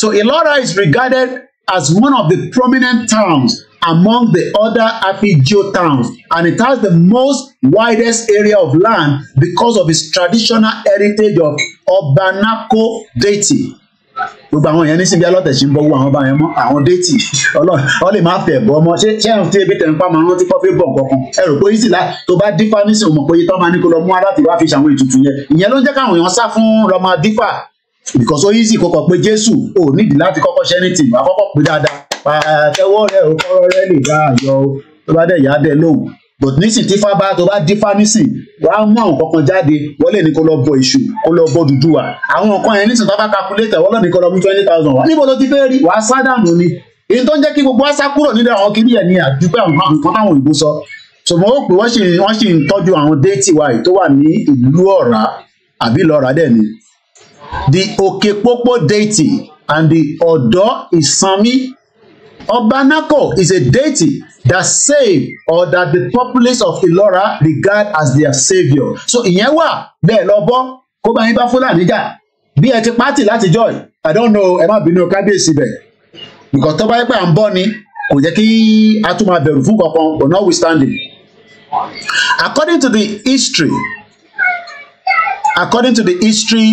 so ìlọ́ra is regarded as one of the prominent towns among the other Apigio towns, and it has the most widest area of land because of its traditional heritage of Obanako deity gbogbo àwọn èèyàn ní síbi alọ́tẹ̀sí ń bọ́ wọ àwọn ọba yẹn mọ́ àwọn déètì ọ lè má fẹ̀ bọ́ ọmọ ṣé ṣé àwọn tí ebi tẹ̀mí pàmò rántí pọ́ fi bọ̀ kankan ẹ rò pé ìsìlá tó bá dífá nísìnyí mọ̀ pé ìtọ́ máa ní kó lọ mú aláàtì wá fi ṣàwọn ètùtù yẹn ìyẹn ló ń jẹ́ káwọn èèyàn sá fún lọ máa dífá because ó easy kọ́kọ́ pé Jésù ò nídìí láti kọ́kọ́ ṣẹ́ ní tìmù àkọ́kọ́ pé dáadáa pàtẹ́wọ́ rẹ̀ ò kọ́rọ́ rẹ̀ lè dáa yọ tó bá dẹ̀ yá dẹ̀ lóhùn but nísìn tí fábá tó bá dífá nísìn wàá mú àwọn kankan jáde wọlé ní kó lọ bọ èṣù kó lọ bọ dúdú wa àwọn nǹkan yẹn nísìn fábá calculator wọlé ní kó lọ mú twenty thousand wa níbo ló ti fẹ́ rí wàá sádàmù ni èyí tó ń jẹ́ kí gbogbo wa sá kúrò nílẹ̀ àwọn kiri yẹn ni àdúgbò àwọn nǹkan táwọn òyìnbó sọ ṣùgbọ́n ó pè wọ́n sì wọ́n sì ń tọ́jú àwọn déètì wa yìí tó wà ní ìlú ọ̀rá àbí lọ́ra dẹ̀ ni the òkè popo déètì and the ọ̀dọ́ ìsanmí Obanako is a deity that save or that the populace of Ilora regard as their saviour. So ìyẹn wà bẹ́ẹ̀ lọ bọ́ kó bá yín bá Fúlàní jà bí ẹ ti pátì láti jọ yìí I don't know ẹ má bínú kábíyèsí bẹ̀ nǹkan tó bá yẹ pé à ń bọ̀ ni kò jẹ́ kí a tún máa bẹ̀rù fún kankan but notwithstanding. According to the history according to the history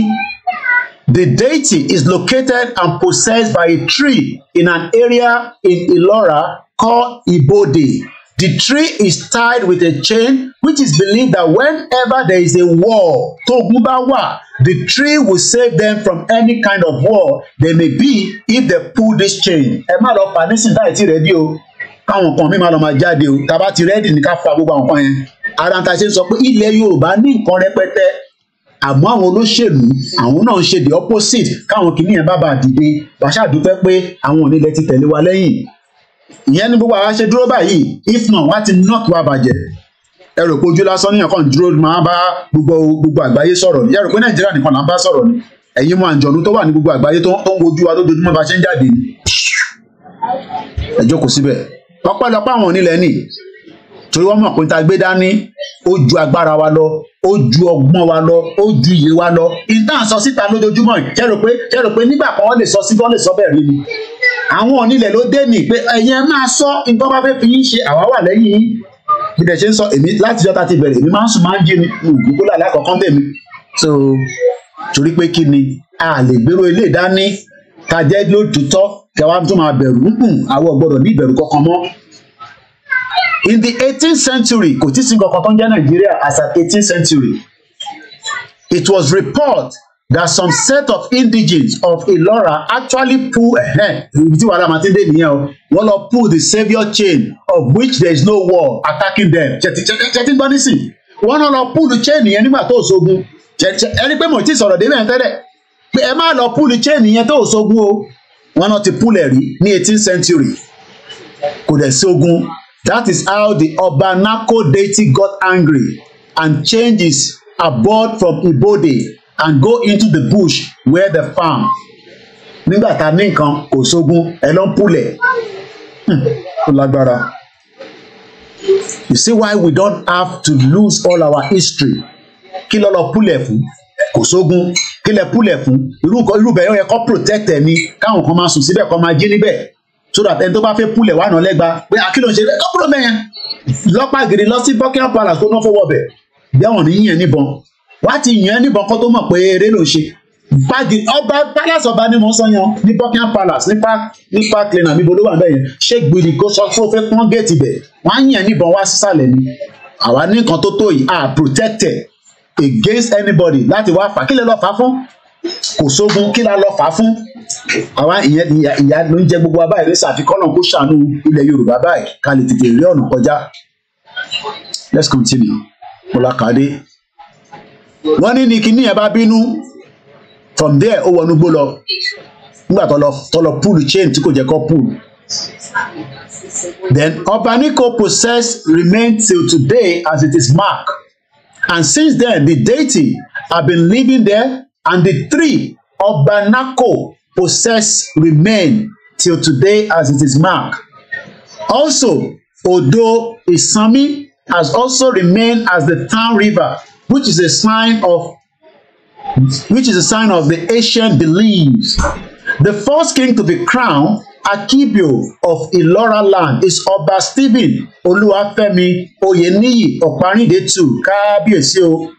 The deity is located and possessed by a tree in an area in Ilora called Ibode. The tree is tied with a chain, which is believed that whenever there is a war, Togubawa, the tree will save them from any kind of war they may be if they pull this chain. Ẹ má lọ pa nísìnyí táyì tí rẹ́dí káwọn nǹkan mi máa lọ máa jáde o, tàbá ti rẹ́dì ní ká fa gbogbo àwọn nǹkan yẹn. Ara sọ pé ilẹ̀ Yorùbá ní nǹkan rẹpẹtẹ àmọ́ àwọn olóṣèlú àwọn náà ń ṣe the opposite káwọn kìíní yẹn bá bá dìde bàṣà dúpẹ́ pé àwọn onílẹ ti tẹ̀lé wa lẹ́yìn ìyẹn ni gbogbo àwa ṣe dúró báyìí if not wá ti knock wa bàjẹ́ ẹ rò pé ojú lásán níyàn kan dúró máa bá gbogbo gbogbo àgbáyé sọ̀rọ̀ ni ẹ rò pé nàìjíríà nìkan là ń bá sọ̀rọ̀ ni ẹ̀yin mọ àǹjọ̀nú tó wà ní gbogbo àgbáyé tó ń wojú wa lójoojúmọ́ bá ṣe ń jáde ni ẹ jókòó síbẹ̀ ọpẹ́lọpẹ́ àwọn onílẹ̀ ni torí wọ́n mọ̀ pé ta gbé dání ó ju agbára wa lọ ó ju ọgbọ́n wa lọ ó ju iye wa lọ ìtàn sọ síta lójoojúmọ́ ṣe rò pé ṣe rò pé nígbà kan wọ́n lè sọ sí wọ́n lè sọ bẹ́ẹ̀ rí ni àwọn onílẹ̀ ló dé ní pé ẹ̀yin ẹ máa sọ nǹkan bá fẹ́ fi yín ṣe àwa wà lẹ́yìn yín bí dẹ̀ ṣe ń sọ èmi láti jọ́ta ti bẹ̀rẹ̀ èmi máa ń sùn máa ń jí ni gbogbo làlá kọ̀ọ̀kan bẹ̀ mi so torí pé kí ni a lè gbèrò ilé ìdání ká jẹ́ lóòtútọ́ kẹwàá tún máa bẹ̀rù àwọn gbọ́dọ̀ ní ìbẹ̀rù kankan mọ́ in the eighteenth century kò tí sí kankan tó ń jẹ́ nàìjíríà as at eighteenth century it was reported that some set of indigenes of Ilora actually pull ahead ibi tí wàhálà matinde dé nìyẹn o wọ́n lọ pull the saviour chain of which there is no war attacking them ṣètì gbọ́ nísìn wọ́n náà lọ pull the chain yẹn nígbà tó ṣogun ẹni pé mo ti sọ̀rọ̀ débẹ̀ tẹ́lẹ̀ pé ẹ má lọ pull the chain yẹn tó ṣogun o wọ́n náà ti pull ẹ̀ rí ní eighteenth century kò dẹ̀ ṣogun That is how the Obanako deity got angry and changed his abode from Ibode and go into the bush where the farm. Nígbà tá a ní nǹkan kò sógun ẹ ló ń pulẹ̀. Hmm, ó lágbára. You see why we don't have to lose all our history. Kí ló lọ pulẹ̀ fún? Kò sógun. Kí lẹ pulẹ̀ fún? Irú bẹ̀rẹ̀ yẹ kó protect ẹ̀ ni káwọn kan máa sùn síbẹ̀ kó máa jí níbẹ̀ so that ẹni tó bá fẹ́ púlẹ̀ wà náà lẹ́gba pé akílò ń ṣe ẹ kọ́kúrò mẹ́yẹn gidi. lọ sí Buckingham Palace kó náà fọwọ́ bẹ̀ bí àwọn ní yẹn níbọn wá ti yẹn níbọn kó tó mọ̀ pé eré ló ṣe gbági ọba palace ọba ni mo ń sọ yẹn ní Buckingham Palace ní park ní park lane àbí bolówó àbẹ yẹn ṣé gbìlì kó sọ fún fẹ́ pọ́n géètì bẹ̀ wọ́n yẹn níbọn wá sísàlẹ̀ ni àwa ní nǹkan tó tó yìí are protected against anybody láti wá fà kílẹ̀ lọ́ọ́ fà fún kò sógun kí la lọ fà á fún àwa ìyẹn ìyá ló ń jẹ gbogbo wa báyìí lẹsẹ àfi kó ṣàánú ilẹ̀ Yorùbá báyìí ká lè tètè rí ọ̀nà kọjá let's continue kọlákàdé wọ́n ní ní kinní yẹn bá bínú from there ó wọnú gbó lọ nígbà tó lọ tó lọ pull chain tí kò jẹ́ kó pull then Obaniko process remained till today as it is marked and since then the deity have been living there and the tree of Banako possess remain till today as it is marked. Also, Odo Isami has also remained as the town river, which is a sign of which is a sign of the ancient beliefs. The first king to be crowned, Akibio of Ilora land, is Oba Stephen Oluwafemi Oyeniyi Oparinde II, Kábíyèsí o.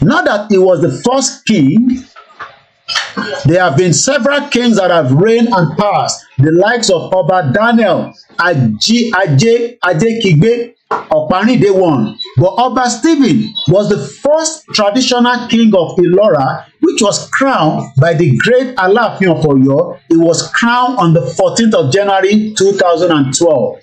Now that he was the first king, there have been several kings that have reigned and passed, the likes of Oba Daniel, Aji, Aje, Aje Kigbe, Oparinde one. But Oba Stephen was the first traditional king of Ilora, which was crowned by the great Alaafin of Oyo. He was crowned on the 14th of January 2012.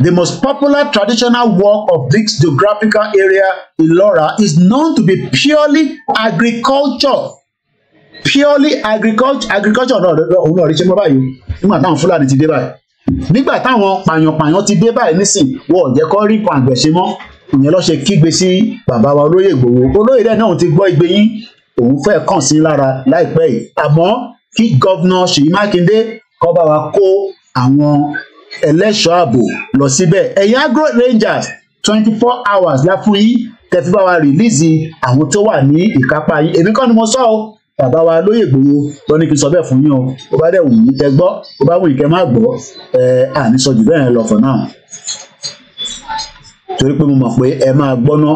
The most popular traditional work of this geographical area, Ilora, is known to be purely agriculture. Purely agriculture agriculture náà òun náà rí ṣe mọ́ báyìí nígbà táwọn Fúlàní ti dé báyìí. Nígbà táwọn pàyànpàyàn ti dé báyìí nísìn wọn ò jẹ́ kó rí nǹkan àgbẹ̀ ṣe mọ́ ìyẹn ló ṣe kígbe sí bàbá wa olóyè Ìgbòho olóyè rẹ̀ náà ti gbọ́ igbe yín òun fẹ́ kàn sí lára láìpẹ́ yìí àmọ́ kí gọ́vnà Ṣèyí Mákindé kó bá wa kó àwọn ẹlẹ́ṣọ́ ààbò lọ síbẹ̀ ẹ̀yin agro rangers twenty four hours la fún yín tẹ̀fí bá wa rìlíìsì àwọn tó wà ní ìkápá yín èmi kọ́ ni mo sọ ọ́ bàbá wa lóyè gbòòrò lọ ní kí n sọ bẹ́ẹ̀ fún yín o bó bá dẹ̀ wù yín kẹ́ gbọ́ bó bá wù yín kẹ́ má gbọ́ ẹ àní sọ jù bẹ́ẹ̀ lọ for now torí pé mo mọ̀ pé ẹ máa gbọ́ná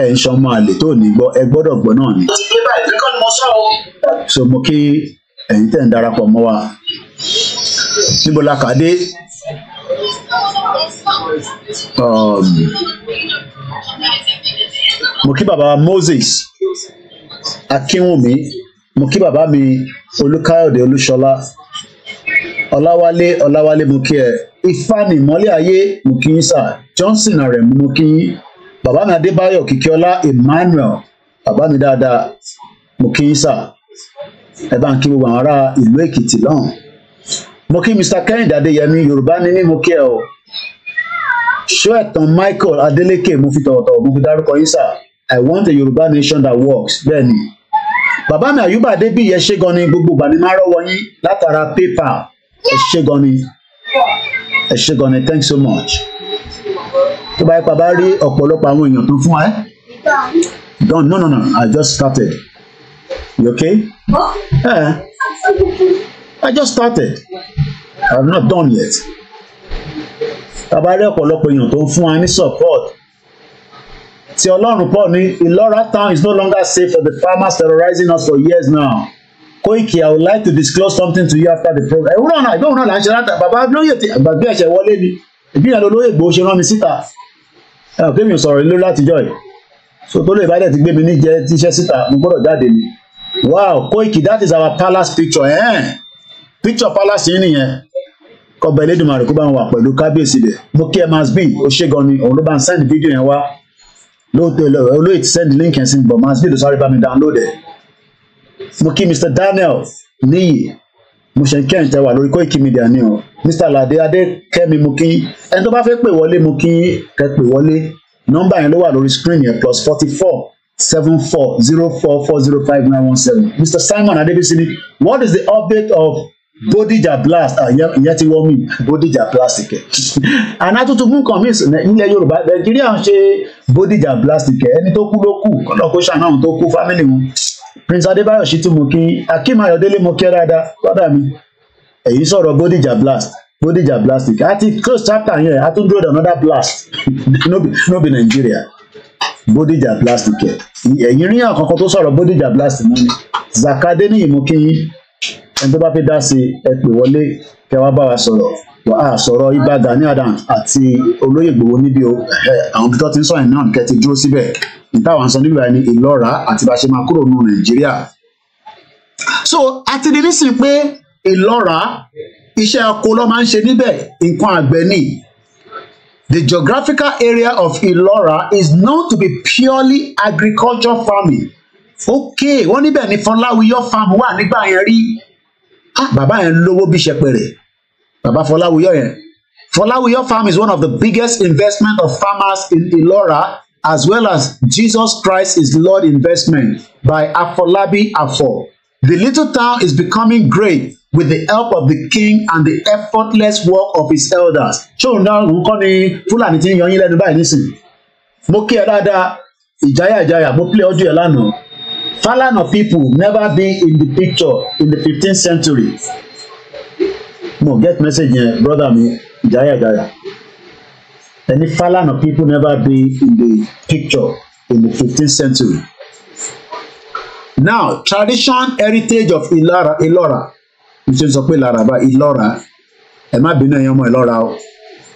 ẹ ń ṣan ọmọ àlè tó ní gbọ́ ẹ gbọ́dọ̀ gbọ́ náà ni. so mo kí ẹ̀yin tẹ̀ ń darapọ̀ mọ́ wa níbo la kà dé um, mo kí bàbá Moses Akínwùmí mo kí bàbá mi Olúkáyọ̀dé Olúṣọlá Ọláwálé Ọláwálé mo kí ẹ Ifáàní mọ́lẹ̀ ayé mo kí yín sà Johnson Àrẹ̀mú mo kí yín bàbá mi Adébáyọ̀ Kìkíọ́lá Emmanuel bàbá mi dáadáa mo kí yín sà ẹ bá ń kí gbogbo àwọn ará ìlú Èkìtì lọ́hùn mo kí mr kẹ́hìndé adéyẹmí yorùbá ní ní mo kí ẹ o ṣó ẹ̀tàn michael adeleke mo fi tọ̀wọ̀tọ̀wọ̀ mo fi dárúkọ yín sà i want a yorùbá nation that works bẹ́ẹ̀ ni bàbá mi àyùbá adébíyẹ ṣé gan ni gbogbo ìgbà ni máa rọ́wọ́ yín látara paypal ẹ ṣé gan ẹ ṣé gan thank you so much tó bá yẹ pa bá rí ọ̀pọ̀lọpọ̀ àwọn èèyàn tó fún ẹ eh? don no no no i just started you okay. Eh. I just started. I not done yet. Tabarí ọ̀pọ̀lọpọ̀ èèyàn tó ń fún wa ní support. Ti Ọlọ́run Paul ní Ìlọ́ra town is no longer safe for the farmers terrorizing us for years now. Koiki, I would like to disclose something to you after the program. Ẹ̀wúrọ̀ náà ìgbóhùn náà là ń ṣe látà. Bàbá lóye ti àgbàgbé ẹ̀ṣẹ̀ wọlé ni. Ìbílẹ̀ olóyè Ìgbòho ṣe rán mi síta. Ẹ ò kémi sọ̀rọ̀ ló látijọ́ yìí. So tó lè bá dẹ̀ ti gbé mi níjẹ́ tíṣẹ́ síta, mo gbọ́dọ̀ jáde ni. Wow, Koiki, that is our palace picture. Eh? picture palace yìí nìyẹn kọba elédùnmarè kó bá ń wà pẹ̀lú kábíyèsí bẹ̀ mo kí ẹ máa bíi ó ṣe gan ni òun ló bá ń send video yẹn wá lóòótọ́ olóyè ti send link yẹn sí but máa bíi ló sáré bá mi download ẹ̀ mo kí Mr Daniel níyì mo ṣe ń kí ẹ̀ǹtẹ̀ wà lórí Koiki Media ni o Mr Alade Adékẹ́mi mo kí ẹni tó bá fẹ́ pè wọlé mo kí ẹ pè wọlé nọ́mbà yẹn ló wà lórí screen yẹn plus forty four seven four zero four four zero five nine one seven Mr Simon ni what is the update of Hmm. Bódìjà blast ah, ìyẹn ti wọ́n mi Bódìjà plastic ẹ̀ àná tuntun fún kan mi nílẹ̀ Yorùbá Nàìjíríà ń ṣe Bódìjà plastic ẹ̀ ẹni tó kú ló kù kọ́nà kó ṣàánú àwọn tó kú fámìlì wọn Prince Adébáyọ̀ sì tún mú kí Akeem Ayọ̀délé mú kí ẹ dáadáa kọ́dà mi èyí sọ̀rọ̀ Bódìjà blast Bódìjà plastic àti close chapter yẹn a tún dúró another blast no be Nigeria Bódìjà plastic ẹ̀ ẹ̀yìn rí àkọ́kọ́ tó sọ̀rọ̀ Bódìjà blast mú ni Zakadé ní kí yín ẹni tó bá fẹ́ dá sí ẹ pè wọlé kẹ́ wá bá wa sọ̀rọ̀ wàá sọ̀rọ̀ Ìbà Gani Adam àti olóyè Ìgbòho níbi àwọn ibi tó ti ń sọ yẹn náà kẹ́ ti dúró síbẹ̀ ìtawà ń sọ níbi báyìí ni àti bá a ṣe máa kúrò nù Nàìjíríà so àti di nísìnyí pé ìlọ́ra iṣẹ́ oko ló máa ń ṣe níbẹ̀ nǹkan àgbẹ̀ ni The geographical area of Ilora is known to be purely agriculture farming. Okay, wọ́n níbẹ̀ ni Fọláwíyọ́ farm wà nígbà yẹn rí. Ah. bàbá yẹn lówó bí ṣẹpẹrẹ bàbá Fọláwíyọ yẹn Fọláwíyọ farm is one of the biggest investment of farmers in Ilora as well as Jesus Christ is Lord investment by Afolabi Afo. The little town is becoming great with the help of the king and the effortless work of his elders. ṣóun náà ń kọ́ ni Fúlàní ti ń yan yín lẹ́nu báyìí nísìnyí. mo kí ẹ dáadáa ìjáyà ìjáyà mo play ọdún ẹ lánàá of people never be in the picture in the 15th century. Mo get message yẹn brother mi Jaya Jaya. Any of people never be in the picture in the 15th century. Now tradition heritage of Ìlọra Ilora. mo ṣe ń sọ pé Ìlọra bá Ìlọra ẹ má bínú ẹ̀yin ọmọ Ìlọra o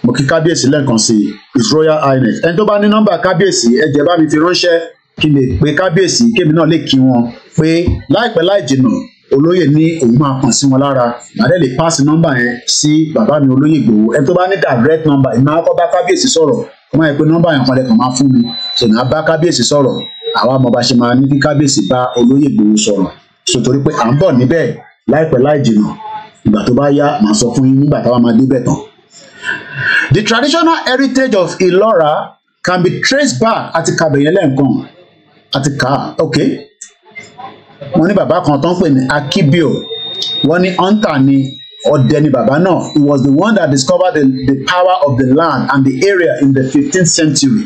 mo kí kábíyèsí lẹ́ẹ̀kan sí His Royal Highness ẹni tó bá ní nọ́mbà kábíyèsí ẹ jẹ́ bá mi fi ránṣẹ́ kí lè pe kábíyèsí kébì náà lè kí wọn pé láìpẹ́ láì jìnnà olóyè ní òun máa kàn sí wọn lára màdé lè pass nọ́mbà yẹn sí bàbá mi olóyè Ìgbòho ẹni tó bá ní direct number ìmọ̀ akọ́ bá kábíyèsí sọ̀rọ̀ kó má yẹ pé nọ́mbà yẹn kan lẹ́kàn máa fún mi ṣèlú bá kábíyèsí sọ̀rọ̀ àwa mọ̀ ṣe máa ní kí kábíyèsí bá olóyè Ìgbòho sọ̀rọ̀ so pé à ń bọ̀ níbẹ̀ láìpẹ́ láì jìnnà ìgbà tó bá yá màá sọ fún yín nígbà táwa máa débẹ̀ tán. The traditional heritage of Ilora can be traced back àti kàbẹ̀yẹn lẹ́ǹkan àti kà á ok wọ́n ní bàbá kan tó ń pè ní Akibio wọ́n ní hunter ni ọdẹ ni bàbá náà he was the one that discovered the, the power of the land and the area in the fifteenth century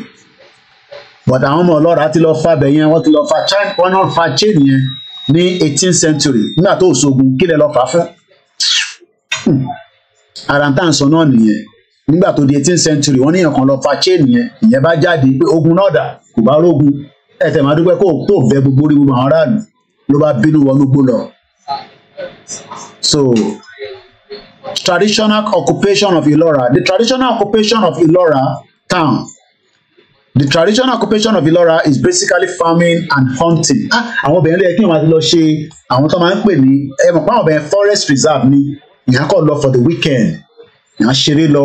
but àwọn ọmọ ọlọ́ra ti lọ fa bẹ̀yẹn wọ́n ti lọ fa chain wọ́n náà fa chain yẹn ní eighteenth century nígbà tó ṣogun kílẹ̀ lọ fà fún hmm. ara ń tàn sọ náà nìyẹn nígbà tó di eighteenth century wọ́n níyàn kan lọ fa chain yẹn ìyẹn bá jáde pé ogun náà dà kò bá rógun ẹsẹ̀ máa dúpẹ́ kó tó fẹ́ gbogbo orí gbogbo àwọn aráàlú ló bá bínú wọnú gbó lọ. so traditional occupation of Ilora the traditional occupation of Ilora town the traditional occupation of Ilora is basically farming and hunting ah àwọn obìnrin lè kí wọn lọ ṣe àwọn tó máa ń pè ní ẹ mọ̀ pé àwọn obìnrin forest reserve ni ìyá kọ̀ lọ for the weekend ìyá ṣeré lọ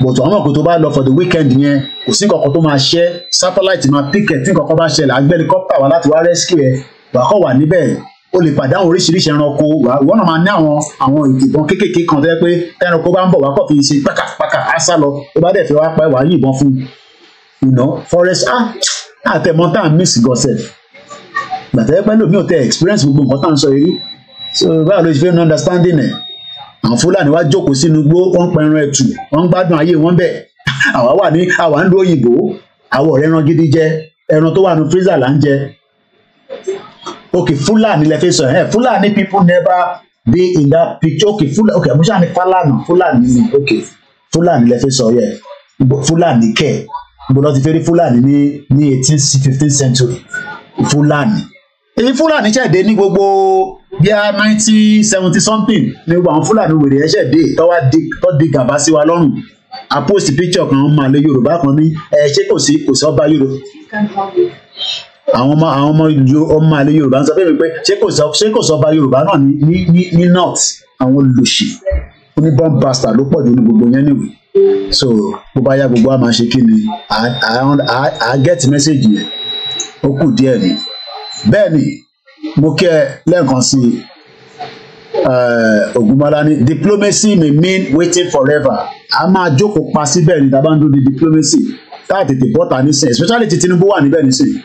but àwọn ọkọ̀ tó bá lọ for the weekend yẹn kò sí nǹkan kan tó máa ṣẹ́ satellite máa píkẹ̀ tí nǹkan kan bá ṣẹlẹ̀ agbẹ́ni kọ́pà wá láti wá rescue ẹ̀ wà á kọ́ wà níbẹ̀ o lè pàdánù oríṣiríṣi ẹranko ìwọ náà máa ní àwọn àwọn ìbọn kéékèèké kan tó yẹ pé ẹranko bá ń bọ̀ wá kọ̀ fi ṣe pàkàpàkà á sá lọ tó bá dẹ̀ fẹ́ wá pa ẹ̀ wá yìnbọn fún un ìná forest ah àtẹ̀mọ́ tá à ń miss gọ̀ọ̀sẹ̀ gbàtẹ́ pẹ́ lómi ò tẹ experience gbogbo nǹkan tá à ń sọ yìí so báwo ló ṣe fẹ́ ní understanding ẹ̀ àwọn fúlàní wá jókòó sínú igbó wọn pẹran ẹtù wọn ń gbádùn ayé wọn bẹ́ẹ̀ àwa wà ní àwa ń lo òyìnbó àwa ọ̀rẹ́ ẹran gidi jẹ ẹran tó wà ní freezer là ń jẹ okay fúlàní lẹ fi sọ ẹ fúlàní people never be in that picture okay fúlàní okay àmúṣà ní fálànà fúlàní ni okay fúlàní lẹ fi sọ yẹ fúlàní kẹ gbọdọ ti fẹ́ rí fúlàní ní ní eighteen fifteen century fúlàní èyí fúlàní ṣẹ̀dé ní gbogbo bí a nineteen seventy something ni gbogbo àwọn fúlàní wèrè ẹ̀ṣẹ̀ dé tọ́wá tọ́ di gàba sí wa lọ́rùn a post picture kan máa lé yorùbá kan ní ẹ ṣé kò sí kò sí ọba yorùbá àwọn ọmọ àwọn ọmọ ọmọ àlẹ yorùbá ń sọ fún mi pé ṣé kò sọ ṣé kò sọ ọba yorùbá náà ní ní ní north àwọn olùṣì oníbọn basta ló pọ̀ jù ní gbogbo yẹn nìwé so bó bá yá gbogbo a máa ṣe kí ni I I I get message yẹn ó kù díẹ̀ ni bẹ́ẹ̀ ni mo kí ẹ lẹ́ẹ̀kan sí i eh, diplomacy may mean waiting forever a máa jókòó pa síbẹ̀ ní dábàá ń dún ní diplomacy táà tètè bọ́ta nísìnyí especially ti Tinubu wà níbẹ̀ nísìnyí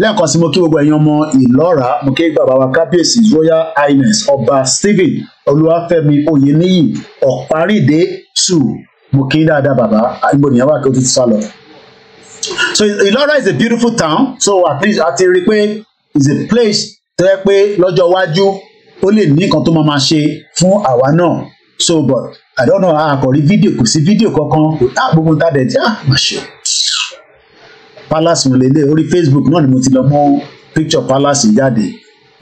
lẹ́ẹ̀kan sí mo kí gbogbo ẹ̀yin ọmọ ìlọ́ra mo kí bàbá wa kábíyèsí royal highness ọba stephen olúwàfẹ́mi oyèníyì ọ̀párídé tù mo kí dáadáa bàbá ìgbò nìyàwó àkókò ti sá lọ. so ìlọ́ra is a beautiful town so at least a ti rí i pé it's a place tó yẹ pé lọ́jọ́ iwájú ó lè ní nǹkan tó máa máa ṣe fún àwa náà so but i don't know how àkọ̀rí fídíò kò sí fídíò kankan kò tá gbogbo ta dẹ̀ tí a máa ṣe palace mo lè lé orí facebook náà ni mo ti lọ mú picture palace jáde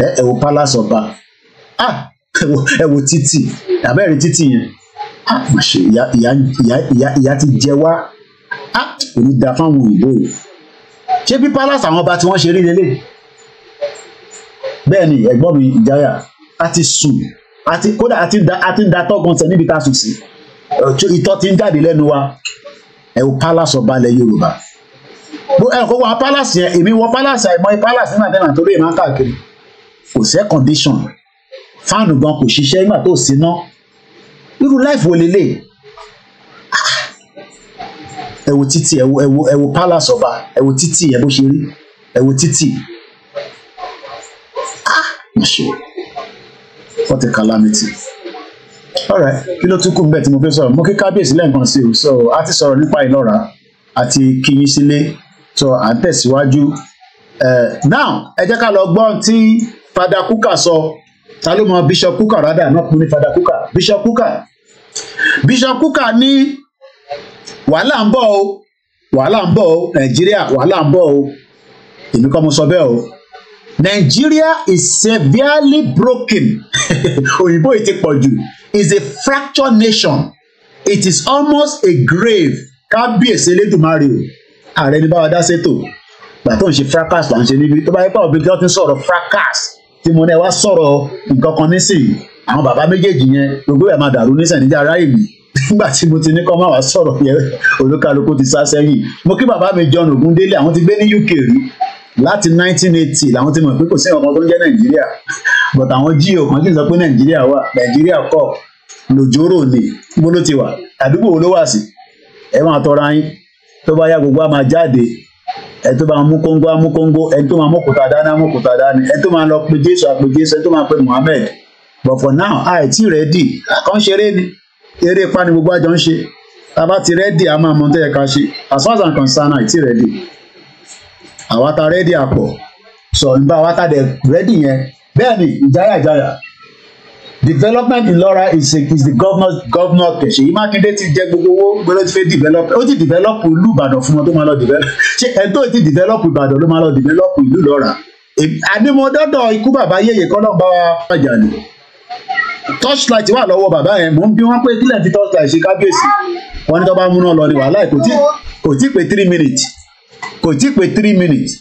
ẹ ẹ wo palace ọba ah ẹ wo títì àbẹ́rẹ́ títì yẹn ah máa ṣe ìyá ìyá ìyá ìyá ti jẹ wá ah kò ní da fáwọn òyìnbó yìí ṣé bí palace àwọn ọba tí wọ́n ṣe rí lélẹ́yìí bẹ́ẹ̀ ni ẹ̀gbọ́n mi ìjáyà a ti sùn àti kódà àti da àti da tọ́gun sẹ níbi tá a sùn sí ìtọ́ ti ń jáde lẹ́nu wa ẹ wò palace ọba ilẹ̀ Yorùbá bó ẹ kó wa palace yẹn èmi wọ palace àìmọ palace nígbà tẹ́lẹ̀ àtọ́lé ìmọ̀ káàkiri kò sẹ́ condition fáànù gan kò ṣiṣẹ́ nígbà tó sí ná irú láìfò lélẹ̀ ah! ẹ wò títì ẹ wò ẹ wò palace ọba ẹ wò títì ẹ bó ṣe rí ẹ wò títì issue what a calamity alright kí ló tún kù bẹ́ẹ̀ tí mo fẹ́ sọ̀rọ̀ mo kí kábíyèsí lẹ́ẹ̀kan sí o so a ti sọ̀rọ̀ nípa ìlọ́ra àti kíyín sílé so à ń tẹ̀síwájú now ẹ jẹ́ ká lọ gbọ́ tí fada kuka sọ ta ló mọ bishop kuka rada, náà kún ní fada kuka bishop kuka bishop kuka ní wàhálà ń bọ̀ o wàhálà ń bọ̀ o nàìjíríà wàhálà ń bọ̀ o èmi kọ́ mo sọ bẹ́ẹ̀ o Nigeria is severely broken òyìnbó yìí ti pọ̀ jù is a fractured nation it is almost a grave kábíyèsí elédùnmarè o ààrẹ ní báwa dá sétò ìgbà tó ń ṣe fracas là ń ṣe níbi tó bá yẹ pàwọn bíi tó ń sọ̀rọ̀ fracas tí mo ní ẹ wá sọ̀rọ̀ nǹkan kan nísìnyí àwọn bàbá méjèèjì yẹn gbogbo ẹ̀ máa dàrú nísìnyí níjà ráyè mi nígbà tí mo ti ní kọ́ máa wá sọ̀rọ̀ yẹn olúkálukú ti sá sẹ́yìn mo kí bàbá mi John Ogundele àwọn ti gbé ní UK rí láti 1980 làwọn ti mọ̀ pé kò sí ọkàn tó ń jẹ́ nàìjíríà but àwọn geo kan sì sọ pé nàìjíríà wà nàìjíríà kọ́ lòjóró ni bó ló ti wà àdúgbò wo ló wà sí ẹ máa tọrọ ayín tó bá yá gbogbo á máa jáde ẹ tó máa mú kóńgó á mú kóńgó ẹ tó máa mú kùtà dání á mú kùtà dání ẹ tó máa lọ pe jésù á pe jésù ẹ tó máa pe muhammed but for now àìtí rẹ́dì àkàn ṣeré ni eré pani gbogbo àjọ ń ṣe tá a bá ti rẹ́dì a máa mọ ohun tó yẹ ká ṣe as far as i'm concerned àìtí rẹ́dì àwa ta rẹ́dí àpọ̀ sọ̀rọ̀ nípa àwa ta dẹ̀ rẹ́dí yẹn bẹ́ẹ̀ ni ìjáyà ìjáyà development in Lora is a, is the governor governor kẹ Ṣèyí Mákindé ti jẹ gbogbo owó gbọdọ ti fẹ́ develop ó ti develop ìlú Ìbàdàn fún wọn tó máa lọ develop ṣe ẹni tó ti develop Ìbàdàn ló máa lọ develop ìlú Lora àdìmọdọdọ ikú bàbá yèyè kọlọ bá wa pàjà ni torchlight wà lọ́wọ́ bàbá yẹn mò ń bí wọn pé kílẹ̀ ti torchlight ṣe kábíyèsí wọn ní tó bá múná lọ ní wàhálà kò tí kò tí pé three minutes kò tí pé three minutes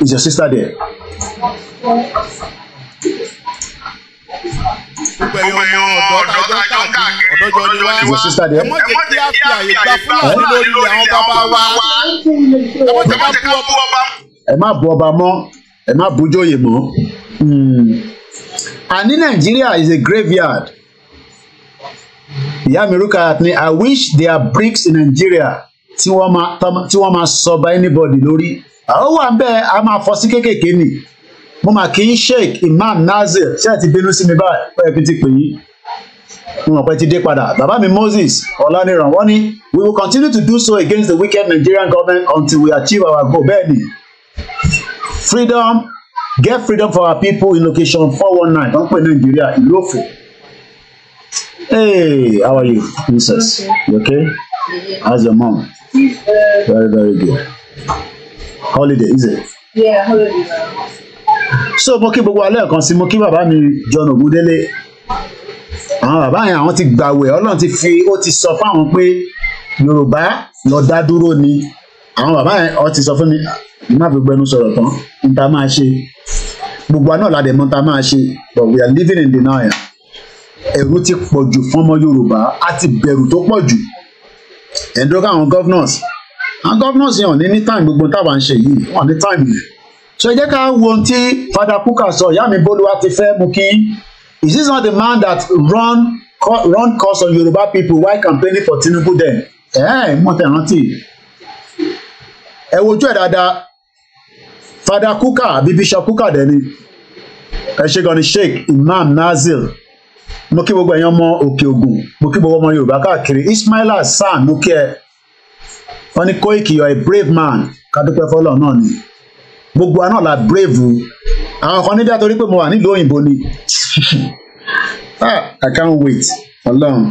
is your sister there. gbogbo ẹ̀yin ọ̀dọ́ tajọ́ káàkiri ọ̀dọ́jọ́ ni wá ẹ mọ̀ jẹ́ kí á fi àyè gbà fúlàní eh? lórí àwọn bàbá wa ẹ mọ̀ jẹ́ ká bú ọba. ẹ má bú ọba mọ́ ẹ má bú mọ́. àní hmm. nàìjíríà is a graveyard ìyá mi Rukayat ni i wish there are bricks in Nigeria tí wọ́n máa tí wọ́n máa sọ by anybody lórí ó wà ń bẹ́ẹ̀ a máa fọ sí kéékèèké nì mo mà kí n sheik imam nazir ṣé ẹ ti bínú sí mi báyìí ó yẹ kí n ti pè yín mo mọ̀ pé ti dé padà bàbá mi Moses ọ̀lànìràn wọ́n ní we will continue to do so against the wicked Nigerian government until we achieve our goal bẹ́ẹ̀ ni freedom get freedom for our people in location four one nine wọ́n pè Nàìjíríà ìlú òfò. Hey, how are you, princess? Okay. You okay? How's your mom? She's very, very good. Holiday, is it? Yeah, holiday. So mo kí gbogbo alẹ́ kan sí mo kí bàbá mi John Ògúndélé. Àwọn bàbá yẹn àwọn ti gbàwẹ̀ Ọlọ́run ti fi ó ti sọ fáwọn pé Yorùbá lọ dá dúró ni. Àwọn bàbá yẹn ọ ti sọ fún mi má fi gbẹnu sọ̀rọ̀ tán n ta máa ṣe. Gbogbo àná làdẹ̀mọ́ ta máa ṣe but we are living in denial ẹ̀rù ti pọ̀ jù fún ọmọ Yorùbá á ti bẹ̀rù tó pọ̀ jù ẹ̀ ń dúró káwọn governors àwọn governors yẹn ò ní ní time gbogbo táwa ń ṣe yìí wọn ní time yìí so ẹ jẹ́ ká wo ohun tí Fada Kuka sọ ìyá mi bólúwa ti fẹ́ mú kí is this not the man that run run course on Yoruba people while campaigning for Tinubu then ẹ ẹ mọ tẹ rántí ẹ wojú ẹ dáadáa Fada Kuka àbí Bishop Kuka dẹni ẹ ṣe gan ni Sheikh Imam Nazir mo kí gbogbo ẹ̀yàn ọmọ òkè ògùn mo kí gbogbo ọmọ yorùbá káàkiri ismaila san mo wọn ní Koiki you are a brave man kádúpẹ́ fọlọ́ náà ni gbogbo wa náà la brave o àwọn kan níbi àtọ́rí pé mo wà nílùú òyìnbó ni ah i can't wait ọlọ́run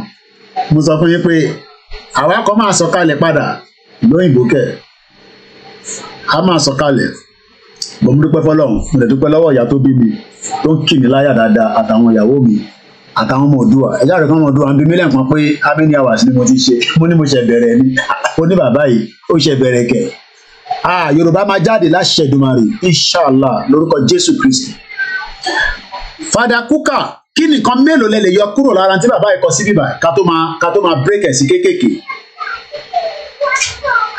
mo sọ fún yín pé àwa kan máa sọ kalẹ̀ padà lóyìnbó kẹ̀ a máa sọ kalẹ̀ bọ̀ mo mo dẹ̀ dúpẹ́ lọ́wọ́ ìyá tó bí mi tó ń kì mí láyà dáadáa àtàwọn ìyàwó mi àtàwọn ọmọ òdùwà ẹjá rẹ kàn ọmọ òdùwà ń bí mílíọ̀nù kan pé abẹ́ni hours ni mo ti ṣe mo ní mo ṣe bẹ̀rẹ̀ ni ó ní bàbá yìí ó ṣe bẹ̀rẹ̀ kẹ̀ ah yorùbá máa jáde láṣẹ Èdùmàrè lórúkọ jésù kristi fada kuka kí nìkan mélòó lẹ lè yọ kúrò lára tí bàbá yìí kọ sí bíbà ká tó máa ká tó máa break ẹ̀ sí kéékèèké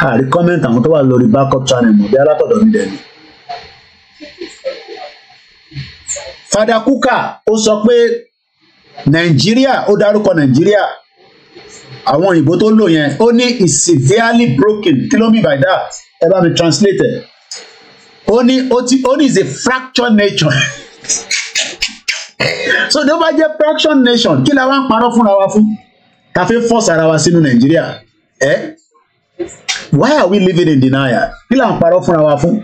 àrí kọ́mẹ́ǹtì àwọn tó wà lórí backup channel mọ̀ bí alátọ̀dọ̀ mi dẹ̀ ni. fada kuka ó sọ pé nàìjíríà ó dárúkọ nàìjíríà àwọn òyìnbó tó lò yẹn ó ní is severely broken kí ló mean by that ẹ bá mi translate ẹ ó ní ó ti ó ní is a fractured nation so tó bá jẹ́ fractured nation kí la wá ń parọ́ fúnra wa fún ta fi force ara wa sínú nàìjíríà ẹ why are we living in denial kí la ń parọ́ fúnra wa fún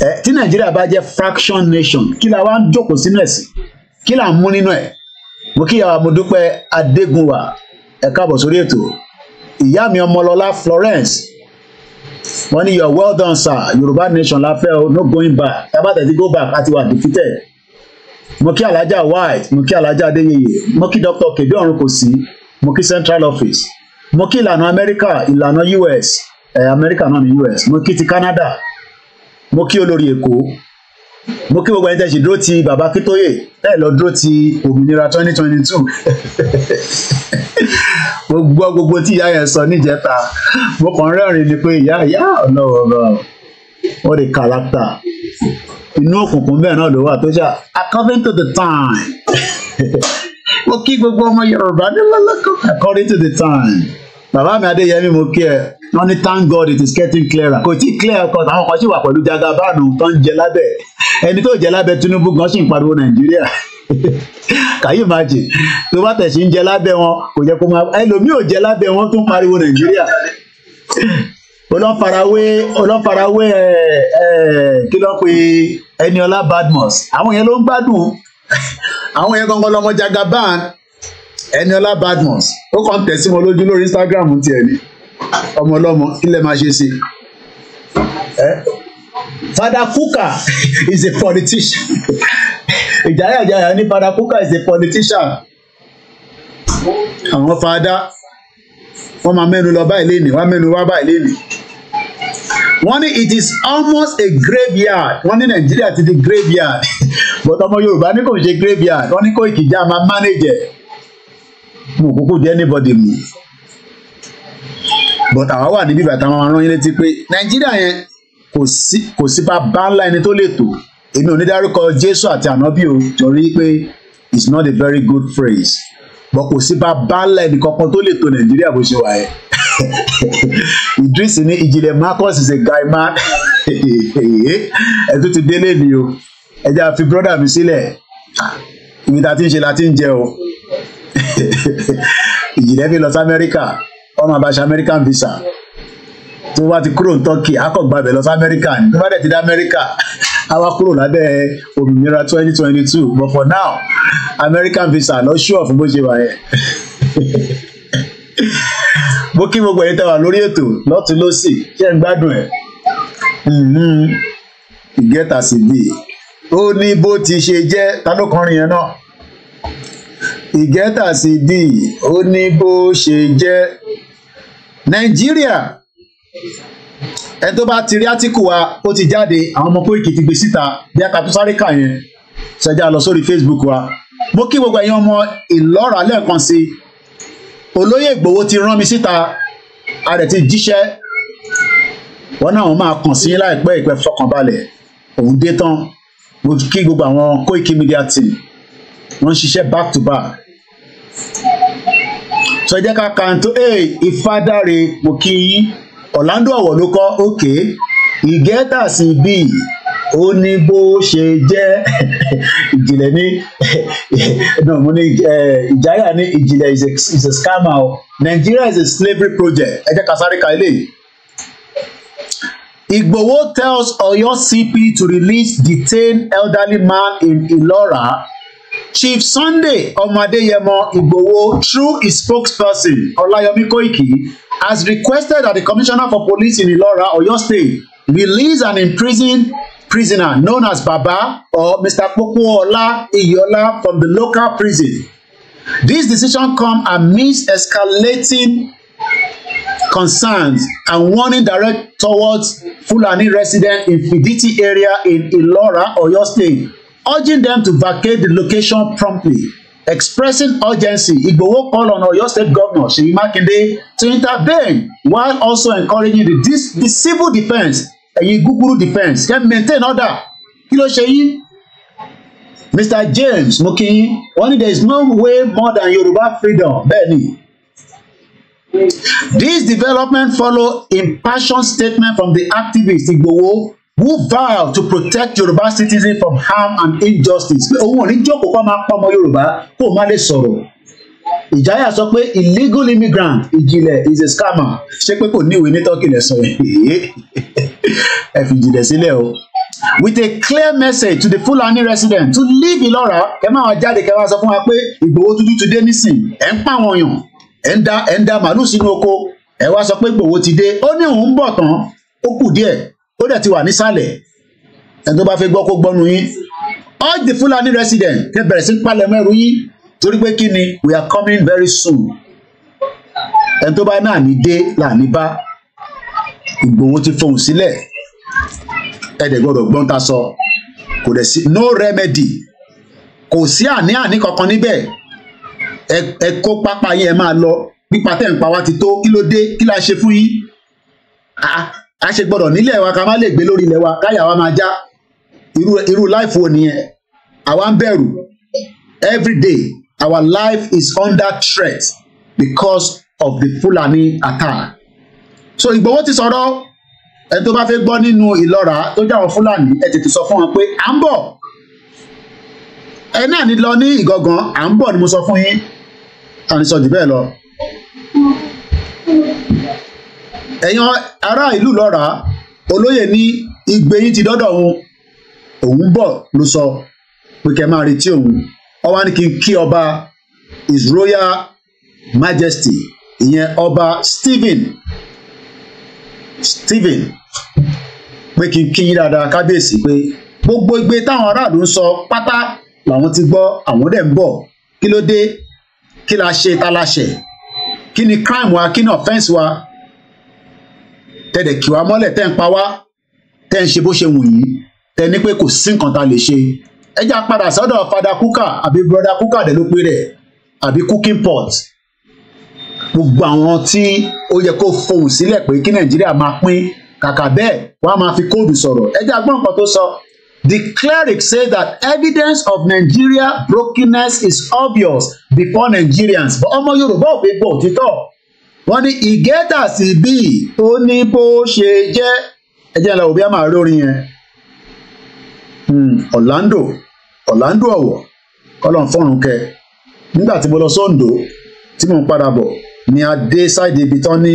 ẹ tí nàìjíríà bá jẹ́ fractured nation kí la wá ń jókòó sínú ẹ̀ sí kí la ń mú nínú ẹ̀ mo kíyàwó mo dúpẹ́ adégúnwà ẹ káàbọ̀ sórí ètò ìyá mi ọmọlọlá Florence wọ́n ní your well done sir Yorùbá nation la fẹ́ o no going back ẹ bá go back àti wà defeated Muki alaja white Muki alaja alájà adéyẹyẹ mo kí dr kèdè ọ̀run kò sí mo central office mo kí ìlànà amẹ́ríkà ìlànà us ẹ̀ eh, náà ní us Muki ti canada Muki kí olórí èkó mo kí gbogbo ẹni tẹ́ ṣe dúró ti bàbá kítóyè bẹ́ẹ̀ lọ dúró ti òmìnira twenty twenty two mo gbọ́ gbogbo tí ìyá yẹn sọ níjẹta mo kàn rẹ́rìn ni pé ìyá ìyá ọ̀nà ọ̀rọ̀ what a character inú òkùnkùn bẹ́ẹ̀ náà ló wà tó ṣá according to the time mo kí gbogbo ọmọ Yorùbá ní lọ́lọ́kọ̀ according to the time bàbá mi adéyẹmí mo kí ẹ wọn ní thank god it is getting clearer kò tí clear ọkọ àwọn kan sì wà pẹ̀lú jagabanu tó ń jẹ lábẹ́ ẹni tó jẹ lábẹ́ tinubu gan sì ń pariwo nàìjíríà kàyí ìmájì tó bá tẹ̀sí ń jẹ lábẹ́ wọn kò jẹ́ kó máa ẹlòmíì ò jẹ lábẹ́ wọn tó ń pariwo nàìjíríà olọ́farawé olọ́farawé ẹ ẹ kí ló pe Eniola Badmus àwọn yẹn ló ń gbádùn àwọn yẹn gangan lọmọ jagaban Ẹniọlá Badmus ó kàn tẹ̀ sí wọn lójú lórí Instagram tiẹ̀ ni ọmọ ọlọ́mọ kí lẹ máa ṣe sí i. Father Kuka is a politician ìjàyà ìjàyà ní Father Kuka is a politician àwọn fada wọ́n máa mẹ́nu lọ báyìí lénìí wọ́n mẹ́nu wá báyìí lénìí wọ́n ní it is almost a graveyard wọ́n ní Nàìjíríà ti di graveyard but ọmọ Yorùbá ní kò ṣe graveyard wọ́n ní kó ìkìjà máa manage ẹ̀ mo kúkú di anybody mú but àwa wà níbí bàtà wọn rán yín létí pé nàìjíríà yẹn kò sí kò sí bá bá ńlá ẹni tó lè tò èmi ò ní dárúkọ jésù àti ànábì o torí pé it's not a very good phrase but kò sí bá bá ńlá ẹni kankan tó lè tò nàìjíríà bó ṣe wà yẹn idris ní ìjìnlẹ̀ marcus is a guy man ẹ tún ti délé ni o ẹ jẹ́ àfi brọ́dà mi sílẹ̀ ah, ibi tá a ti ń ṣe la ti ń jẹ o. ìjìnlẹ̀ fi lọ sí amẹ́ríkà wọ́n máa bá ṣe amẹ́ríkà visa tó bá ti kúrò ní turkey akọ̀gbàbẹ̀ lọ sí amẹ́ríkà ní tó bá dẹ̀ ti dé amẹ́ríkà á wá kúrò lábẹ́ òmìnira twenty twenty two but for now american visa lọ ṣú ọ̀fun bó ṣe wà yẹn mo kí gbogbo ẹ̀yin tẹ́wà lórí ètò lọ́tún lọ́sì ṣé ń gbádùn ẹ̀ hmm, hmm. ìgẹ́ta sì bì ó ní bó ti ṣe jẹ́ ta ló yẹn náà ìgẹ́ta sí di ó ní bó ṣe jẹ́ nàìjíríà ẹ tó bá ti rí átíkù wa ó ti jáde àwọn ọmọ Koiki ti gbé síta bí a kà tó sáré kà yẹn ṣẹjá lọ sórí Facebook wa mo kí gbogbo ẹ̀yin ọmọ Ìlọ́ra lẹ́ẹ̀kan sí olóyè Ìgbòho ti rán mi síta a rẹ̀ ti jíṣẹ́ wọn náà wọn máa kàn sí láìpẹ́ ìpẹ́ fọkànbalẹ̀ òun dé tán mo kí gbogbo àwọn Koiki Media team wọ́n ń ṣiṣẹ́ back to back sọ jẹ́ ká kan tó ee ìfádàre mo kí yín Orlando Ọ̀wọ̀ ló kọ́ òkè ìgẹ́tà sí bí ó ní bó ṣe jẹ́ ìjìnlẹ̀ ní no mo ní eh, ìjáyà ní ìjìnlẹ̀ is a scammer o Nigeria is a slavery project ẹ jẹ́ ká sáré ka eléyìí. Igboho tells Oyo CP to release detained elderly man in Ilora Chief Sunday Omadeyemo Igbowo, through his spokesperson Olayomi Koiki has requested that the Commissioner for Police in Ilora, Oyo State, release an imprisoned prisoner known as Baba or Mr. Pokuola Iyola from the local prison. This decision comes amidst escalating concerns and warning direct towards Fulani residents in Fiditi area in Ilora, Oyo State urging them to vacate the location promptly. Expressing urgency, Igboho call on Oyo State Governor Seyi Makinde to intervene while also encouraging the, dis the civil defence ẹ̀yin gúgúrú defence can maintain order. Kí ló ṣe yín? Mr. James Mokinyin wọ́n ní there is no way more than Yoruba freedom bẹ́ẹ̀ ni. This development follow impassioned statement from the activist Igboho who vow to protect Yorùbá citizens from harm and injustice pé òun ò ní jókòó kó máa pọ́nmọ Yorùbá kó má lè sọ̀rọ̀ ìjáyà sọ pé illegal immigrant ìjìnlẹ̀ is a scammer ṣé pé kò ní ìwé ní turkey lẹ sọ yìí ẹ fi ìjìnlẹ̀ sílẹ̀ o with a clear message to the Fulani residents to leave Ìlọ́ra ẹ máa wọn jáde kẹwàá sọ fún wa pé Ìgbòho tuntun ti dé nísìn ẹ ń pàwọn yàn ẹ ń da ẹ ń da màálù sínú oko ẹ wá sọ pé Ìgbòho ti dé ó ní òun bọ̀ tán ó kù díẹ̀ ó dẹ̀ ti wà nísàlẹ̀ ẹni tó bá fẹ́ gbọ́ kó gbọ́nu yín all the Fulani residents, kẹ bẹ̀rẹ̀ sí palẹ̀mọ́ ẹrú yín torí pé kí ni we are coming very soon ẹni tó bá náà ní dé láàní bá Ìgbòho ti fohùn sílẹ̀ ẹ̀dẹ̀ gbọ́dọ̀ gbọ́n ta sọ kò dẹ̀ sí no remedy kò sí àní-àní kankan níbẹ̀ ẹ kó pápá yín ẹ máa lọ pípa tẹ̀ ń pa wá ti tó kí ló dé kí la ṣe fún yín ah, a ṣe gbọ́dọ̀ nílẹ̀ wa ká má lè gbé lórí ilẹ̀ wa káyà wa máa já irú irú life wo nìyẹn àwa ń bẹ̀rù every day our life is under threat because of the Fulani attack so Ìgbòho ti sọ̀rọ̀ ẹ tó bá fẹ́ gbọ́ nínú ìlọ́ra tó jẹ́ àwọn Fúlàní ẹ tètè sọ fún wọn pé à ń bọ̀ ẹ náà ní lọ ní Ìgangan à ń bọ̀ ni mo sọ fún yín àníṣọjù bẹ́ẹ̀ lọ. ẹ̀yin ará ìlú lọ́ra olóyè ní igbe yín ti dọ́dọ̀ òun òun bọ̀ ló sọ pé kẹ́ máa retí òun ọba ní kí n kí ọba his royal majesty ìyẹn ọba Stephen Stephen pé kí n kí yín dáadáa kábíyèsí pé gbogbo igbe táwọn aráàlú ń sọ pátá làwọn ti gbọ́ àwọn dẹ̀ ń bọ̀ kí ló dé kí la ṣe ta la ṣẹ̀ kí ni crime wa kí ni offence wa tẹ̀dẹ̀ kì wá mọ́lẹ̀ tẹ̀ ń pa wá tẹ̀ ń ṣe bó ṣe wù yín tẹ̀ ní pé kò sí nǹkan tá lè ṣe ẹ padà sọ́dọ̀ fada kúkà àbí broda kúkà dẹ̀ ló pé rẹ̀ àbí cooking pot gbogbo àwọn tí ó yẹ kó fohùn sílẹ̀ pé kí nàìjíríà máa pín kàkà bẹ́ẹ̀ wọ́n máa fi kóòdù sọ̀rọ̀ ẹ gbọ́n nǹkan tó sọ The cleric said that evidence of Nigeria brokenness is obvious before Nigerians but ọmọ Yorùbá ò fi gbọ́ òtítọ́ wọ́n ní ìgẹ́tà sí bí ó ní bó ṣe jẹ́ ẹjẹ́ ńlá òbí á máa rórin yẹn hmm, Orlando Orlando ọ̀wọ̀ kọ́lọ́n fọ́run kẹ nígbà tí mo lọ sóńdó tí mo ń padà bọ̀ ni a dé ṣáìdì ibi tán ní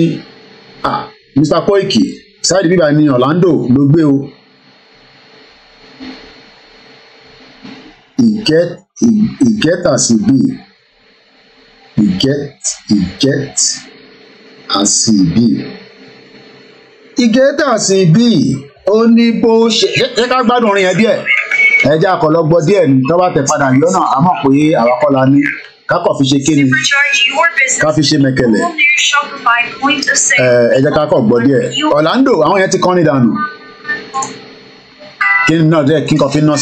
Mr Koiki ṣáìdì bíbá ni Orlando ló gbé o ìgẹ́tà ìgẹ́tà sí bí ìgẹ́t ìgẹ́t àsìbí. ike tàsìbí ó ní bó ṣe ṣe ká gbádùn orin yẹn díẹ̀ ẹjẹ àkọlọgbọ díẹ̀ ní tọ́wọ́ tẹ padà yọnà àmọ́ pé àwakọ́la ní kákọ̀ fi ṣe kíni ká fi ṣe mẹ̀kẹ̀lẹ̀ ẹjẹ kákọ̀ gbọ́ díẹ̀ Orlando àwọn yẹn ti kọ́ni dànù kí n náà dẹ́ kí n kọ́ fi náà.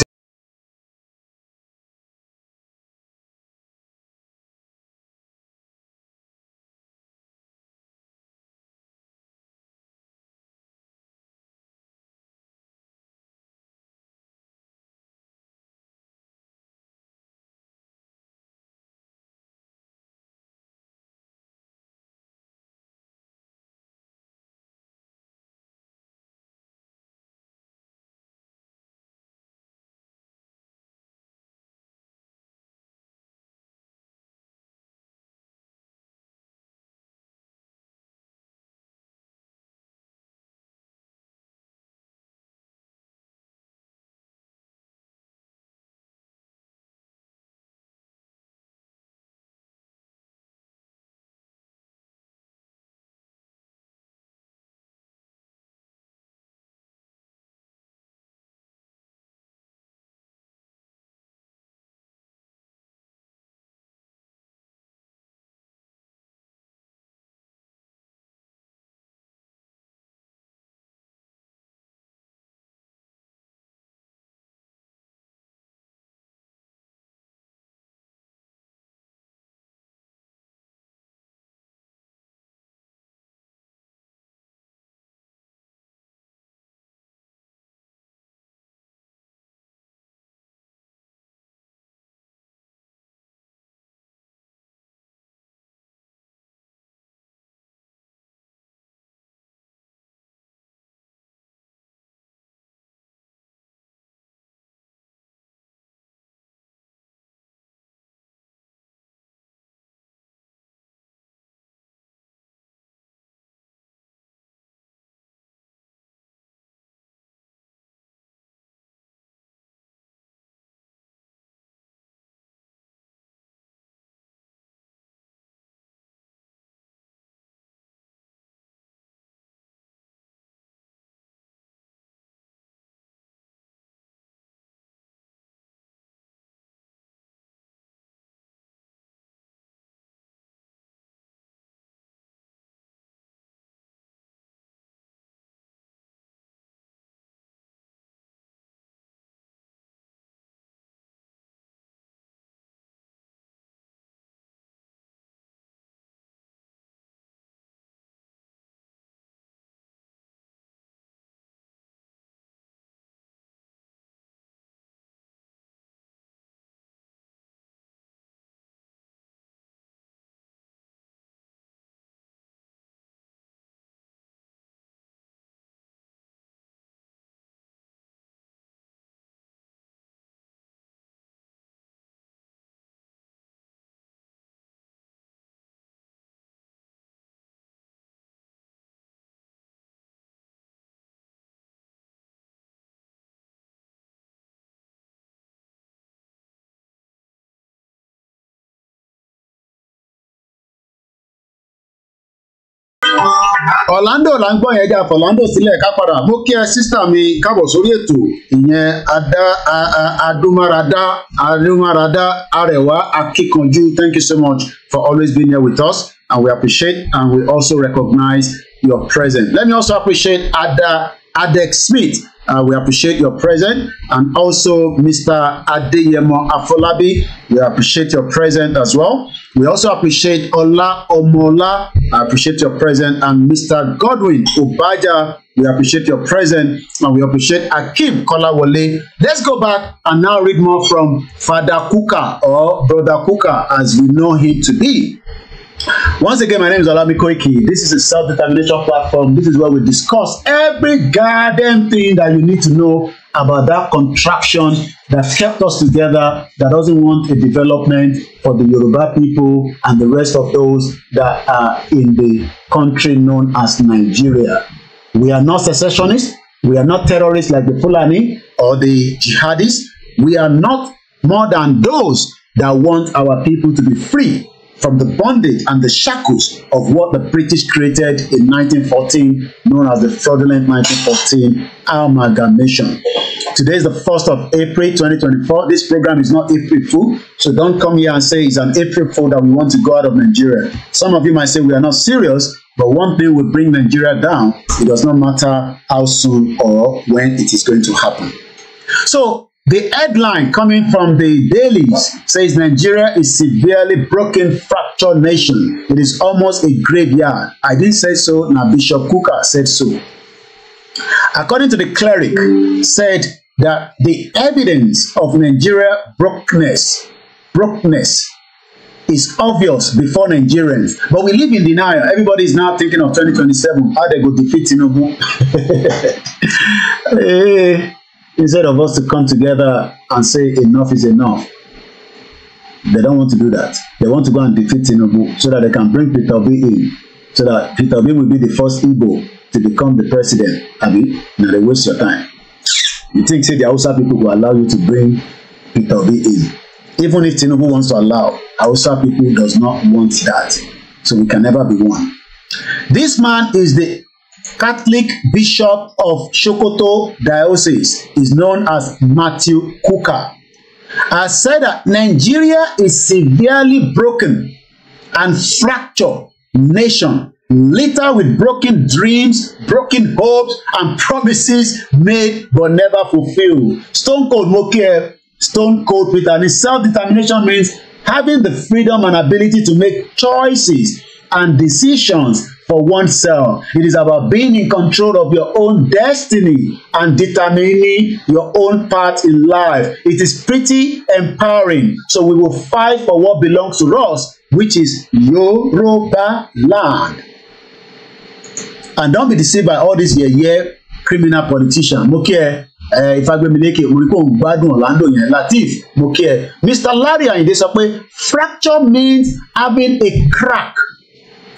Orlando là ń gbọ́ yẹn jà fọ̀làndò sílẹ̀ ká padà mo kí ẹ sísítà mi káàbọ̀ sórí ètò ìyẹn adúmáradá adúmáradá arẹwà akíkanjú thank you so much for always being here with us and we appreciate and we also recognize your presence let me also appreciate ada Adek smith Uh, we appreciate your presence and also Mr. Adeyemo Afolabi. We appreciate your presence as well. We also appreciate Ola Omola. I appreciate your presence. And Mr. Godwin Obaja, we appreciate your presence. And we appreciate Akim Kolawole. Let's go back and now read more from Father Kuka or Brother Kuka as we know him to be. Once again, my name is Olami Koiki. This is a self-determination platform. This is where we discuss every goddamn thing that you need to know about that contraction that kept us together, that doesn't want a development for the Yoruba people and the rest of those that are in the country known as Nigeria. We are not secessionists. We are not terrorists like the Fulani or the jihadists. We are not more than those that want our people to be free from the bondage and the shackles of what the British created in 1914, known as the fraudulent 1914 amalgamation. Today is the 1st of April 2024. This program is not April Fool, so don't come here and say it's an April Fool that we want to go out of Nigeria. Some of you might say we are not serious, but one thing will bring Nigeria down. It does not matter how soon or when it is going to happen. So The headline coming from the dailies says Nigeria is severely broken, fractured nation. It is almost a graveyard. I didn't say so, now Bishop Kuka said so. According to the cleric, said that the evidence of Nigeria brokenness, brokenness is obvious before Nigerians. But we live in denial. Everybody is now thinking of 2027, how they go defeat Tinubu. hey. Eh, instead of us to come together and say enough is enough they don't want to do that they want to go and defeat Tinubu so that they can bring Peter Obi in so that Peter Obi will be the first Igbo to become the president abi now they waste your time you think say the Hausa people will allow you to bring Peter Obi in even if Tinubu wants to allow Hausa people does not want that so we can never be one this man is the Catholic Bishop of Sokoto Diocese is known as Matthew Kuka, I said that Nigeria is severely broken and fractured nation, littered with broken dreams, broken hopes, and promises made but never fulfilled. Stone Cold Mokie, Stone Cold Peter, and self-determination means having the freedom and ability to make choices and decisions for oneself. It is about being in control of your own destiny and determining your own path in life. It is pretty empowering. So we will fight for what belongs to us, which is Yoruba land. And don't be deceived by all this yeye criminal politician. Mo kí ẹ Ìfagbemileke go gbádùn Orlando yẹn Lateef mo Latif? ẹ. Mr. Larry Ayinde sọ fracture means having a crack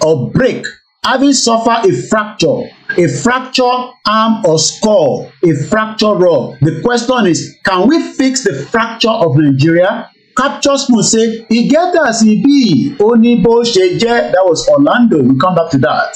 or break having suffered a fracture, a fracture arm or skull, a fracture rod. The question is, can we fix the fracture of Nigeria? Captures will say, he get as he be, Onibo Sheje, that was Orlando, we come back to that.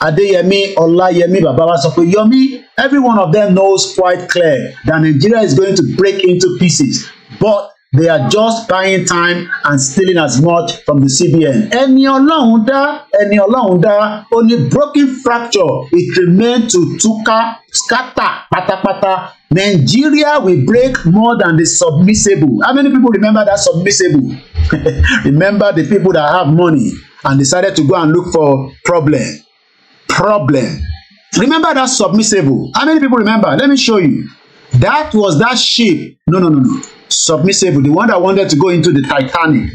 Adeyemi, Olayemi, Bababa Soko, Yomi, every one of them knows quite clear that Nigeria is going to break into pieces. But they are just buying time and stealing as much from the CBN. ẹni ọlọ́run dá ẹni ọlọ́run dá ó ní broken fracture it remains to tuka scatter pátápátá Nigeria will break more than the submissible. How many people remember that submissible? remember the people that have money and decided to go and look for problem problem remember that submissible how many people remember let me show you that was that sheep no no no no Submissible, the one that wanted to go into the Titanic,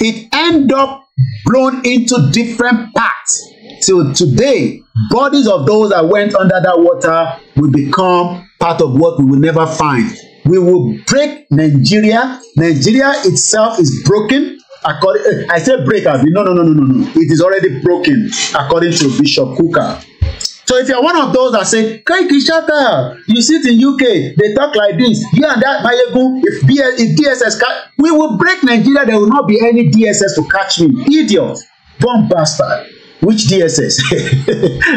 it ended up blown into different parts. Till today, bodies of those that went under that water will become part of what we will never find. We will break Nigeria. Nigeria itself is broken. According, eh, I said break as ah, no, no, no, no, no, no. It is already broken according to Bishop Cooker. So if you're one of those that say, Crikey, shut up. You sit in UK, they talk like this. You and that Mayegun, if, if DSS, ca- we will break Nigeria. There will not be any DSS to catch me. Idiot. Bomb bastard. Which DSS?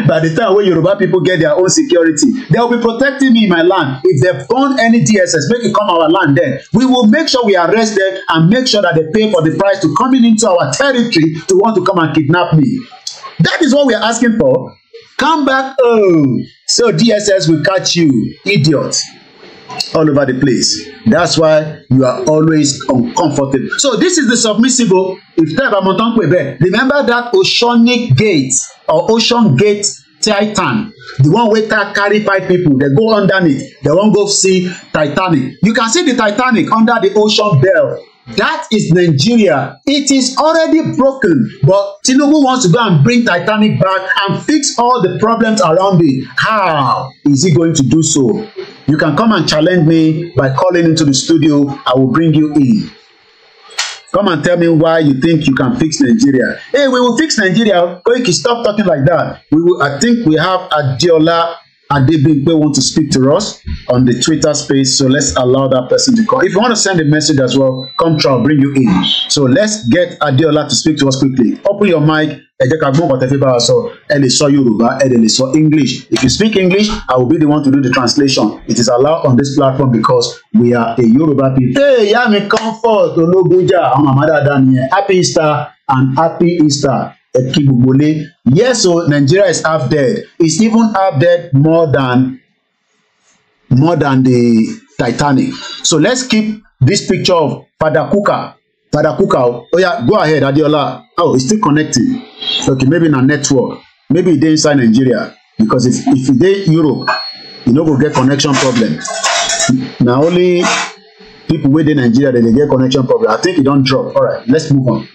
By the time when Yoruba people get their own security, they will be protecting me in my land. If they've done any DSS, make it come our land then. We will make sure we arrest them and make sure that they pay for the price to coming into our territory to want to come and kidnap me. That is what we are asking for. Come back home. So DSS will catch you, idiot. All over the place. That's why you are always uncomfortable. So this is the submissible. If Taiba Montanque Be, remember that oceanic gate or ocean gate Titan, the one wey carry five people, they go underneath, they wan go see Titanic. You can see the Titanic under the ocean bell That is Nigeria. It is already broken, but Tinubu wants to go and bring Titanic back and fix all the problems around it. How is he going to do so? You can come and challenge me by calling into the studio. I will bring you in. Come and tell me why you think you can fix Nigeria. Hey, we will fix Nigeria. Koiki, stop talking like that. We will, I think we have Adiola Adebimpe want to speak to us on the Twitter space, so let's allow that person to call. If you want to send a message as well, come try, I'll bring you in. So let's get Adeola to speak to us quickly. Open your mic. Ẹ jẹ́ ká gbọ́n ọ̀pọ̀ tẹ́fẹ́ bá wa sọ, ẹ lè sọ Yorùbá, ẹ English. If you speak English, I will be the one to do the translation. It is allowed on this platform because we are a Yoruba people. Hey, ìyá mi comfort ológunjà àwọn màmá dáadáa nìyẹn? Happy Easter and happy Easter ẹkí yes so Nigeria is half dead it's even half dead more than more than the Titanic so let's keep this picture of Fada Kuka Fada Kuka oh, oh, yeah, go ahead Adeola oh it's still connecting okay maybe in na network maybe e dey inside Nigeria because if if e dey Europe you know go get connection problem Now only people within Nigeria dey dey get connection problem I think it don't drop alright let's move on.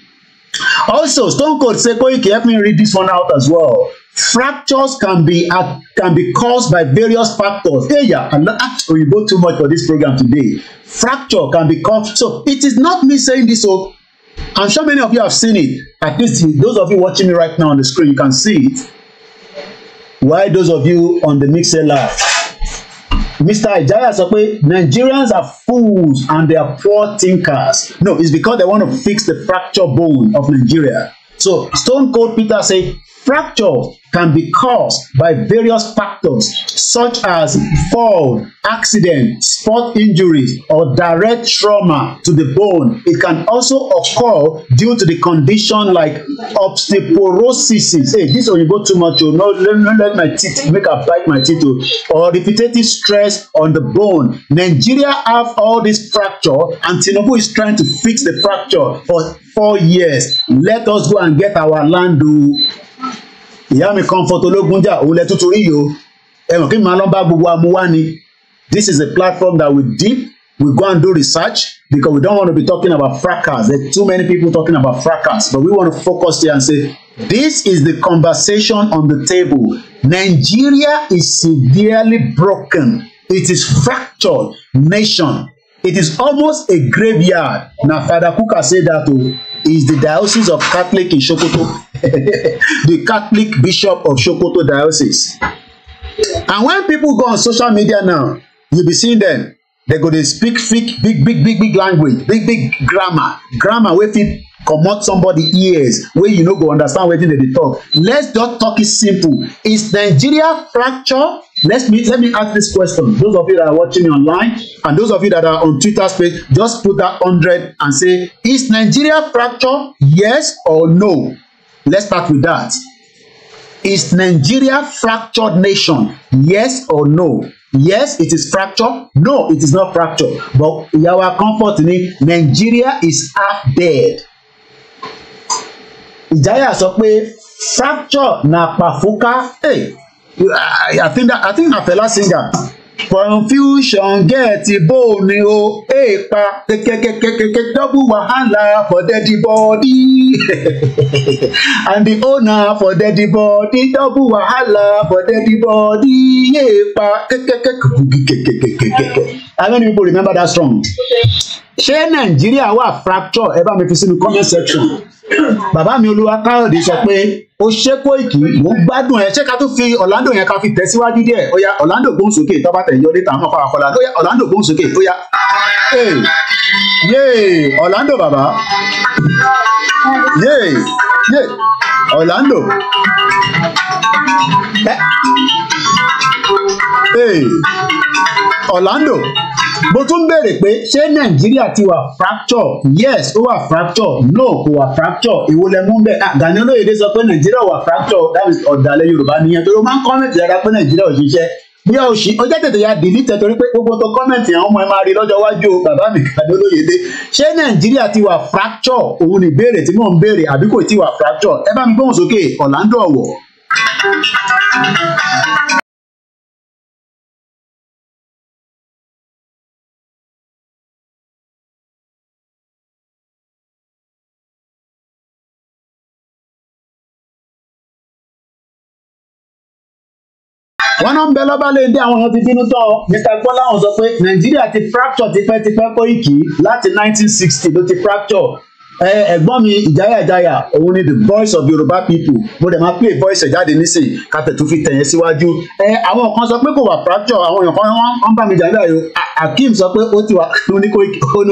Also, Stone Cold say, said, Koike, help me read this one out as well. Fractures can be uh, can be caused by various factors. Hey, yeah, I'm not actually ah, go too much for this program today. Fracture can be caused. So it is not me saying this. So oh. I'm sure many of you have seen it. At least those of you watching me right now on the screen, you can see it. Why those of you on the mixer laugh? Mr. Ijaya sọ pé Nigerians are fools and they are poor thinkers. No, it's because they want to fix the fracture bone of Nigeria. So Stone Cold Peter say Fractures can be caused by various factors such as fall, accident, sport injuries, or direct trauma to the bone. It can also occur due to the condition like osteoporosis. Hey, this one you go too much o. Oh. No, no, let my teeth make I bite my teeth o. Oh. Or repetitive stress on the bone. Nigeria have all this fracture and Tinubu is trying to fix the fracture for four years. Let us go and get our land o. Oh ìyá mi Comfort Ológúnjà òun lẹ tún torí yìí o ẹ̀wọ̀n kí n máa lọ bá gbogbo amúwá this is a platform that we deep we go and do research because we don't want to be talking about fracas there are too many people talking about fracas but we want to focus here and say this is the conversation on the table Nigeria is severely broken it is fractured nation it is almost a graveyard na Father Kuka say that o. Oh is the diocese of Catholic in Sokoto the Catholic bishop of Sokoto diocese and when people go on social media now you be seeing them They go dey speak big big big big language big big grammar grammar wey fit comot somebody ears wey you no go understand wetin dem dey talk let's just talk it simple is nigeria fracture let me let me ask this question those of you that are watching me online and those of you that are on twitter space just put that hundred and say is nigeria fracture yes or no let's start with that is nigeria fractured nation yes or no yes it is fracture no it is not fracture but our comfort ni Nigeria is half dead ìjáyà sọ pé fracture na pàfúkà hey, I, I think that I think na fela singer confusion get bó ni o èèpa kẹkẹkẹkẹkẹ double wahala for dead body and the owner for dead body double wahala for dead body èèpa kẹkẹkẹkẹkẹkẹkẹkẹ I don't even remember that song. Okay ṣé nàìjíríà wà fracture ẹ bá mi fi sínú comment section bàbá mi olúwakáyọ̀dé sọ pé ó ṣe Koiki mò ń gbádùn ẹ ṣé ká tún fi Orlando yẹn ká fi tẹ̀síwájú díẹ̀ ó yá Orlando gbóhùn sókè tọ́ba tẹ̀yọ́ létà àwọn ọkọ̀ àkọlà ó Orlando gbóhùn sókè Oya, yá yéè Orlando bàbá yéè yéè Orlando ẹ hey. Orlando mo tún béèrè pé ṣé nàìjíríà ti wà fracture yes ó wà fracture no kò wà fracture èwo lẹ mú bẹ ah Gani Olóyèdé sọ pé nàìjíríà wà fracture that is ọ̀dàlẹ̀ yorùbá nìyẹn torí ó máa ń kọ́mẹ̀tì dáadáa pé nàìjíríà ò ṣiṣẹ́ bóyá o ṣì ó jẹ́ tètè ya delete torí pé gbogbo tó kọ́mẹ̀ntì àwọn ọmọ ẹ máa rí lọ́jọ́ iwájú bàbá mi Gani Olóyèdé ṣé nàìjíríà ti wà fracture òun ni ìbéèrè tí mò ń fracture ẹ bá mi Orlando Owo. wọn náà ń bẹ lọ́ba lè dé àwọn èèyàn ti bínú tán Mr Gbọ́láhùn sọ pé Nàìjíríà ti fracture tipẹ́tipẹ́ Kóìkì láti 1960 ló ti fracture ẹ̀gbọ́n mi ìjáyà ìjáyà òun ni the voice of Yorùbá people mo dẹ̀ máa play voice ẹ̀ jáde nísìnyí ká tẹ̀ tún fi tẹ̀yẹ síwájú ẹ àwọn kan sọ pé kò wà fracture àwọn èèyàn kan wọ́n bá mi jà nígbà yìí Akeem sọ pé ó ti wà ó ní kó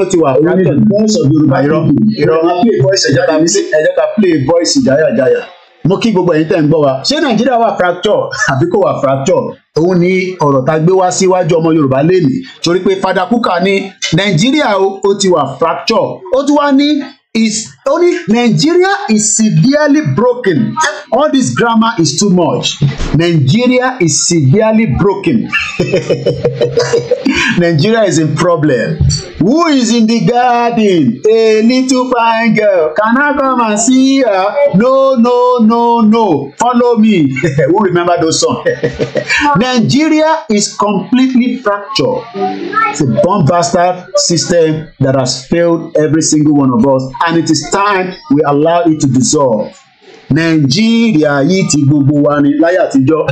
ó ti wà òun ni the voice of Yorùbá irọ́ irọ́ máa play voice ẹ̀ jáde nísìnyí ẹ jẹ́ ká play voice ìjáyà ìjáyà mo kí gbogbo ẹ̀yin tẹ́ ń gbọ́ wa ṣé nàìjíríà wà fracture àbí kò wà fracture òun ni ọ̀rọ̀ tá a gbé wá síwájú ọmọ yorùbá lénìí torí pé fada kúkà ní nàìjíríà ó ti wà fracture ó tún wá ní is ó ní Nigeria is severely broken all this grammar is too much Nigeria is severely broken Nigeria is in problem who is in the garden a little fine girl can I come and see her no no no no follow me who remember those song? Nigeria is completely fractured it's a bombastic system that has failed every single one of us and it is time we allow it to dissolve nàìjíríà yìí ti gbogbo wa ni láyé àtijọ́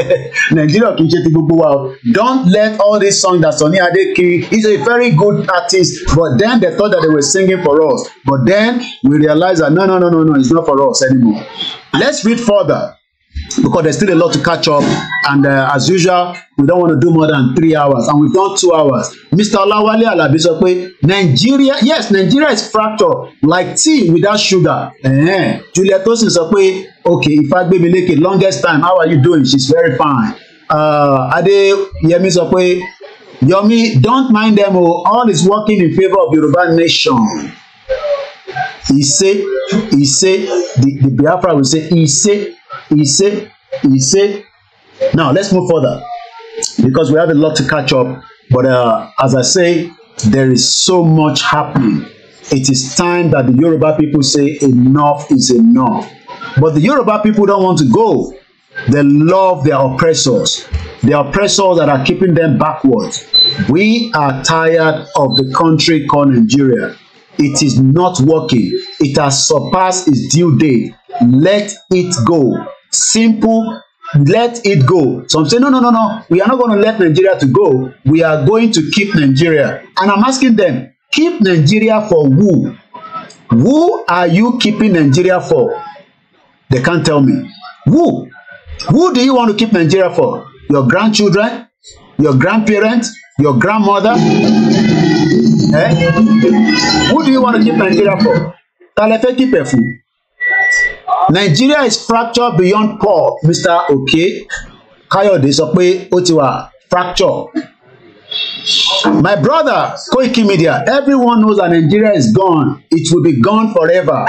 nàìjíríà kì í ṣe ti gbogbo wa o don't let all this song that Sunny Ade kiri he's a very good artist but then they thought that they were singing for us but then we realize that no no no no no it's not for us anymore let's read further because there's still a lot to catch up and uh, as usual we don't want to do more than three hours and we've done two hours mr olawale alabi sọ pé nigeria yes nigeria is fractured like tea without sugar eh, juliet tosin sọ pé okay ifeagbemileke longest time how are you doing she's very fine uh, adeyemi sọ pé yomi don't mind them o oh. all is working in favour of yoruba nation he say he say the the biafra will say he say He he Ise. Now let's move further because we have a lot to catch up. But uh, as I say, there is so much happening. It is time that the Yoruba people say enough is enough. But the Yoruba people don't want to go. They love their oppressors, the oppressors that are keeping them backwards. We are tired of the country called Nigeria. It is not working. It has surpassed its due date. Let it go simple let it go some say no no no no we are not going to let nigeria to go we are going to keep nigeria and i'm asking them keep nigeria for who who are you keeping nigeria for they can't tell me who who do you want to keep nigeria for your grandchildren your grandparents your grandmother eh who do you want to keep nigeria for ta lẹ keep ẹ fún Nigeria is fractured beyond poor Mr. Oke Kayode sọ pé ó ti wà fracture. My brother Koiki Media everyone knows that Nigeria is gone it will be gone forever.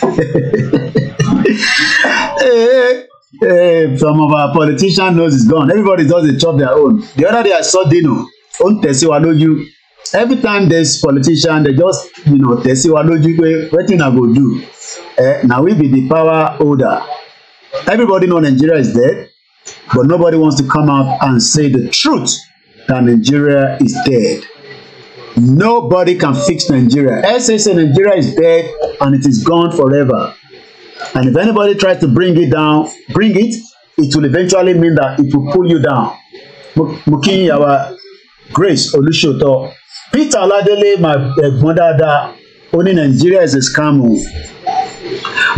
hey, eh, hey, eh, eh, some of our politicians knows it's gone everybody just dey chop their own. The other day I saw Dino On ń tẹ̀síwá every time there's politician they just you know, tẹ̀síwá lójú pé wetin I go do. Eh, now we be the power holder. Everybody know Nigeria is dead, but nobody wants to come out and say the truth that Nigeria is dead. Nobody can fix Nigeria. SSA Nigeria is dead and it is gone forever. And if anybody tries to bring it down, bring it, it will eventually mean that it will pull you down. Mukin Yawa Grace Olushoto. Peter Aladele, my mother eh, that ó Nigeria is a scam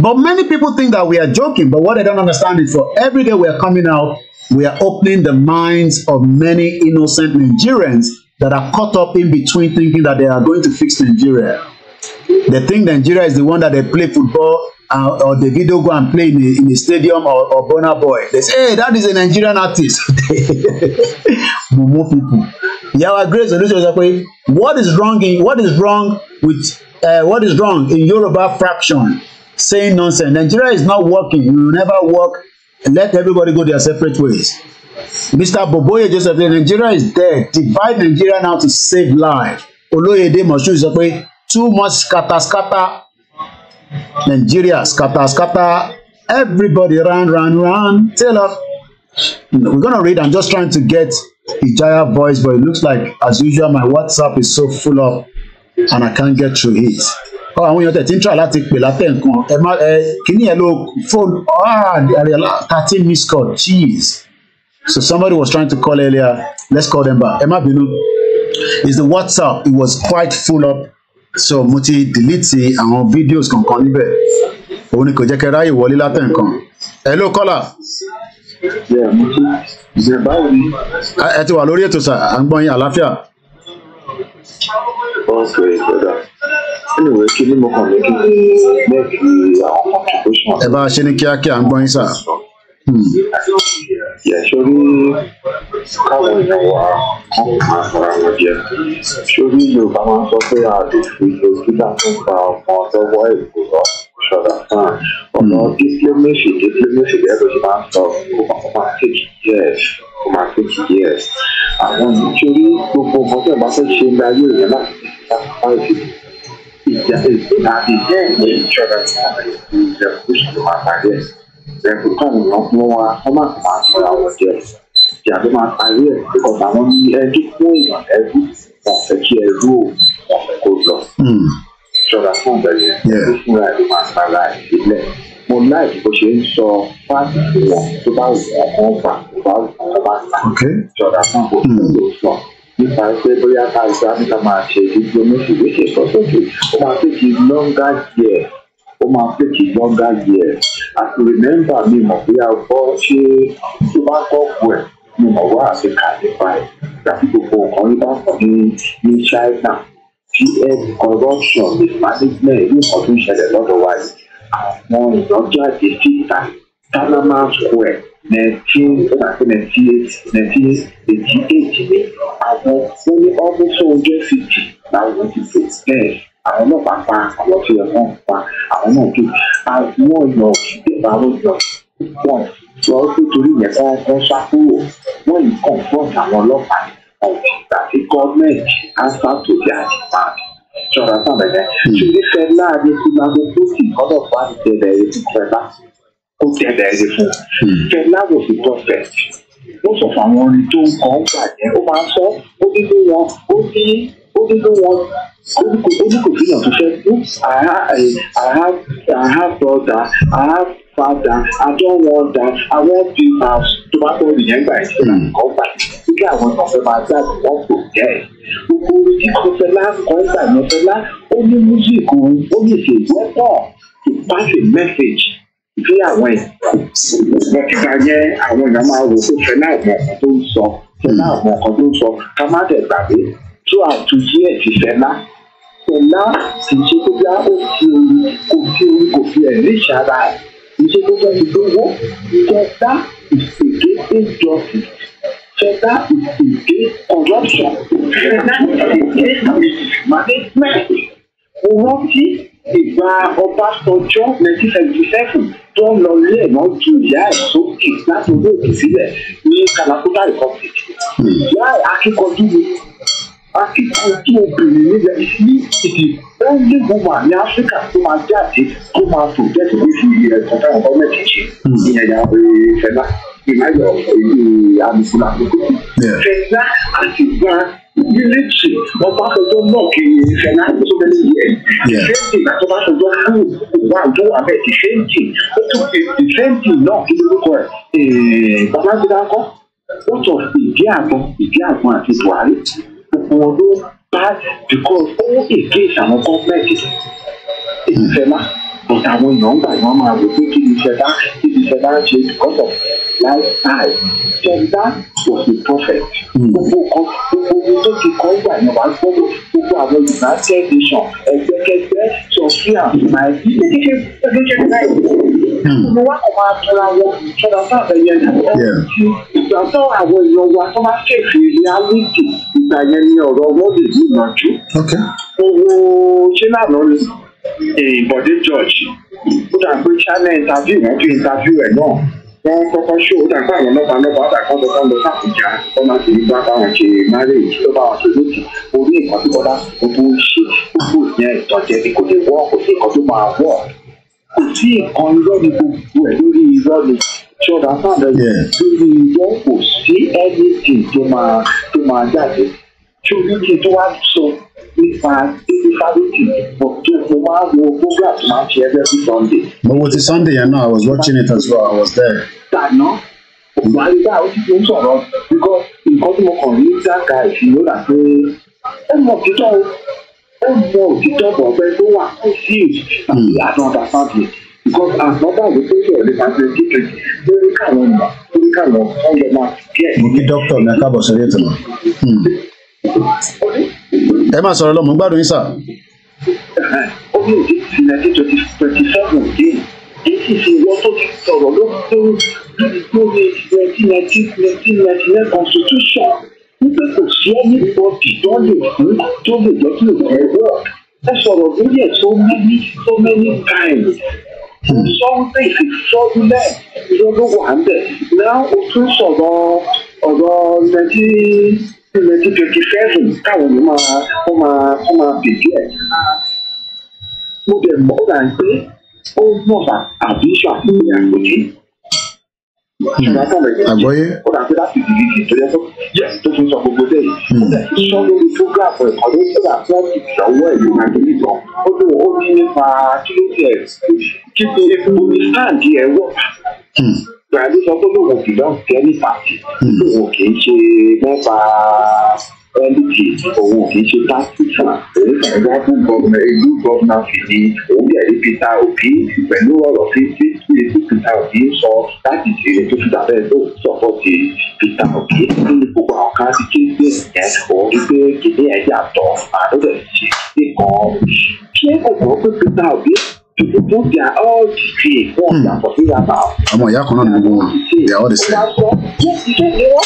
But many people think that we are joking, but what they don't understand is for every day we are coming out, we are opening the minds of many innocent Nigerians that are caught up in between thinking that they are going to fix Nigeria. They think Nigeria is the one that they play football uh, or the video go and play in a, in a stadium or, or Burna Boy. They say, hey, that is a Nigerian artist. Mumu people. Yahweh Grace Solution sọ pé what is wrong in what is wrong with uh, what is wrong in Yoruba fraction saying nonsense. Nigeria is not working. You will never work. Let everybody go their separate ways. Mr. Boboye Joseph, Nigeria is dead. Divide Nigeria now to save life. Oloyede Moshood sọ pé too much scatter scatter Nigeria scatter scatter everybody run run run Taylor. We're gonna read. I'm just trying to get Ijaya voice, but it looks like as usual my WhatsApp is so full up and I can't get through it àwọn èèyàn tẹ̀ tí ń try láti pè látẹ̀ nǹkan ẹ má ẹ kíní ẹ lo phone ah, thirteen missed call jeez so somebody was trying to call earlier let's call them back ẹ má bínú it's the WhatsApp it was quite full up so mo ti delete àwọn videos kankan níbẹ̀ òun ni kò jẹ́ kẹ́ ráyè wọlé látẹ̀ nǹkan ẹ ló kọ́là ẹ ti wà lórí ètò sà à ń gbọ́ yín àlàáfíà anyway kí ni mo kàn ní kí ní kí àwọn contribution. ẹ bá a ṣe ní kíákíá ń gbọ́ yín sà. Hmm. sórí káwọn èèyàn wa wọn kò máa fara wọn jẹ sórí yorùbá máa ń sọ pé àdùfù yorùbá tó ń gba ọmọ lọ́wọ́ èkó lọ ṣọdà fún ọmọ diplomacy diplomacy lẹ́gbẹ̀ẹ́ tó máa ń sọ kó máa take years kó máa take years àwọn ìṣòrí gbogbo nǹkan tó ẹ̀ bá fẹ́ ṣe ń darí èèyàn láti fi ṣàkóso ìdìbò àdìjẹ́ ìjọba tí wọ́n lè fi ilẹ̀ kóṣù máa parí ẹ̀ ẹ̀kú táwọn èèyàn fún wa wọ́n máa máa tura wọn jẹ ìdí àti máa parí ẹ̀ because àwọn ní ẹjú fún èèyàn ẹrú wọn fẹ́ kí ẹrú ò wọn fẹ́ kó lọ. ìjọba fún ìbẹ̀rẹ̀ ló fúnra ẹ̀ ló máa para nípa pé bóyá ká ìgbà níta máa ṣe gbogbo méjìlélẹ́sẹ̀ sọ́sọ́kè ó máa fẹ́ kí longer year ó máa fẹ́ kí longer year àti remember mi mọ̀ bóyá ọkọ ṣé tó bá kọ́ bu ẹ̀ mi mọ̀ wá àti kà nípa ẹ̀ tàbí gbogbo nǹkan yìí bá kàn ní ní China pm corruption mismanagement irú nǹkan tó ń ṣẹlẹ̀ lọ́dọ̀ wa yìí àwọn ìyànjáde títà Panama Square nineteen ninety eight nineteen eighty eight ní àwọn wọn ní ọmọọṣọ ọjọ ìsìnkì láwọn ti fò bẹ́ẹ̀ àwọn náà bá pa àwọn tó yẹ kán pa àwọn náà tó àwọn yọ ìdèbà yọ wọn lọ sí torí yẹn kán kán sá wọn yìí kàn fún àwọn ọlọ́pàá ọ̀gbìn àti gọ́ọ̀mẹ̀ntì answer to their demand ṣọ̀rọ̀ sábẹ̀ ṣùgbọ́n ìfẹ́ láàrin ìlànà tó sì kọ́dọ̀ fún àtẹ̀lẹ̀ ìfẹ́ láti kó tẹ lẹ́rìí fún Fẹlá Ròtítọ́ Fest ó sọ fún àwọn orin tó ń kàn ń bàjẹ́ ó máa ń sọ ó dídó wọn ó dí ó dídó wọn ó ní kò sí ìyàn tó fẹ́ fún àhá àhá àhá bọ́dà àhá padà àjọwọ́dà àwọn bí máa tó bá tó nìyẹn gbà ẹ̀ sí ìkọ́ gbà nígbà àwọn náà máa jáde wọ́n kò jẹ́ ẹ̀. gbogbo orin tí kò Fẹlá kọ́ gbà yẹn Fẹlá ó ní músíìkù ó ní ìṣègùn pọ̀ to pass a message bí àwọn èèyàn nípa yẹn àwọn èèyàn máa rò pé fẹlẹ àwọn ọkọ tó ń sọ fẹlẹ àwọn ọkọ tó ń sọ ká má dẹ̀ gbàgbé tó àtúntí ẹ̀ ti fẹlá fẹlá kì í ṣe tó bí ó fi orí kò fi orí kò fi ẹ̀rí ìṣara ìṣe tó fẹ́ fi lówó fẹlá ìpèké injustice fẹlá ìpèké corruption fẹlá ìpèké mismanagement owó tí ìgbà Ọbásanjọ́ nineteen seventy seven tó ń lọ ilé ẹ̀mọ́ ju ìyá ẹ̀ sókè láti orí òkè sílẹ̀ ní Kalakuta Republic. ìyá ẹ̀ akíkanjú ni akíkanjú obìnrin nílẹ̀ ní ìdí only woman ní Áfíríkà tó máa jáde tó máa tò jẹ́sí ní sí ìyẹn kọ̀ọ̀tà gọ́ọ̀mẹ̀tì ṣe ìyẹn ìyá Fẹlá ìmáyọ̀ ìlú àmì Fúlàní. Fẹlá àti gbọ́n military ọbásanjọ́ náà kiri fernando so many years ìfẹ́ǹtì láti ọbásanjọ́ fún ìwà àjọ abẹ́ ìfẹ́ǹtì ó tún ìfẹ́ǹtì náà kí lórúkọ ẹ̀ babájídá kọ́ what of ìdí àgbọn ìdí àgbọn àti buhari gbogbo wọn ló bá because ó against àwọn gọ́ọ̀mẹ̀ntì ìfẹ́ náà but àwọn èèyàn ń gbà wọn máa wò pé kí ni ìfẹ́ bá kí ni ìfẹ́ bá ṣe because of That was the prophet hmm. gbogbo kan gbogbo ohun tó ti kọ́ gbà ní wàá gbọ́dọ̀ gbogbo àwọn united nations ẹgbẹ́kẹgbẹ́ sọ̀fíà máì kékeré kékeré náà ìlú wa kò máa tọ́ra wọn tọ́ra sáàbẹ̀ yẹn ẹ̀ ti ìgbà tó àwọn èèyàn wa tó bá kéèké reality ìgbà yẹn ni ọ̀rọ̀ wọn lè ní ìyànjú. owó ṣé lànà ni ìbọ̀dé eh, george ó dà pé china interview wọn fi interview ẹ̀ náà wọ́n kọ́kọ́ ṣó dàgbà àwọn mẹ́ta mẹ́ta dàgbà lọ bá lọ sàkójà wọ́n máa bá wọn ṣe marriage tó bá wọn orí nǹkan tó bọ́lá gbogbo ìyẹn ìtọ́jẹ ni kò lè wọ́ kò sí nǹkan tó máa wọ̀ kò sí nǹkan irọ́ ni gbogbo ẹ̀ lórí irọ́ ni ṣọ́ra fáàdà lórí irọ́ kò sí anything tó máa tó máa jáde ṣé orí tó wá sọ But physicality ọ̀tún Sunday. mo know I was watching it as well I was there. tànà ògbàlígbà ó ti fi ń sọ̀rọ̀ because nǹkan tí mo kàn rí dáka ìṣúná là pé ó mọ òtítọ́ ó mọ òtítọ́ bọ̀ọ̀bẹ tó wà tó sí àtúntò hmm. àtàkùn because as mother of the patient of the facilitator they will come on back they will come on on the mark. mo kí dókítà ní akábọ̀ ẹ máa sọ̀rọ̀ lọ gbádùn yín sà. ó ní ìdí ti nineteen twenty twenty seven dé èyí sì wọ́n tó ti sọ̀rọ̀ lórí lórí nineteen nineteen nineteen ninety constitution wípé kò sí ẹni bọ́ọ̀dì tó lè fún tó lè jẹ́ kí òun ẹ̀ ẹ sọ̀rọ̀ lórí ẹ̀ so many so many times sọ ìfisọ́dúnlẹ̀ ìrọ́lọ́wọ́ à ń bẹ̀ náà o tún sọ̀rọ̀ ọ̀rọ̀ nineteen twenty twenty seven káwọn yìí máa wọ́n máa wọ́n máa bèbí ẹ̀. mo dẹ̀ mọ́ ra pé ó mọ̀ bá àbí ṣàkóso àgbèjì. Hmm. àgbọ́yé. ó rà pé láti dìbì dì tó yẹ kó yẹ tó fi sọ gbogbo hmm. dé yìí. sọ lórí program ẹ̀kọ́ ló ń bá fún ìyàwó ẹ̀ lóun àti nìkan ó lóun ó ní nípa kí ló tiẹ̀ kí ni ipò ní sáàdì ẹ̀ wọ̀. Hmm. Gàdí sọ pé lóun kì í lọ kẹ́ ní pàtì lóun kì í ṣe mẹ́fà ẹnìkì òun kì í ṣe pásítọ̀ òun kàn wá fún gọ́ọ̀nà ìlú gọ́ọ̀nà fìdí òun yẹ̀rí Peter Obi pẹ̀lú ọ̀rọ̀ tí tí tí tí Peter Obi sọ láti ṣe tó fi dàbẹ́ tó sọ̀pọ̀ ti Peter Obi ní gbogbo àwọn kan ti kéde ẹ̀ òun rí pé kìnìún ẹ̀ yàtọ̀ àdókè ṣe nìkan ṣé kò mọ̀ pé Peter Obi Hmm. they are all the same what talking about. ọmọ they are all the same.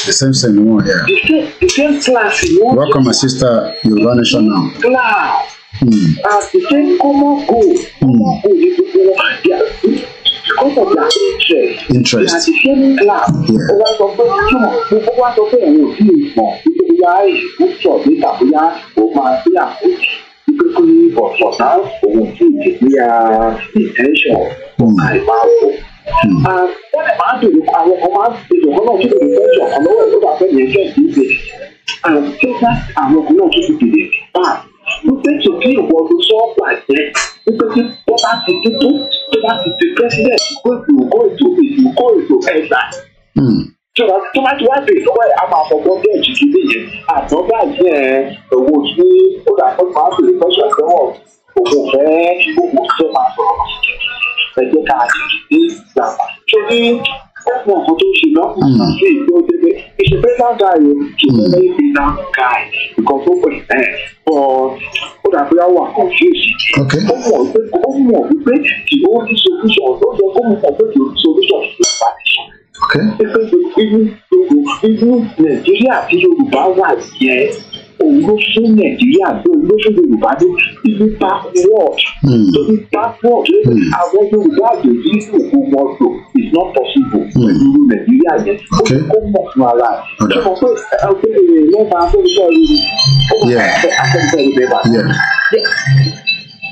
the same same ni wọn the same the same class welcome my sister Yorùbá nation now. class. Hmm. as ah, the same common goal. Hmm. common because of their interest. interest na the same class. ó wá sọ pé jùmọ̀ gbogbo wá sọ pé ẹ̀rọ òbí ìmọ̀ bóyá ìṣòkòtò mi tàbí ó máa bí àkójọ quickly, but for now, òun ti ìjìnlẹ̀ intention àìmáàbò. Wọ́n lè máa bèrè àwọn ọmọ àbèjọ kan náà tó lè fẹ́jọ kan lọ́wọ́ ẹ̀ tó bá fẹ́ yẹn fẹ́ẹ̀ dìde. Àtẹ́gbà àwọn ọkùnrin náà tó ti bèrè bá wípé tó kí ìwọ ló sọ bàjẹ́ wípé tí wọ́n bá ti dúdú tó bá ti di president kó ètò kó ètò ètò kó ètò ẹ̀dá tọ́ba tó bá ti wá bèèrè lọ́wọ́ ẹ̀ a máa fọgbọ́ bẹ́ẹ̀ jù kí nìyẹn àtọ́ báyìí ẹ̀ owó tí ó dà pé máa bèèrè pẹ́sù àtẹ́wọ̀ òkun fẹ́ gbogbo fẹ́ máa sọ̀rọ̀ ẹ jẹ́ ká dé ìgbàgbà tó ní ọ̀pọ̀ nǹkan tó ń ṣe náà sí ìgbẹ́ òjẹ́gbẹ́ ìṣe better guy o oh. hmm. kì í fẹ́ bí náà guy nǹkan tó pẹ̀ ẹ̀ bọ̀ ó dà pé àwọn àkànfíìsì ó pé inú nàìjíríà tí yorùbá wà yẹn òun ló fún nàìjíríà tó ló fún yorùbá ló inú backward torí backward àwọn yorùbá àjòjì òkú wọn lò is not possible hmm. pẹ̀lú nàìjíríà yẹn ó fi kó mọ̀ fún ara rẹ̀ ṣé mo pé ọgbẹ́ èrè mẹ́ta tó ń sọ yìí ó máa ń fẹ́ akẹ́kọ̀ọ́ ìbẹ̀rẹ̀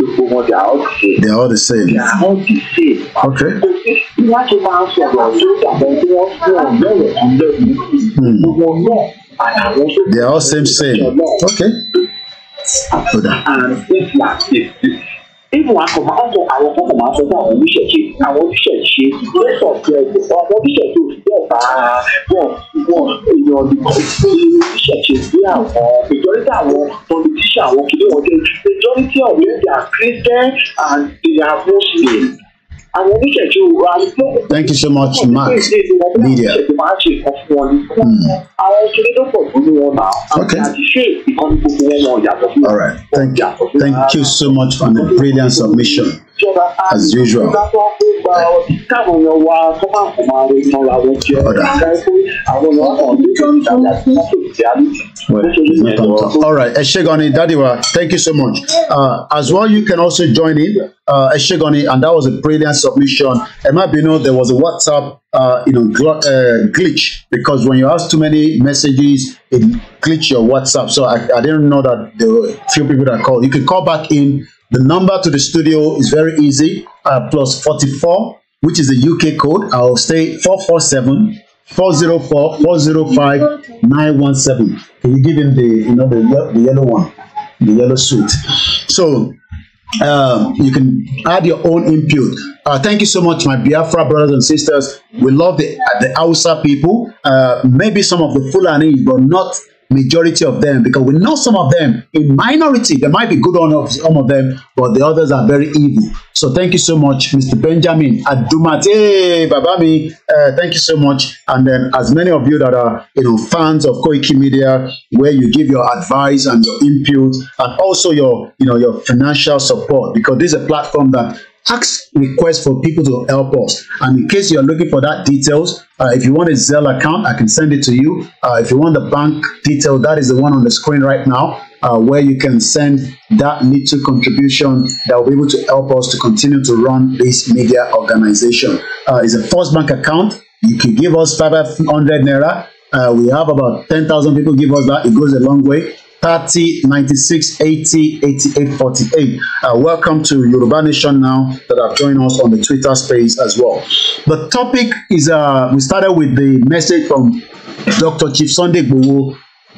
they are all the same. okay. kò they are all same same. okay even akọ̀mọ̀ ọ̀pọ̀ àwọn kan kò máa sọ fún àwọn oníṣẹ̀ṣe àwọn oníṣẹ̀ṣe lẹ́sọ̀ ọ̀pẹ̀ ọmọ oníṣẹ̀ṣe òṣìṣẹ́ ọ̀bà wọn wọn èèyàn nìkan oníṣẹ̀ṣe sí àwọn majority àwọn politician àwọn kìnìún ọ̀dẹ́ majority of them they are Christian and they are Muslim. Thank you so much, Mark. Media. Mm. Okay. All right. Thank, thank you so much for the brilliant submission as usual. Well, all right, Eshegoni, Dadiwa, thank you so much. Uh, as well, you can also join in, uh, Eshegoni, and that was a brilliant submission. Ẹ má bínú, there was a WhatsApp, uh, you know, gl uh, glitch because when you ask too many messages, it glitch your WhatsApp. So I, I didn't know that there were few people that called. You can call back in The number to the studio is very easy, uh, plus 44, which is the UK code. I'll stay 447 404 405 917. Can you give him the, you know, the, the yellow one, the yellow suit? So uh, you can add your own input. Uh, thank you so much, my Biafra brothers and sisters. We love the the Hausa people, uh, maybe some of the Fulani, but not majority of them because we know some of them in minority there might be good on some of them but the others are very evil so thank you so much mr benjamin Adumate Babami. uh, eh, thank you so much and then as many of you that are you know fans of koiki media where you give your advice and your input and also your you know your financial support because this is a platform that ask requests for people to help us. And in case you're looking for that details, uh, if you want a Zelle account, I can send it to you. Uh, if you want the bank detail, that is the one on the screen right now, uh, where you can send that little contribution that will be able to help us to continue to run this media organization. Uh, it's a first bank account. You can give us 500 Naira. Uh, we have about 10,000 people give us that. It goes a long way. 30, 96, 80, 88, 48. Uh, welcome to Yoruba Nation now that have joined us on the Twitter space as well. The topic is uh, we started with the message from Dr. Chief Sunday Gbowo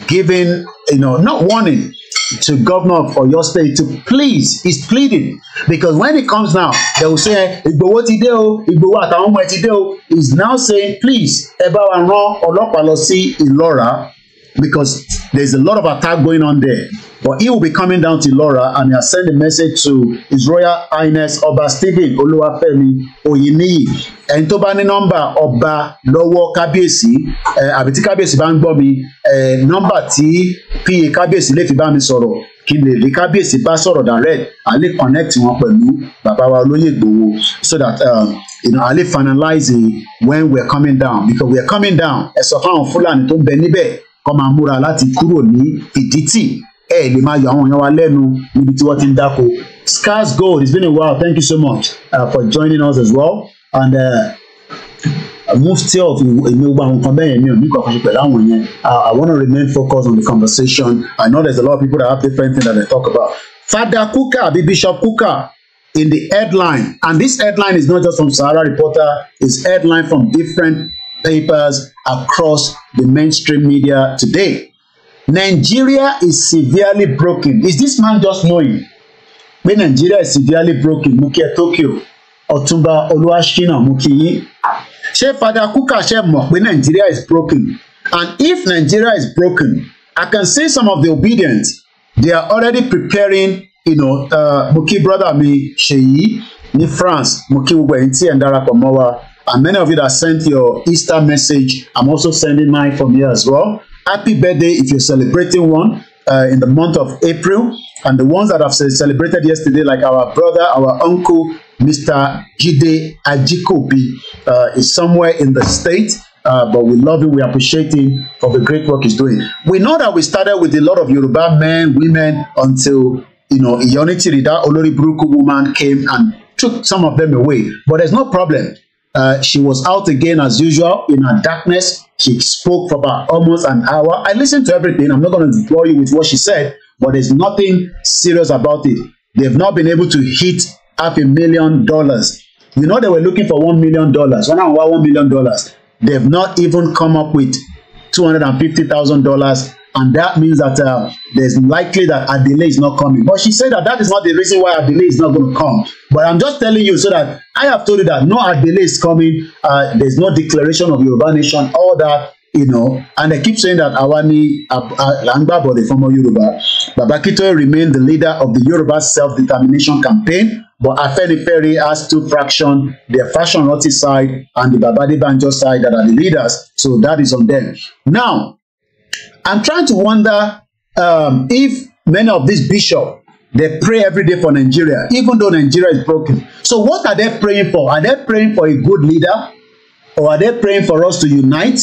giving, you know, not warning to governor of Oyo State to please, he's pleading because when it comes now, they will say Igbowo ti dé o, Igbowo àtàwọn ọmọ ẹ ti dé o. He's now saying please, ẹ bá wa rán because there's a lot of attack going on there. But he will be coming down to Laura and he has sent a message to His Royal Highness Ọba Stephen Olúwafẹ́mi Oyiniyi. Ẹni tó bá number oba lowo lọ́wọ́ abiti àbí tí kábíyèsí number t gbọ́ mi nọ́mbà tí PA kábíyèsí lè fi bá mi sọ̀rọ̀ kí lè rí kábíyèsí bá sọ̀rọ̀ direct a lè connect wọn pẹ̀lú bàbá wa so that um, you know, Ali finalizing when we are coming down because we are coming down ẹ sọ fáwọn Fúlàní tó ń bẹ kọ́ máa múra láti kúrò ní ìdítì ẹ lè máa yọ àwọn èèyàn wa lẹ́nu níbi tí wọ́n ti ń dáko Scars Gold it's been a while thank you so much uh, for joining us as well and uh, mufti of èmi gbogbo àwọn nǹkan bẹ́ẹ̀ yẹn mi ò ní kọ̀ọ̀kan ṣe pẹ̀lú àwọn yẹn uh, I want to remain focused on the conversation I know there's a lot of people that have different things that they talk about Father Kuka àbí Bishop Kuka in the headline and this headline is not just from Sahara Reporter it's headline from different papers across the mainstream media today. Nigeria is severely broken. Is this man just knowing? Pé Nigeria is severely broken, mú kí ẹ Tokyo, Ọ̀túnba Olúwaṣínà mú kí yín. Ṣé Fada Kuka ṣe mọ̀ pé Nigeria is broken? And if Nigeria is broken, I can see some of the obedient, they are already preparing, you know, uh, mo kí brother mi Ṣèyí ní France, mo kí gbogbo ẹ̀yin tí ẹ̀ ń darapọ̀ mọ́ wa And many of you that sent your Easter message, I'm also sending mine from here as well. Happy birthday if you're celebrating one uh, in the month of April. And the ones that have celebrated yesterday, like our brother, our uncle, Mr. Jide Ajikobi, uh, is somewhere in the state. Uh, but we love him, we appreciate him for the great work he's doing. We know that we started with a lot of Yoruba men, women, until, you know, Iyoni that Olori Buruku woman came and took some of them away. But there's no problem. Uh, she was out again as usual in her darkness. She spoke for about almost an hour. I listened to everything. I'm not going to bore you with what she said, but there's nothing serious about it. They've not been able to hit half a million dollars. You know, they were looking for one million dollars. One hour, one million dollars. They've not even come up with two hundred and fifty thousand dollars and that means that uh, there's likely that a delay is not coming. But she said that that is not the reason why a delay is not going to come. But I'm just telling you so that I have told you that no delay is coming. Uh, there's no declaration of Yoruba nation, all that, you know. And they keep saying that Awami uh, uh, Langba, but the former Yoruba, Babakito remained the leader of the Yoruba self-determination campaign. But Afenifere has two fractions, the Fashion Roti side and the Babadi Banjo side that are the leaders. So that is on them. Now, I'm trying to wonder um, if many of these bishops they pray every day for Nigeria, even though Nigeria is broken. So what are they praying for? Are they praying for a good leader? Or are they praying for us to unite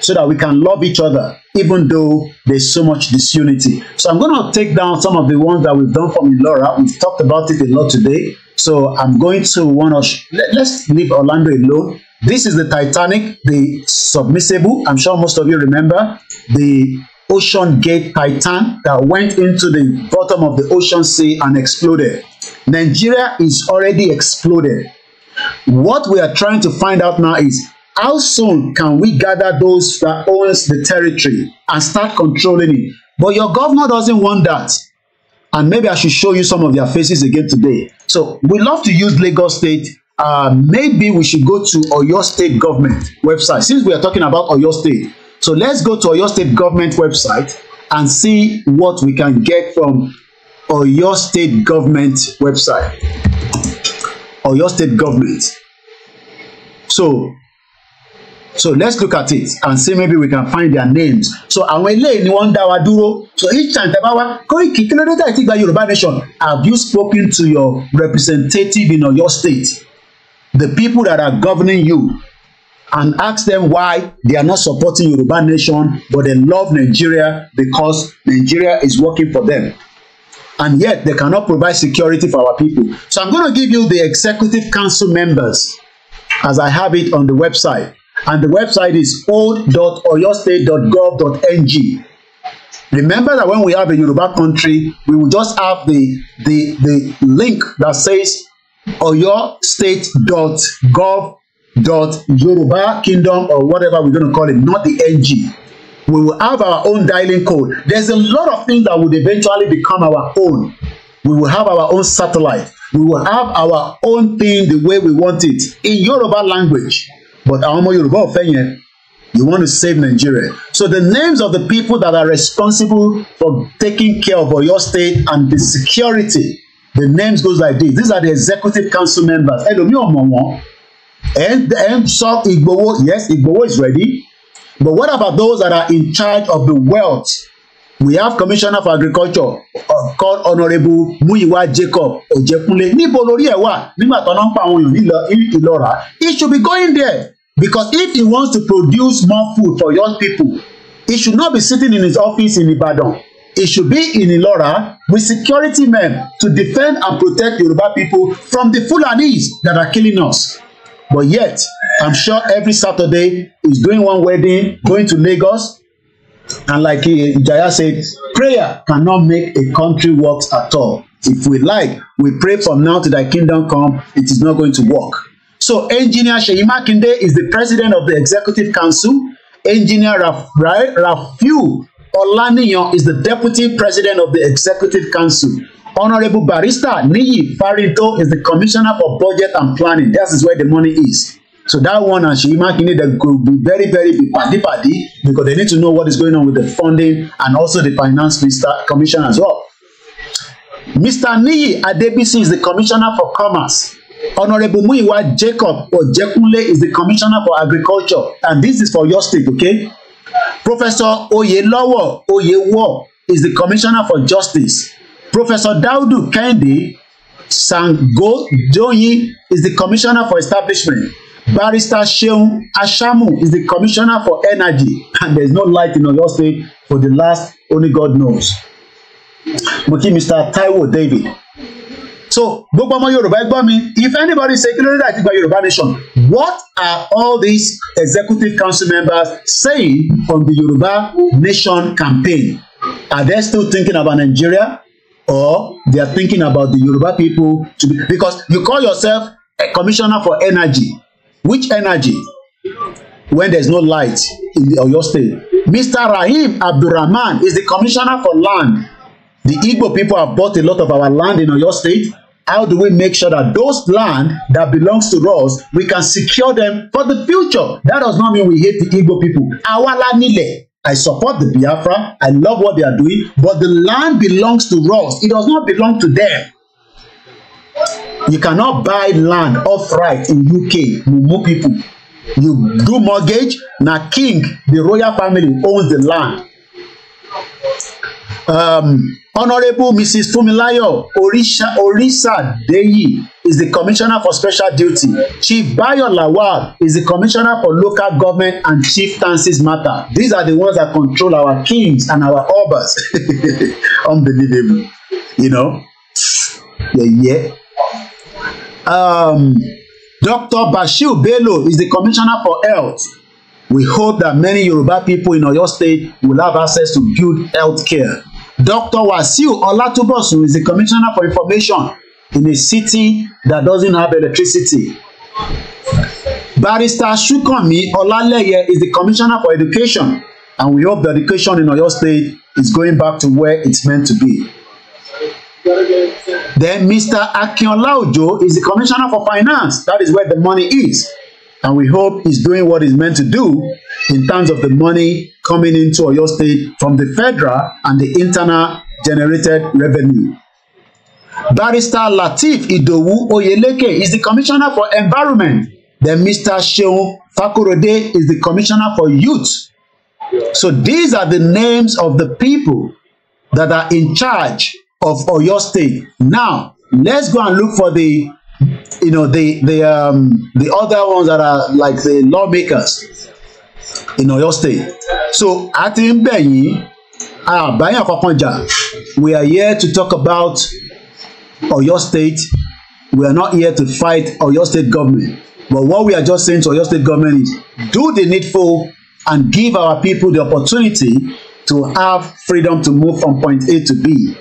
so that we can love each other, even though there's so much disunity? So I'm going to take down some of the ones that we've done from Laura. We've talked about it a lot today. So I'm going to want to, let, us leave Orlando alone This is the Titanic, the submersible. I'm sure most of you remember the Ocean Gate Titan that went into the bottom of the ocean sea and exploded. Nigeria is already exploded. What we are trying to find out now is how soon can we gather those that owns the territory and start controlling it? But your governor doesn't want that. And maybe I should show you some of their faces again today. So we love to use Lagos State uh, maybe we should go to Oyo State government website since we are talking about Oyo State. So let's go to Oyo State government website and see what we can get from Oyo State government website. Oyo State government. So so let's look at it and see maybe we can find their names so àwọn eléyìí ni wọ́n ń dá wa dúró so each time tẹ́bá wá Koiki kí ló dé tàyè tí gba Yorùbá nation have you spoken to your representative in Oyo State the people that are governing you and ask them why they are not supporting Yoruba nation, but they love Nigeria because Nigeria is working for them. And yet they cannot provide security for our people. So I'm going to give you the executive council members as I have it on the website. And the website is old.oyostate.gov.ng. Remember that when we have a Yoruba country, we will just have the, the, the link that says oyostate.gov.yoruba kingdom or whatever we're going to call it, not the NG. We will have our own dialing code. There's a lot of things that would eventually become our own. We will have our own satellite. We will have our own thing the way we want it in Yoruba language. But àwọn ọmọ Yorùbá you want to save Nigeria. So the names of the people that are responsible for taking care of your State and the security the names goes like this these are the executive council members ẹlòmíì ọmọ wọn ẹ sọ Igboho yes Igboho is ready but what about those that are in charge of the wealth we have commissioner for agriculture uh, called honourable muyiwa jacob ojekunle níbo lórí ẹ wà nígbà tó náà ń pa àwọn èèyàn ìlọra he should be going there because if he wants to produce more food for young people he should not be sitting in his office in Ibadan it should be in Ilora with security men to defend and protect Yoruba people from the Fulanis that are killing us. But yet, I'm sure every Saturday is doing one wedding, going to Lagos, and like Jaya said, prayer cannot make a country work at all. If we like, we pray from now to thy kingdom come, it is not going to work. So Engineer Sheyi Makinde is the president of the Executive Council. Engineer Rafiu Olaniyan is the deputy president of the executive council. Honorable Barrister Niyi Farinto is the commissioner for budget and planning. That is where the money is. So that one and Seyi Makinde they could be very very be padi because they need to know what is going on with the funding and also the finance minister commission as well. Mr. Niyi Adebisi is the commissioner for commerce. Honourable Muyiwa Jacob Ojekunle is the commissioner for agriculture and this is for your state okay Professor Oyelowo Oyewo is the Commissioner for Justice. Professor Daudu Kende Sangodoyin is the Commissioner for Establishment. Barrister Seun Ashamu is the Commissioner for Energy. And there is no light in Oyo State for the last only God knows. Mo kí Mr. Taiwo David. So gbogbo ọmọ Yorùbá ẹ mi if anybody say kí ló dé àti gba Yorùbá nation What are all these executive council members saying on the Yoruba Nation campaign? Are they still thinking about Nigeria or they are thinking about the Yoruba people to be, because you call yourself a commissioner for energy. Which energy? When there is no light in the Oyo state. Mr. Rahim Abdurrahman is the commissioner for land. The Igbo people have bought a lot of our land in Oyo state how do we make sure that those land that belongs to us we can secure them for the future that does not mean we hate the Igbo people àwa la I support the Biafra I love what they are doing but the land belongs to us it does not belong to them you cannot buy land outright in UK mumu people you do mortgage na king the royal family owns the land um, Honourable Mrs. Funmilayo Orisa Orisa Orisadeyi is the Commissioner for Special Duty. Chief Bayo Lawal is the Commissioner for Local Government and Chief Chieftaincies Matter. These are the ones that control our kings and our obas. Unbelievable. You know? Yeah, yeah. Um, Dr. Bashir Bello is the Commissioner for Health. We hope that many Yoruba people in Oyo State will have access to good health care. Dr. Wasiu Olatubosun is the commissioner for information in a city that doesn't have electricity. Barrister Shukanmi Olaleye is the commissioner for education and we hope the education in Oyo State is going back to where it's meant to be. Then Mr. Akinola Ojo is the commissioner for finance. That is where the money is. And we hope he's doing what he's meant to do in terms of the money coming into Oyo State from the federal and the internal generated revenue. Barrister Lateef Idowu Oyeleke is the commissioner for environment. Then Mr. Sheun Fakorode is the commissioner for youth. So these are the names of the people that are in charge of Oyo State. Now, let's go and look for the you know the the um the other ones that are like the lawmakers in Oyo State so a ti ń bẹ̀ yín àbáyàn kankan jà we are here to talk about Oyo State we are not here to fight Oyo State government but what we are just saying to Oyo State government is do the needful and give our people the opportunity to have freedom to move from point A to B.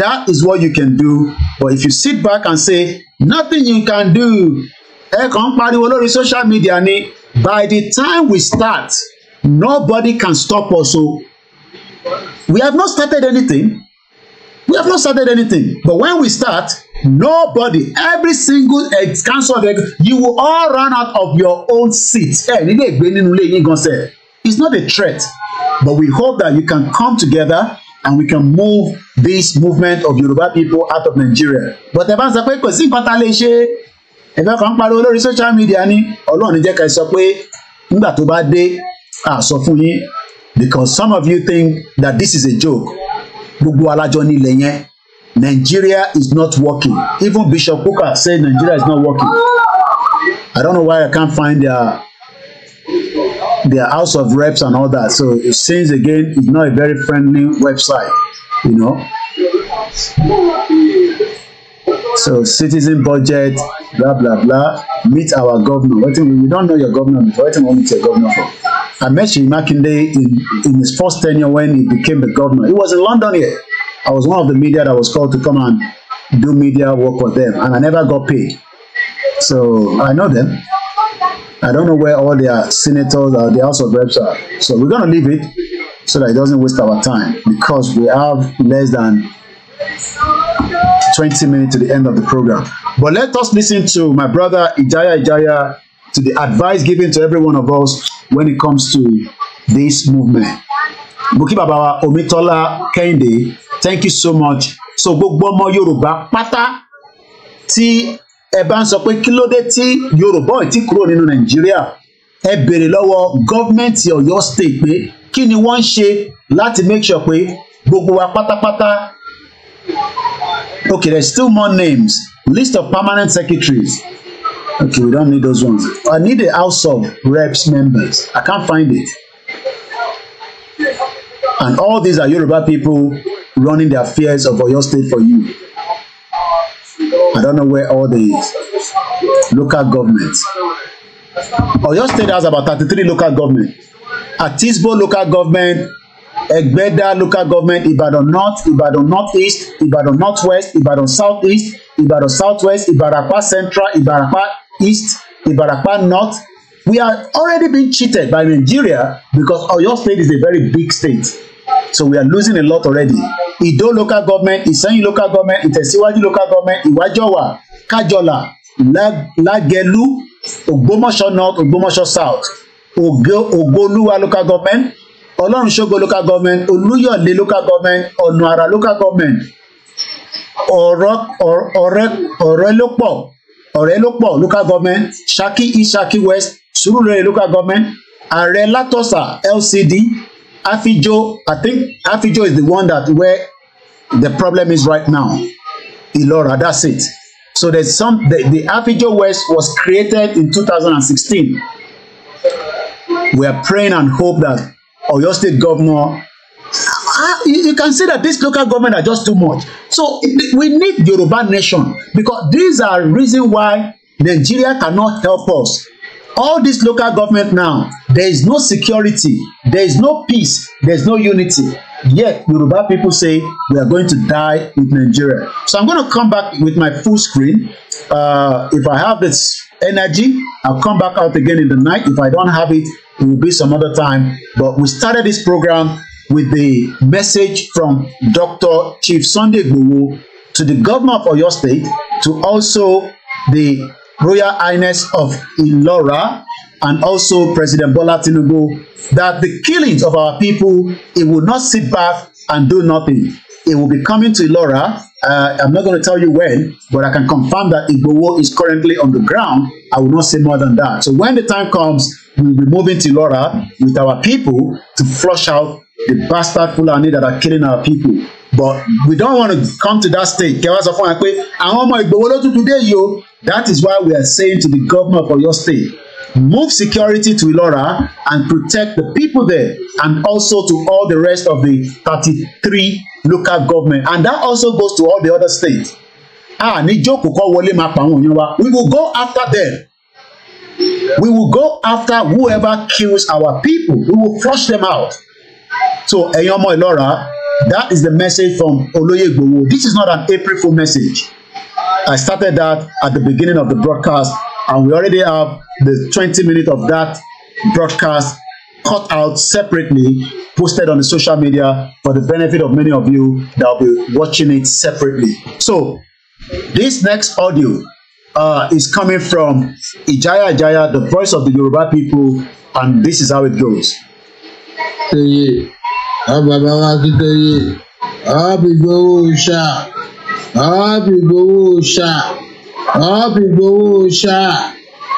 That is what you can do. But if you sit back and say, nothing you can do, ẹ kàn ń pariwo lórí social media ni by the time we start nobody can stop us o oh. we have not started anything we have not started anything but when we start nobody every single council reg you will all run out of your own seat ẹ eh, nílé ìgbé nínú ilé yín gan sẹ it's not a threat but we hope that you can come together and we can move this movement of Yoruba people out of Nigeria but ẹ bá ń sọ pé kò sí nǹkan tá lè ṣe ẹ̀fẹ́ kan pariwo lórí social media ni ọlọ́run jẹ́ ká sọ pé nígbà tó bá dé a sọ fún yín because some of you think that this is a joke gbogbo alájọ nílẹ̀ yẹn Nigeria is not working even Bishop Kuka said Nigeria is not working I don't know why I can't find their their House of Reps and all that so it seems again it's not a very friendly website you know. So citizen budget, blah blah blah. Meet our governor. What we don't know your governor before? What do you meet your governor for? I met Shiri Makinde in, in his first tenure when he became the governor. He was in London here. I was one of the media that was called to come and do media work for them, and I never got paid. So I know them. I don't know where all their senators or their House of Reps are. So we're gonna leave it so that it doesn't waste our time because we have less than 20 minutes to the end of the program. But let us listen to my brother Ijaya Ijaya to the advice given to every one of us when it comes to this movement. Buki Babawa Omitola Kehinde, thank you so much. So gbogbo ọmọ yoruba pátá tí ẹ bá ń sọ pé kí ló dé tí Yorùbá ò ti kúrò nínú Nàìjíríà ẹ béèrè lọ́wọ́ gọ́ọ̀mẹ̀ntì Ọ̀yọ́ state pé kí ni wọ́n ń ṣe láti make sure pé gbogbo wa pátápátá Okay, there's still more names. List of permanent secretaries. Okay, we don't need those ones. I need the House of Reps members. I can't find it. And all these are Yoruba people running the affairs of Oyo State for you. I don't know where all the local governments. Oyo State has about 33 local government. Atisbo local government Ẹgbẹ́dá local government Ibadan north Ibadan Northeast, Ibadan Northwest, Ibadan Southeast, Ibadan Southwest, east central Ìbàràpá east Ìbàràpá north we are already being cheated by Nigeria because Oyo state is a very big state so we are losing a lot already Ido local government Ìsẹ́yìn local government Ìtẹ̀síwájú local government Iwajowa, Kajola, Lagelu, Ògbómọ̀ṣọ́ north Ògbómọ̀ṣọ́ south Ògo Ògbólúwa local government ọlọ́run ṣógo local government olúyọ̀lé local government ọ̀nà àrà local government ọ̀rẹ́ ọ̀rẹ́ ló pọ̀ ọ̀rẹ́ ló pọ̀ local government Ṣakí East Ṣakí West Sùúrùlérè local government ààrẹ Látọ̀sà LCD Afijo I think Afijo is the one that where the problem is right now Ìlọra that's it so there's some the, the Afijo West was created in 2016 we are praying and hope that or your state governor uh, you, you can say that this local government are just too much so we need Yoruba nation because these are reason why Nigeria cannot help us all this local government now there is no security there is no peace there is no unity yet Yoruba people say we are going to die with Nigeria so I'm going to come back with my full screen uh, if I have this energy. I'll come back out again in the night. If I don't have it, it will be some other time. But we started this program with the message from Dr. Chief Sunday Gbowo to the governor of Oyo State, to also the Royal Highness of Ilora, and also President Bola Tinubu, that the killings of our people, it will not sit back and do nothing it will be coming to Ilora. Uh, I'm not going to tell you when, but I can confirm that Igbowo is currently on the ground. I will not say more than that. So when the time comes, we'll be moving to Ilora with our people to flush out the bastard Fulani that are killing our people. But we don't want to come to that state. That is why we are saying to the governor of your State, move security to Ilora and protect the people there and also to all the rest of the 33 local government and that also goes to all the other states a ah, ní jókòó kọ́ wọlé máa pa àwọn èèyàn wa we will go after them we will go after whoever kills our people we will flush them out so ẹ̀yin ọmọ Ìlọ́ra that is the message from Olóyè Ìgbòho this is not an April Fool message I started that at the beginning of the broadcast and we already have the twenty minutes of that broadcast cut out separately, posted on the social media for the benefit of many of you that will be watching it separately. So, this next audio uh, is coming from Ijaya Ijaya, the voice of the Yoruba people, and this is how it goes.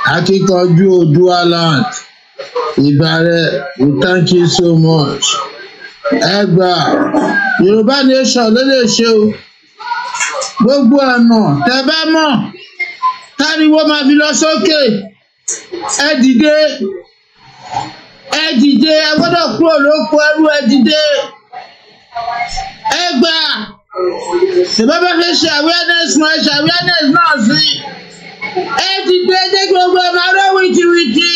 Akíkanjú Oòduà land Ìbàrẹ̀ we thank you so much ẹgbà Yorùbá nation ló lè ṣe o gbogbo ọ̀nà tẹ bá mọ̀ táriwo máa fi lọ sókè ẹ dìde ẹ dìde ẹ gbọ́dọ̀ kúrò lóko ẹrú ẹ dìde ẹgbà ìbá bá fẹ́ ṣe awareness náà ṣe awareness náà sí i ẹ ti gbé dé gbogbo ọmọ ọdún wìtìwìtì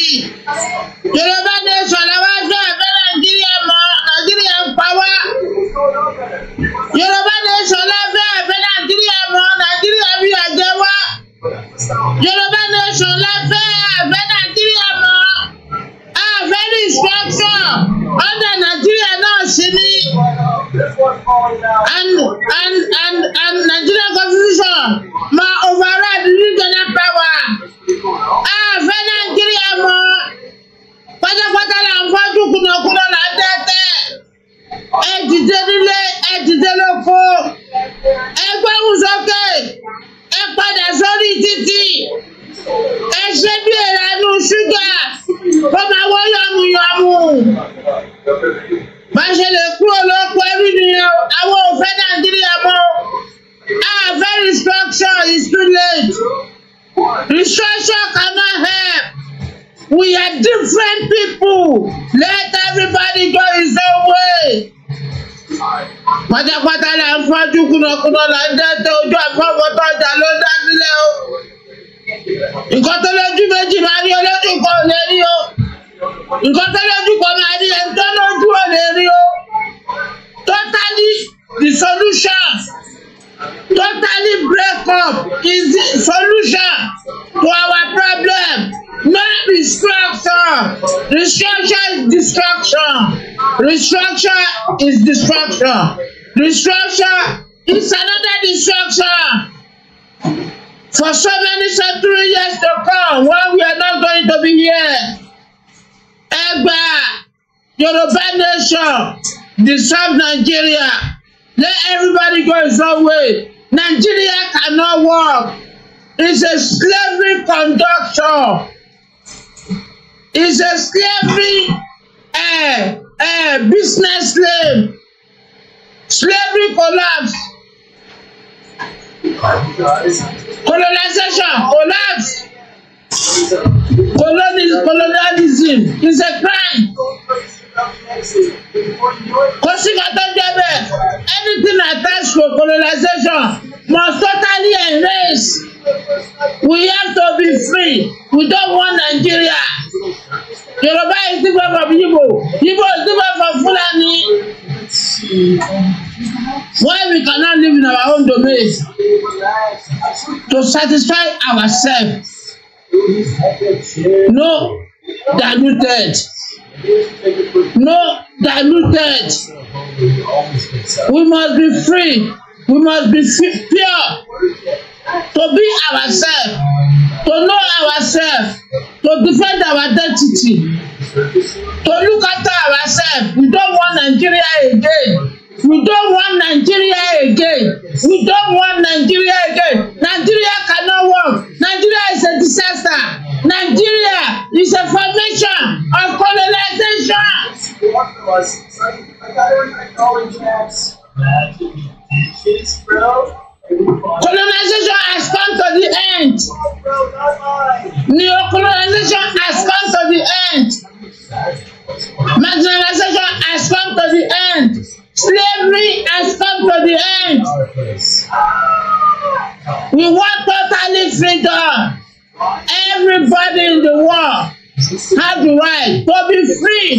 yorùbá nation làwọn afẹ́ àfẹ́ nàìjíríà mọ́ nàìjíríà ń pa wá yorùbá nation láfẹ́ àfẹ́ nàìjíríà mọ́ nàìjíríà bí àjẹ wá yorùbá nation láfẹ́ àfẹ́ nàìjíríà mọ́ instruction under Nigeria now, ṣe and and and and Nigeria constitution my override regional power Ah, a fẹ́ Nàìjíríà mọ́ pátápátá là ń fọ́jú kùnàkùnà là ń tẹ́tẹ́ ẹ dìde nílé ẹ dìde lóko ẹ gbẹ́hùn sókè ẹ padà sórí títì ẹ ṣe bí ìranú ṣúgà kó máa wọ́ yọmùyọmù bá ṣe lè kúrò lóko ẹrú nìyẹn àwọn òfẹ́ nàìjíríà mọ́ àfẹ́ ah, restructure is too late restructure cannot help we are different people let everybody go his own way pátápátá là ń fọ́jú kùnàkùnà là ń dẹ́tẹ̀ ojú àfọwọ́tọ́jà ló dá sílẹ̀ o nǹkan tó lójú méjì máa rí olójú kan lè rí o nǹkan tó lójú kan máa rí ẹni tó lójú ò lè rí o totally the solution totally break up is the solution to our problem not destruction Restructure is destruction Restructure is destruction Restructure is another destruction for so many centuries years to come when we are not going to be here. Ẹgbà Yorùbá nation dissolve Nigeria. Let everybody go his own way. Nigeria cannot work. It's a slavery conductor. It's a slavery uh, uh, business slave. Slavery collapse. Colonization, collapse. Colonial, colonialism is a crime. Kò sí anything attached to colonization must totally erase. We have to be free. We don't want Nigeria. Yoruba is different from Igbo. Igbo is different from Fulani. Why we cannot live in our own domain to satisfy ourselves? No diluted. No diluted. We must be free. We must be pure to be ourselves, to know ourselves, to defend our identity, to look after ourselves. We don't want Nigeria again. We don't want Nigeria again. We don't want Nigeria again. Nigeria cannot work. Nigeria is a disaster. Nigeria is a formation of colonization. Nigeria. Colonization has come to the end. Neo-colonization has come to the end. Marginalization has come to the end. Slavery has come to the end. We want totally freedom. Everybody in the world has the right to be free.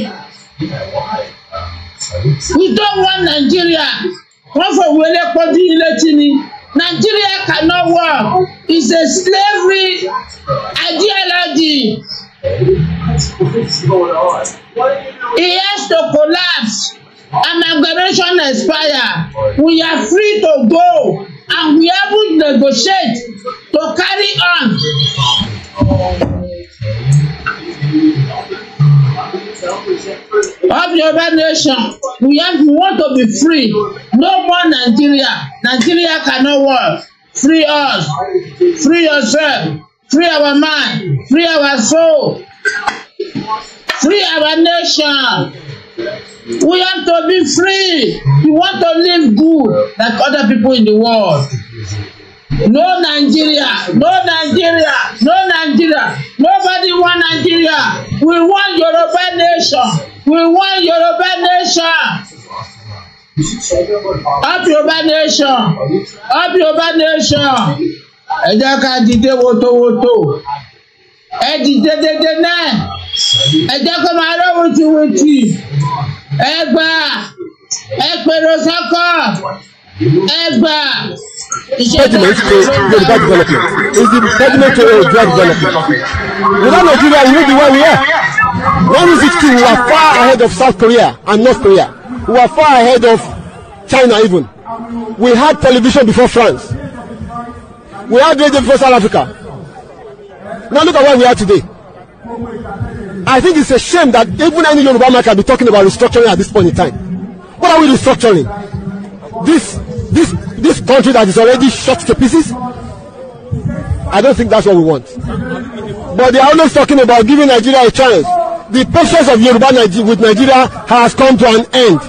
We don't want Nigeria. Wọ́n fọ̀wé lẹ́kọ́ dín ilé tí ni. Nigeria cannot work. It's a slavery ideology. It has to collapse and generation expire. We are free to go and we haven't negotiate to carry on of your own nation. We have we want to be free. No more Nigeria. Nigeria cannot work. Free us. Free yourself. Free our mind. Free our soul. Free our nation. We have to be free. We want to live good like other people in the world. No Nigeria, no Nigeria, no Nigeria. Nobody want Nigeria. We want Yoruba nation. We want Yoruba nation. Up Yoruba nation. Up Yoruba nation. Ẹ jẹ́ ká dìde wotowoto. Ẹ dìde dédé náà. Ẹ jẹ́ kó máa rẹ́ wìtìwìtì. Ẹ gbà. Ẹ pèrò sọ́kọ̀. Ẹ gbà. Impediment to Yoruba development is the impediment to Yoruba development. Without Nigeria, we would be where we are. One is it true, we are far ahead of South Korea and North Korea. We are far ahead of China even. We had television before France. We had radio before South Africa. Now look at where we are today. I think it's a shame that even any Yoruba man can be talking about restructuring at this point in time. What are we restructuring? This this this country that is already shot to pieces? I don't think that's what we want. But they are always talking about giving Nigeria a chance. The process of Yoruba Nigeria with Nigeria has come to an end.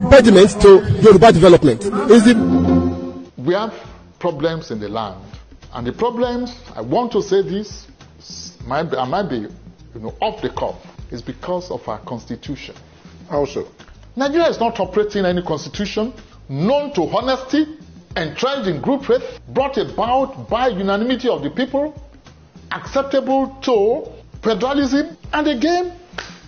Impediment to Yoruba development is the. We have problems in the land, and the problems. I want to say this. Might, I might be, you know, off the cuff. Is because of our constitution. Also, Nigeria is not operating any constitution known to honesty, entrenched in group faith, brought about by unanimity of the people, acceptable to federalism, and again,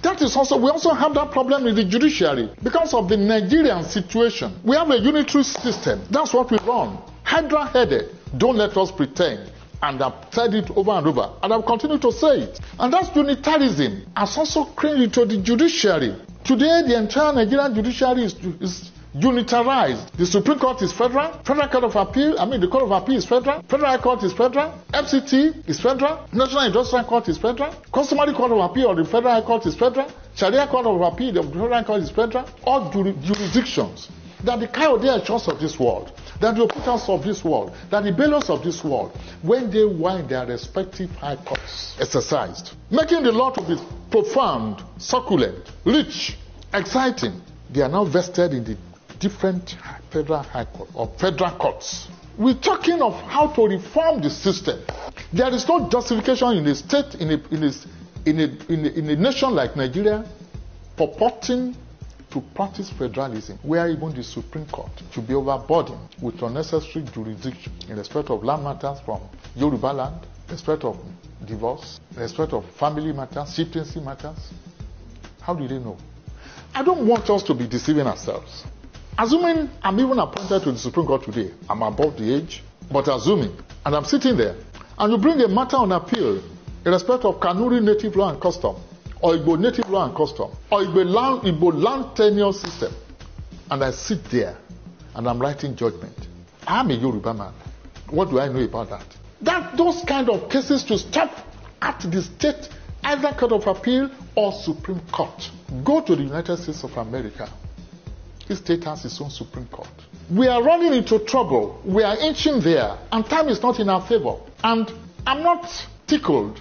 that is also we also have that problem in the judiciary because of the Nigerian situation. We have a unitary system. That's what we run. Hydra headed. Don't let us pretend. And I've said it over and over, and I've continued to say it. And that's unitarism has also crept to the judiciary. Today, the entire Nigerian judiciary is, is unitarized. The Supreme Court is federal, Federal Court of Appeal, I mean the Court of Appeal is federal, Federal Court is federal, FCT is federal, National Industrial Court is federal, Customary Court of Appeal of the Federal Court is federal, Sharia Court of Appeal of the Federal Court is federal, all jurisdictions. that the Kayode Echons of this world that the Locutans of this world, that the bailiffs of this world, when they wind their respective high courts, exercised, making the law of it profound, succulent, rich, exciting, they are now vested in the different federal high court or federal courts. We're talking of how to reform the system. There is no justification in a state, in a, in a, in a, in a, in a nation like Nigeria, purporting to practice federalism where even the Supreme Court to be overburdened with unnecessary jurisdiction in respect of land matters from Yoruba land, respect of divorce, respect of family matters, citizenship matters. How do they know? I don't want us to be deceiving ourselves. Assuming I'm even appointed to the Supreme Court today, I'm above the age, but assuming, and I'm sitting there, and you bring a matter on appeal in respect of Kanuri native law and custom, Igbo native law and custom, or Igbo land, Igbo land tenure system, and I sit there and I'm writing judgment. I'm a Yoruba man. What do I know about that? That those kind of cases to stop at the state either court of appeal or Supreme Court. Go to the United States of America. Each state has its own Supreme Court. We are running into trouble. We are inching there, and time is not in our favor. And I'm not tickled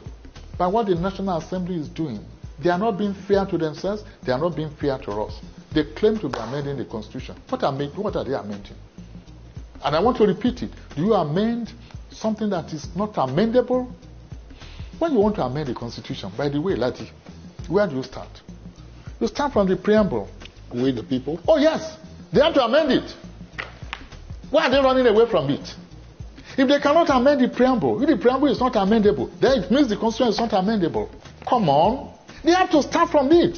by what the National Assembly is doing. They are not being fair to themselves. They are not being fair to us. They claim to be amending the Constitution. What are, what are they amending? And I want to repeat it. Do you amend something that is not amendable? When you want to amend the Constitution, by the way, Ladi, where do you start? You start from the preamble. We the people? Oh, yes. They have to amend it. Why are they running away from it? If they cannot amend the preamble, if the preamble is not amendable, then it means the Constitution is not amendable. Come on. They have to start from it.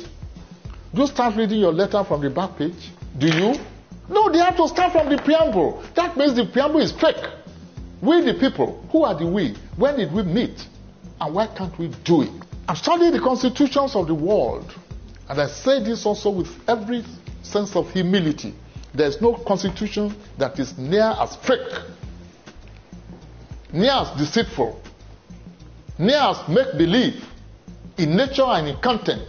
Do you start reading your letter from the back page? Do you? No, they have to start from the preamble. That means the preamble is fake. We, the people, who are the we? When did we meet? And why can't we do it? I've studied the constitutions of the world, and I say this also with every sense of humility. There is no constitution that is near as fake, near as deceitful, near as make believe in nature and in content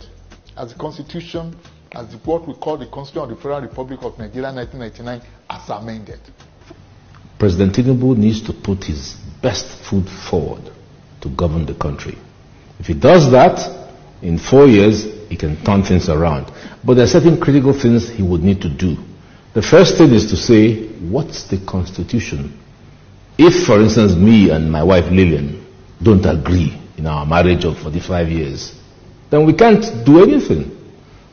as the Constitution, as the, what we call the Constitution of the Federal Republic of Nigeria 1999, as amended. President Tinubu needs to put his best foot forward to govern the country. If he does that, in four years, he can turn things around. But there are certain critical things he would need to do. The first thing is to say, what's the constitution? If, for instance, me and my wife Lillian don't agree in our marriage of 45 years, then we can't do anything.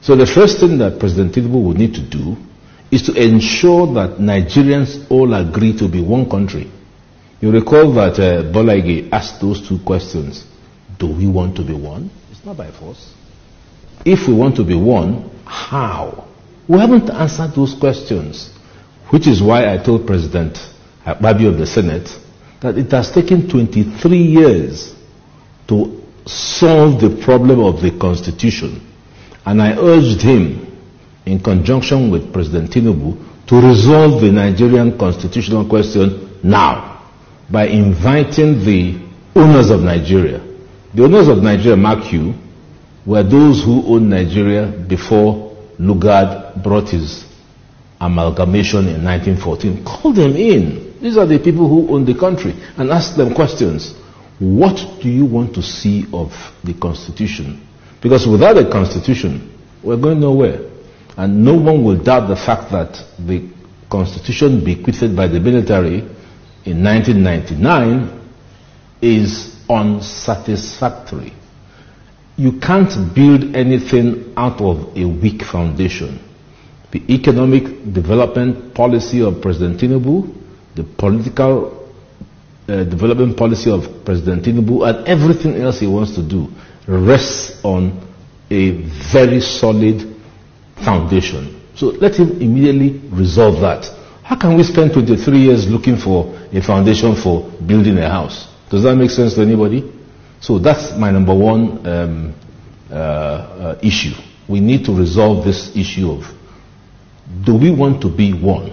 So the first thing that President Tinubu would need to do is to ensure that Nigerians all agree to be one country. You recall that uh, Bolage asked those two questions. Do we want to be one? It's not by force. If we want to be one, how? We haven't answered those questions, which is why I told President Babi of the Senate that it has taken 23 years to solve the problem of the Constitution. And I urged him, in conjunction with President Tinubu, to resolve the Nigerian constitutional question now by inviting the owners of Nigeria. The owners of Nigeria, mark you, were those who owned Nigeria before Lugard brought his amalgamation in 1914. Call them in. These are the people who own the country and ask them questions. What do you want to see of the Constitution? Because without a Constitution, we're going nowhere. And no one will doubt the fact that the Constitution bequeathed by the military in 1999 is unsatisfactory. You can't build anything out of a weak foundation. The economic development policy of President Tinubu, the political uh, development policy of President Tinubu and everything else he wants to do rests on a very solid foundation. So let him immediately resolve that. How can we spend 23 years looking for a foundation for building a house? Does that make sense to anybody? So that's my number one um, uh, uh, issue. We need to resolve this issue of do we want to be one?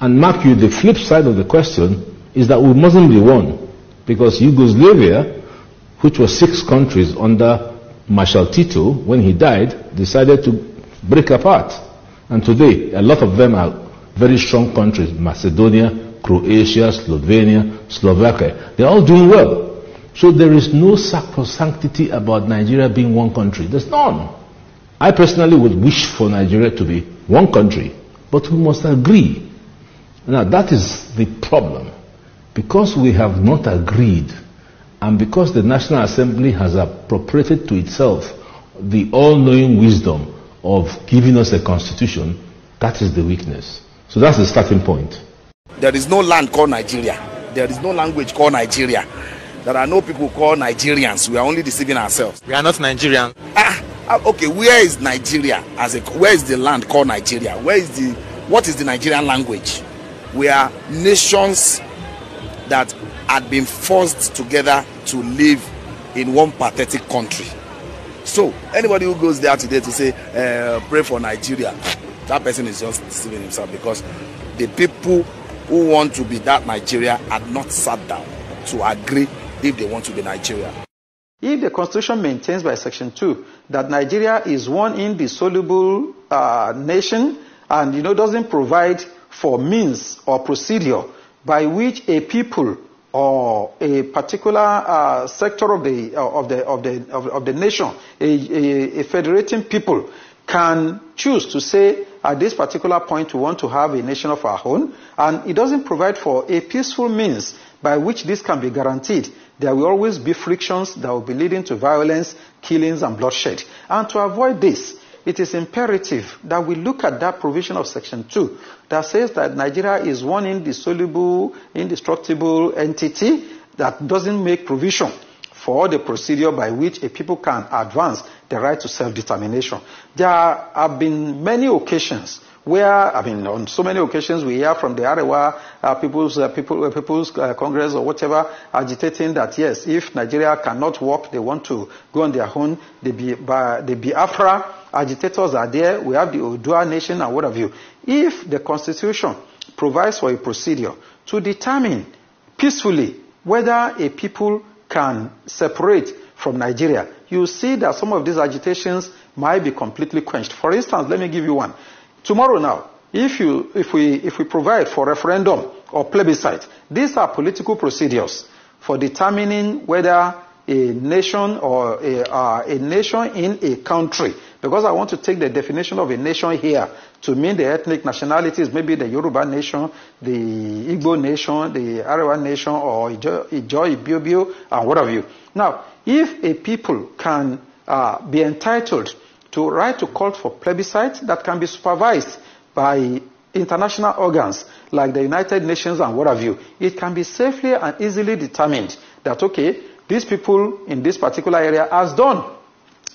And mark you, the flip side of the question is that we mustn't be one. Because Yugoslavia, which was six countries under Marshal Tito, when he died, decided to break apart. And today, a lot of them are very strong countries. Macedonia, Croatia, Slovenia, Slovakia. They're all doing well. So there is no sacrosanctity about Nigeria being one country. There's none. I personally would wish for Nigeria to be one country, but we must agree. Now that is the problem because we have not agreed and because the National Assembly has appropriated to itself the all-knowing wisdom of giving us a constitution, that is the weakness. So that's the starting point. There is no land called Nigeria. There is no language called Nigeria. There are no people called Nigerians. We are only deceiving ourselves. We are not Nigerian. Ah, ah okay. Where is Nigeria? As a, where is the land called Nigeria? Where is the what is the Nigerian language? We are nations that had been forced together to live in one pathetic country. So, anybody who goes there today to say, uh, pray for Nigeria, that person is just deceiving himself because the people who want to be that Nigeria had not sat down to agree if they want to be Nigeria. If the Constitution maintains by Section 2 that Nigeria is one indissoluble uh, nation and you know doesn't provide for means or procedure by which a people or a particular uh, sector of the uh, of the of the of, of the nation, a, a, a, federating people, can choose to say at this particular point we want to have a nation of our own, and it doesn't provide for a peaceful means by which this can be guaranteed. There will always be frictions that will be leading to violence, killings, and bloodshed. And to avoid this, it is imperative that we look at that provision of Section 2 that says that Nigeria is one indissoluble, indestructible entity that doesn't make provision for the procedure by which a people can advance the right to self-determination. There have been many occasions where I mean, on so many occasions we hear from the Arewa uh, People's uh, people, uh, People's uh, Congress or whatever agitating that yes, if Nigeria cannot work, they want to go on their own. The, Bi- the Biafra agitators are there. We have the Odua Nation and what have you. If the Constitution provides for a procedure to determine peacefully whether a people can separate from Nigeria, you see that some of these agitations might be completely quenched. For instance, let me give you one. Tomorrow now, if, you, if, we, if we provide for referendum or plebiscite, these are political procedures for determining whether a nation or a, uh, a nation in a country, because I want to take the definition of a nation here to mean the ethnic nationalities, maybe the Yoruba nation, the Igbo nation, the Arawa nation, or Ijo, Ijo Ibiobio, and what have you. Now, if a people can uh, be entitled to write to call for plebiscite that can be supervised by international organs like the United Nations and what have you. It can be safely and easily determined that, okay, these people in this particular area has done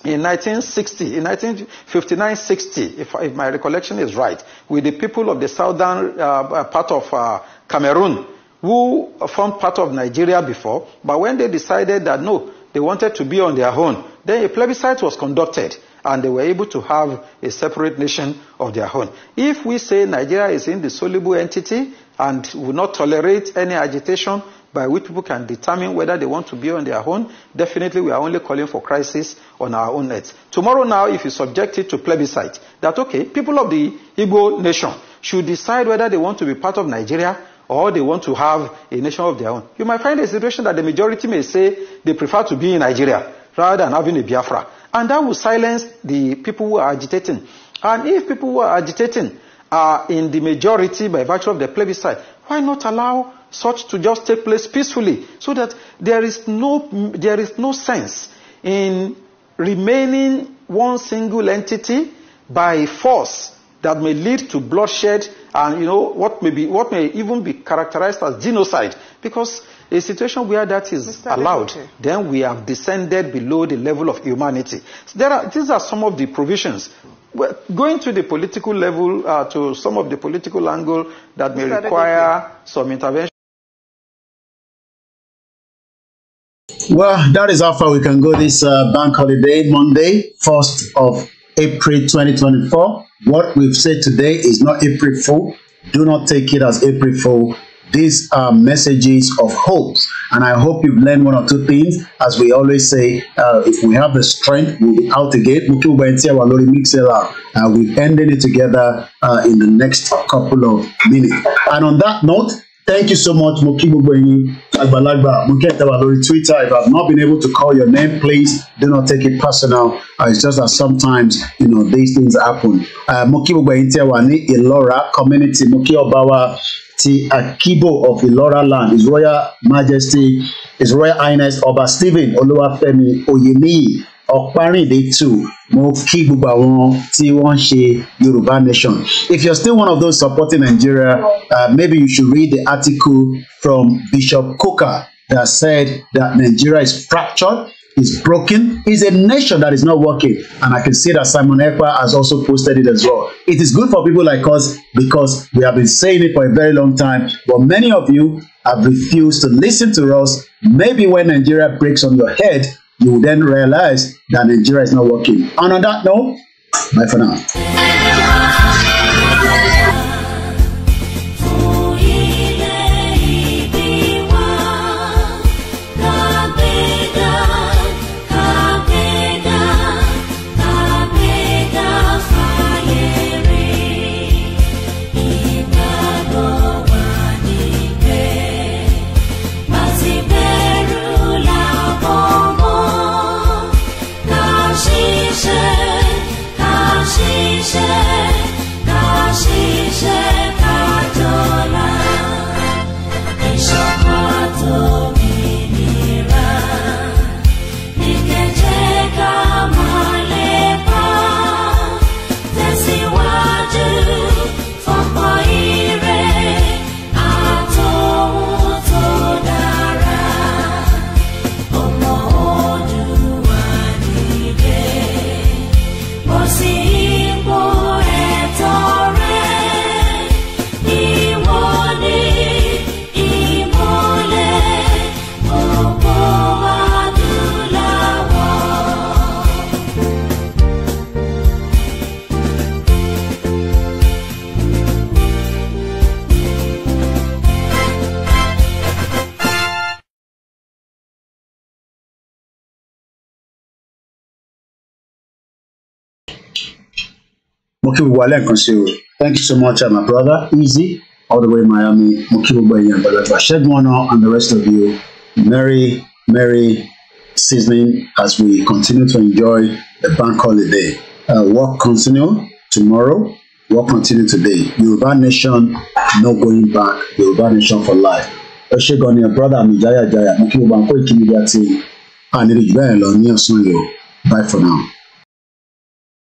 in 1960, in 1959-60, if, if, my recollection is right, with the people of the southern uh, part of uh, Cameroon, who formed part of Nigeria before, but when they decided that no, they wanted to be on their own, then a plebiscite was conducted and they were able to have a separate nation of their own. If we say Nigeria is indissoluble entity and will not tolerate any agitation by which people can determine whether they want to be on their own, definitely we are only calling for crisis on our own net. Tomorrow now, if you subject it to plebiscite, that okay, people of the Igbo nation should decide whether they want to be part of Nigeria or they want to have a nation of their own. You might find a situation that the majority may say they prefer to be in Nigeria rather than having a Biafra. And that will silence the people who are agitating. And if people who are agitating are in the majority by virtue of the plebiscite, why not allow such to just take place peacefully so that there is no, there is no sense in remaining one single entity by force that may lead to bloodshed and you know what may be what may even be characterized as genocide because a situation where that is Mr. allowed, then we have descended below the level of humanity. there are, these are some of the provisions. going to the political level, uh, to some of the political angle that Mr. may require some intervention. Well, that is how far we can go this uh, bank holiday, Monday, 1st of April 2024. What we've said today is not April Fool. Do not take it as April Fool these are um, messages of hope. And I hope you've learned one or two things. As we always say, uh, if we have the strength, we'll be out again. Uh, we've ended it together uh, in the next couple of minutes. And on that note, Thank you so much, Moki Mugwenyi, Agbalagba, Muketawa Lori Twitter. If I've not been able to call your name, please do not take it personal. Uh, it's just that sometimes, you know, these things happen. Uh, Moki Mugwenyi Tewani, Ilora, Community, Moki Obawa, ti Akibo of Ilora land His Royal Majesty His Royal Highness Ọba Stephen Olúwafẹ́mi Oyèníyì Ọ̀párìndé two mo kí gbogbo àwọn tí wọ́n ń ṣe Yorùbá nation if you're still one of those supporting Nigeria uh, maybe you should read the article from Bishop Coker that said that Nigeria is fractured is broken is a nation that is not working. And I can see that Simon Ekpa has also posted it as well. It is good for people like us because we have been saying it for a very long time. But many of you have refused to listen to us. Maybe when Nigeria breaks on your head, you will then realize that Nigeria is not working. And on that note, bye for now. kí gbogbo alẹ́ nǹkan o thank you so much my brother easy all the way miami mo kí gbogbo èèyàn pẹ̀lú ẹ̀fà and the rest of you merry merry seasoning as we continue to enjoy the bank holiday uh, work continue tomorrow work continue today yorùbá nation no going back yorùbá nation for life ẹ ṣe gan ni ẹ brother mi jáyàjáyà mo kí gbogbo àwọn kó ìkíni bí a ti àníríjú bẹ́ẹ̀ lọ ní ọ̀sán yìí o bye for now.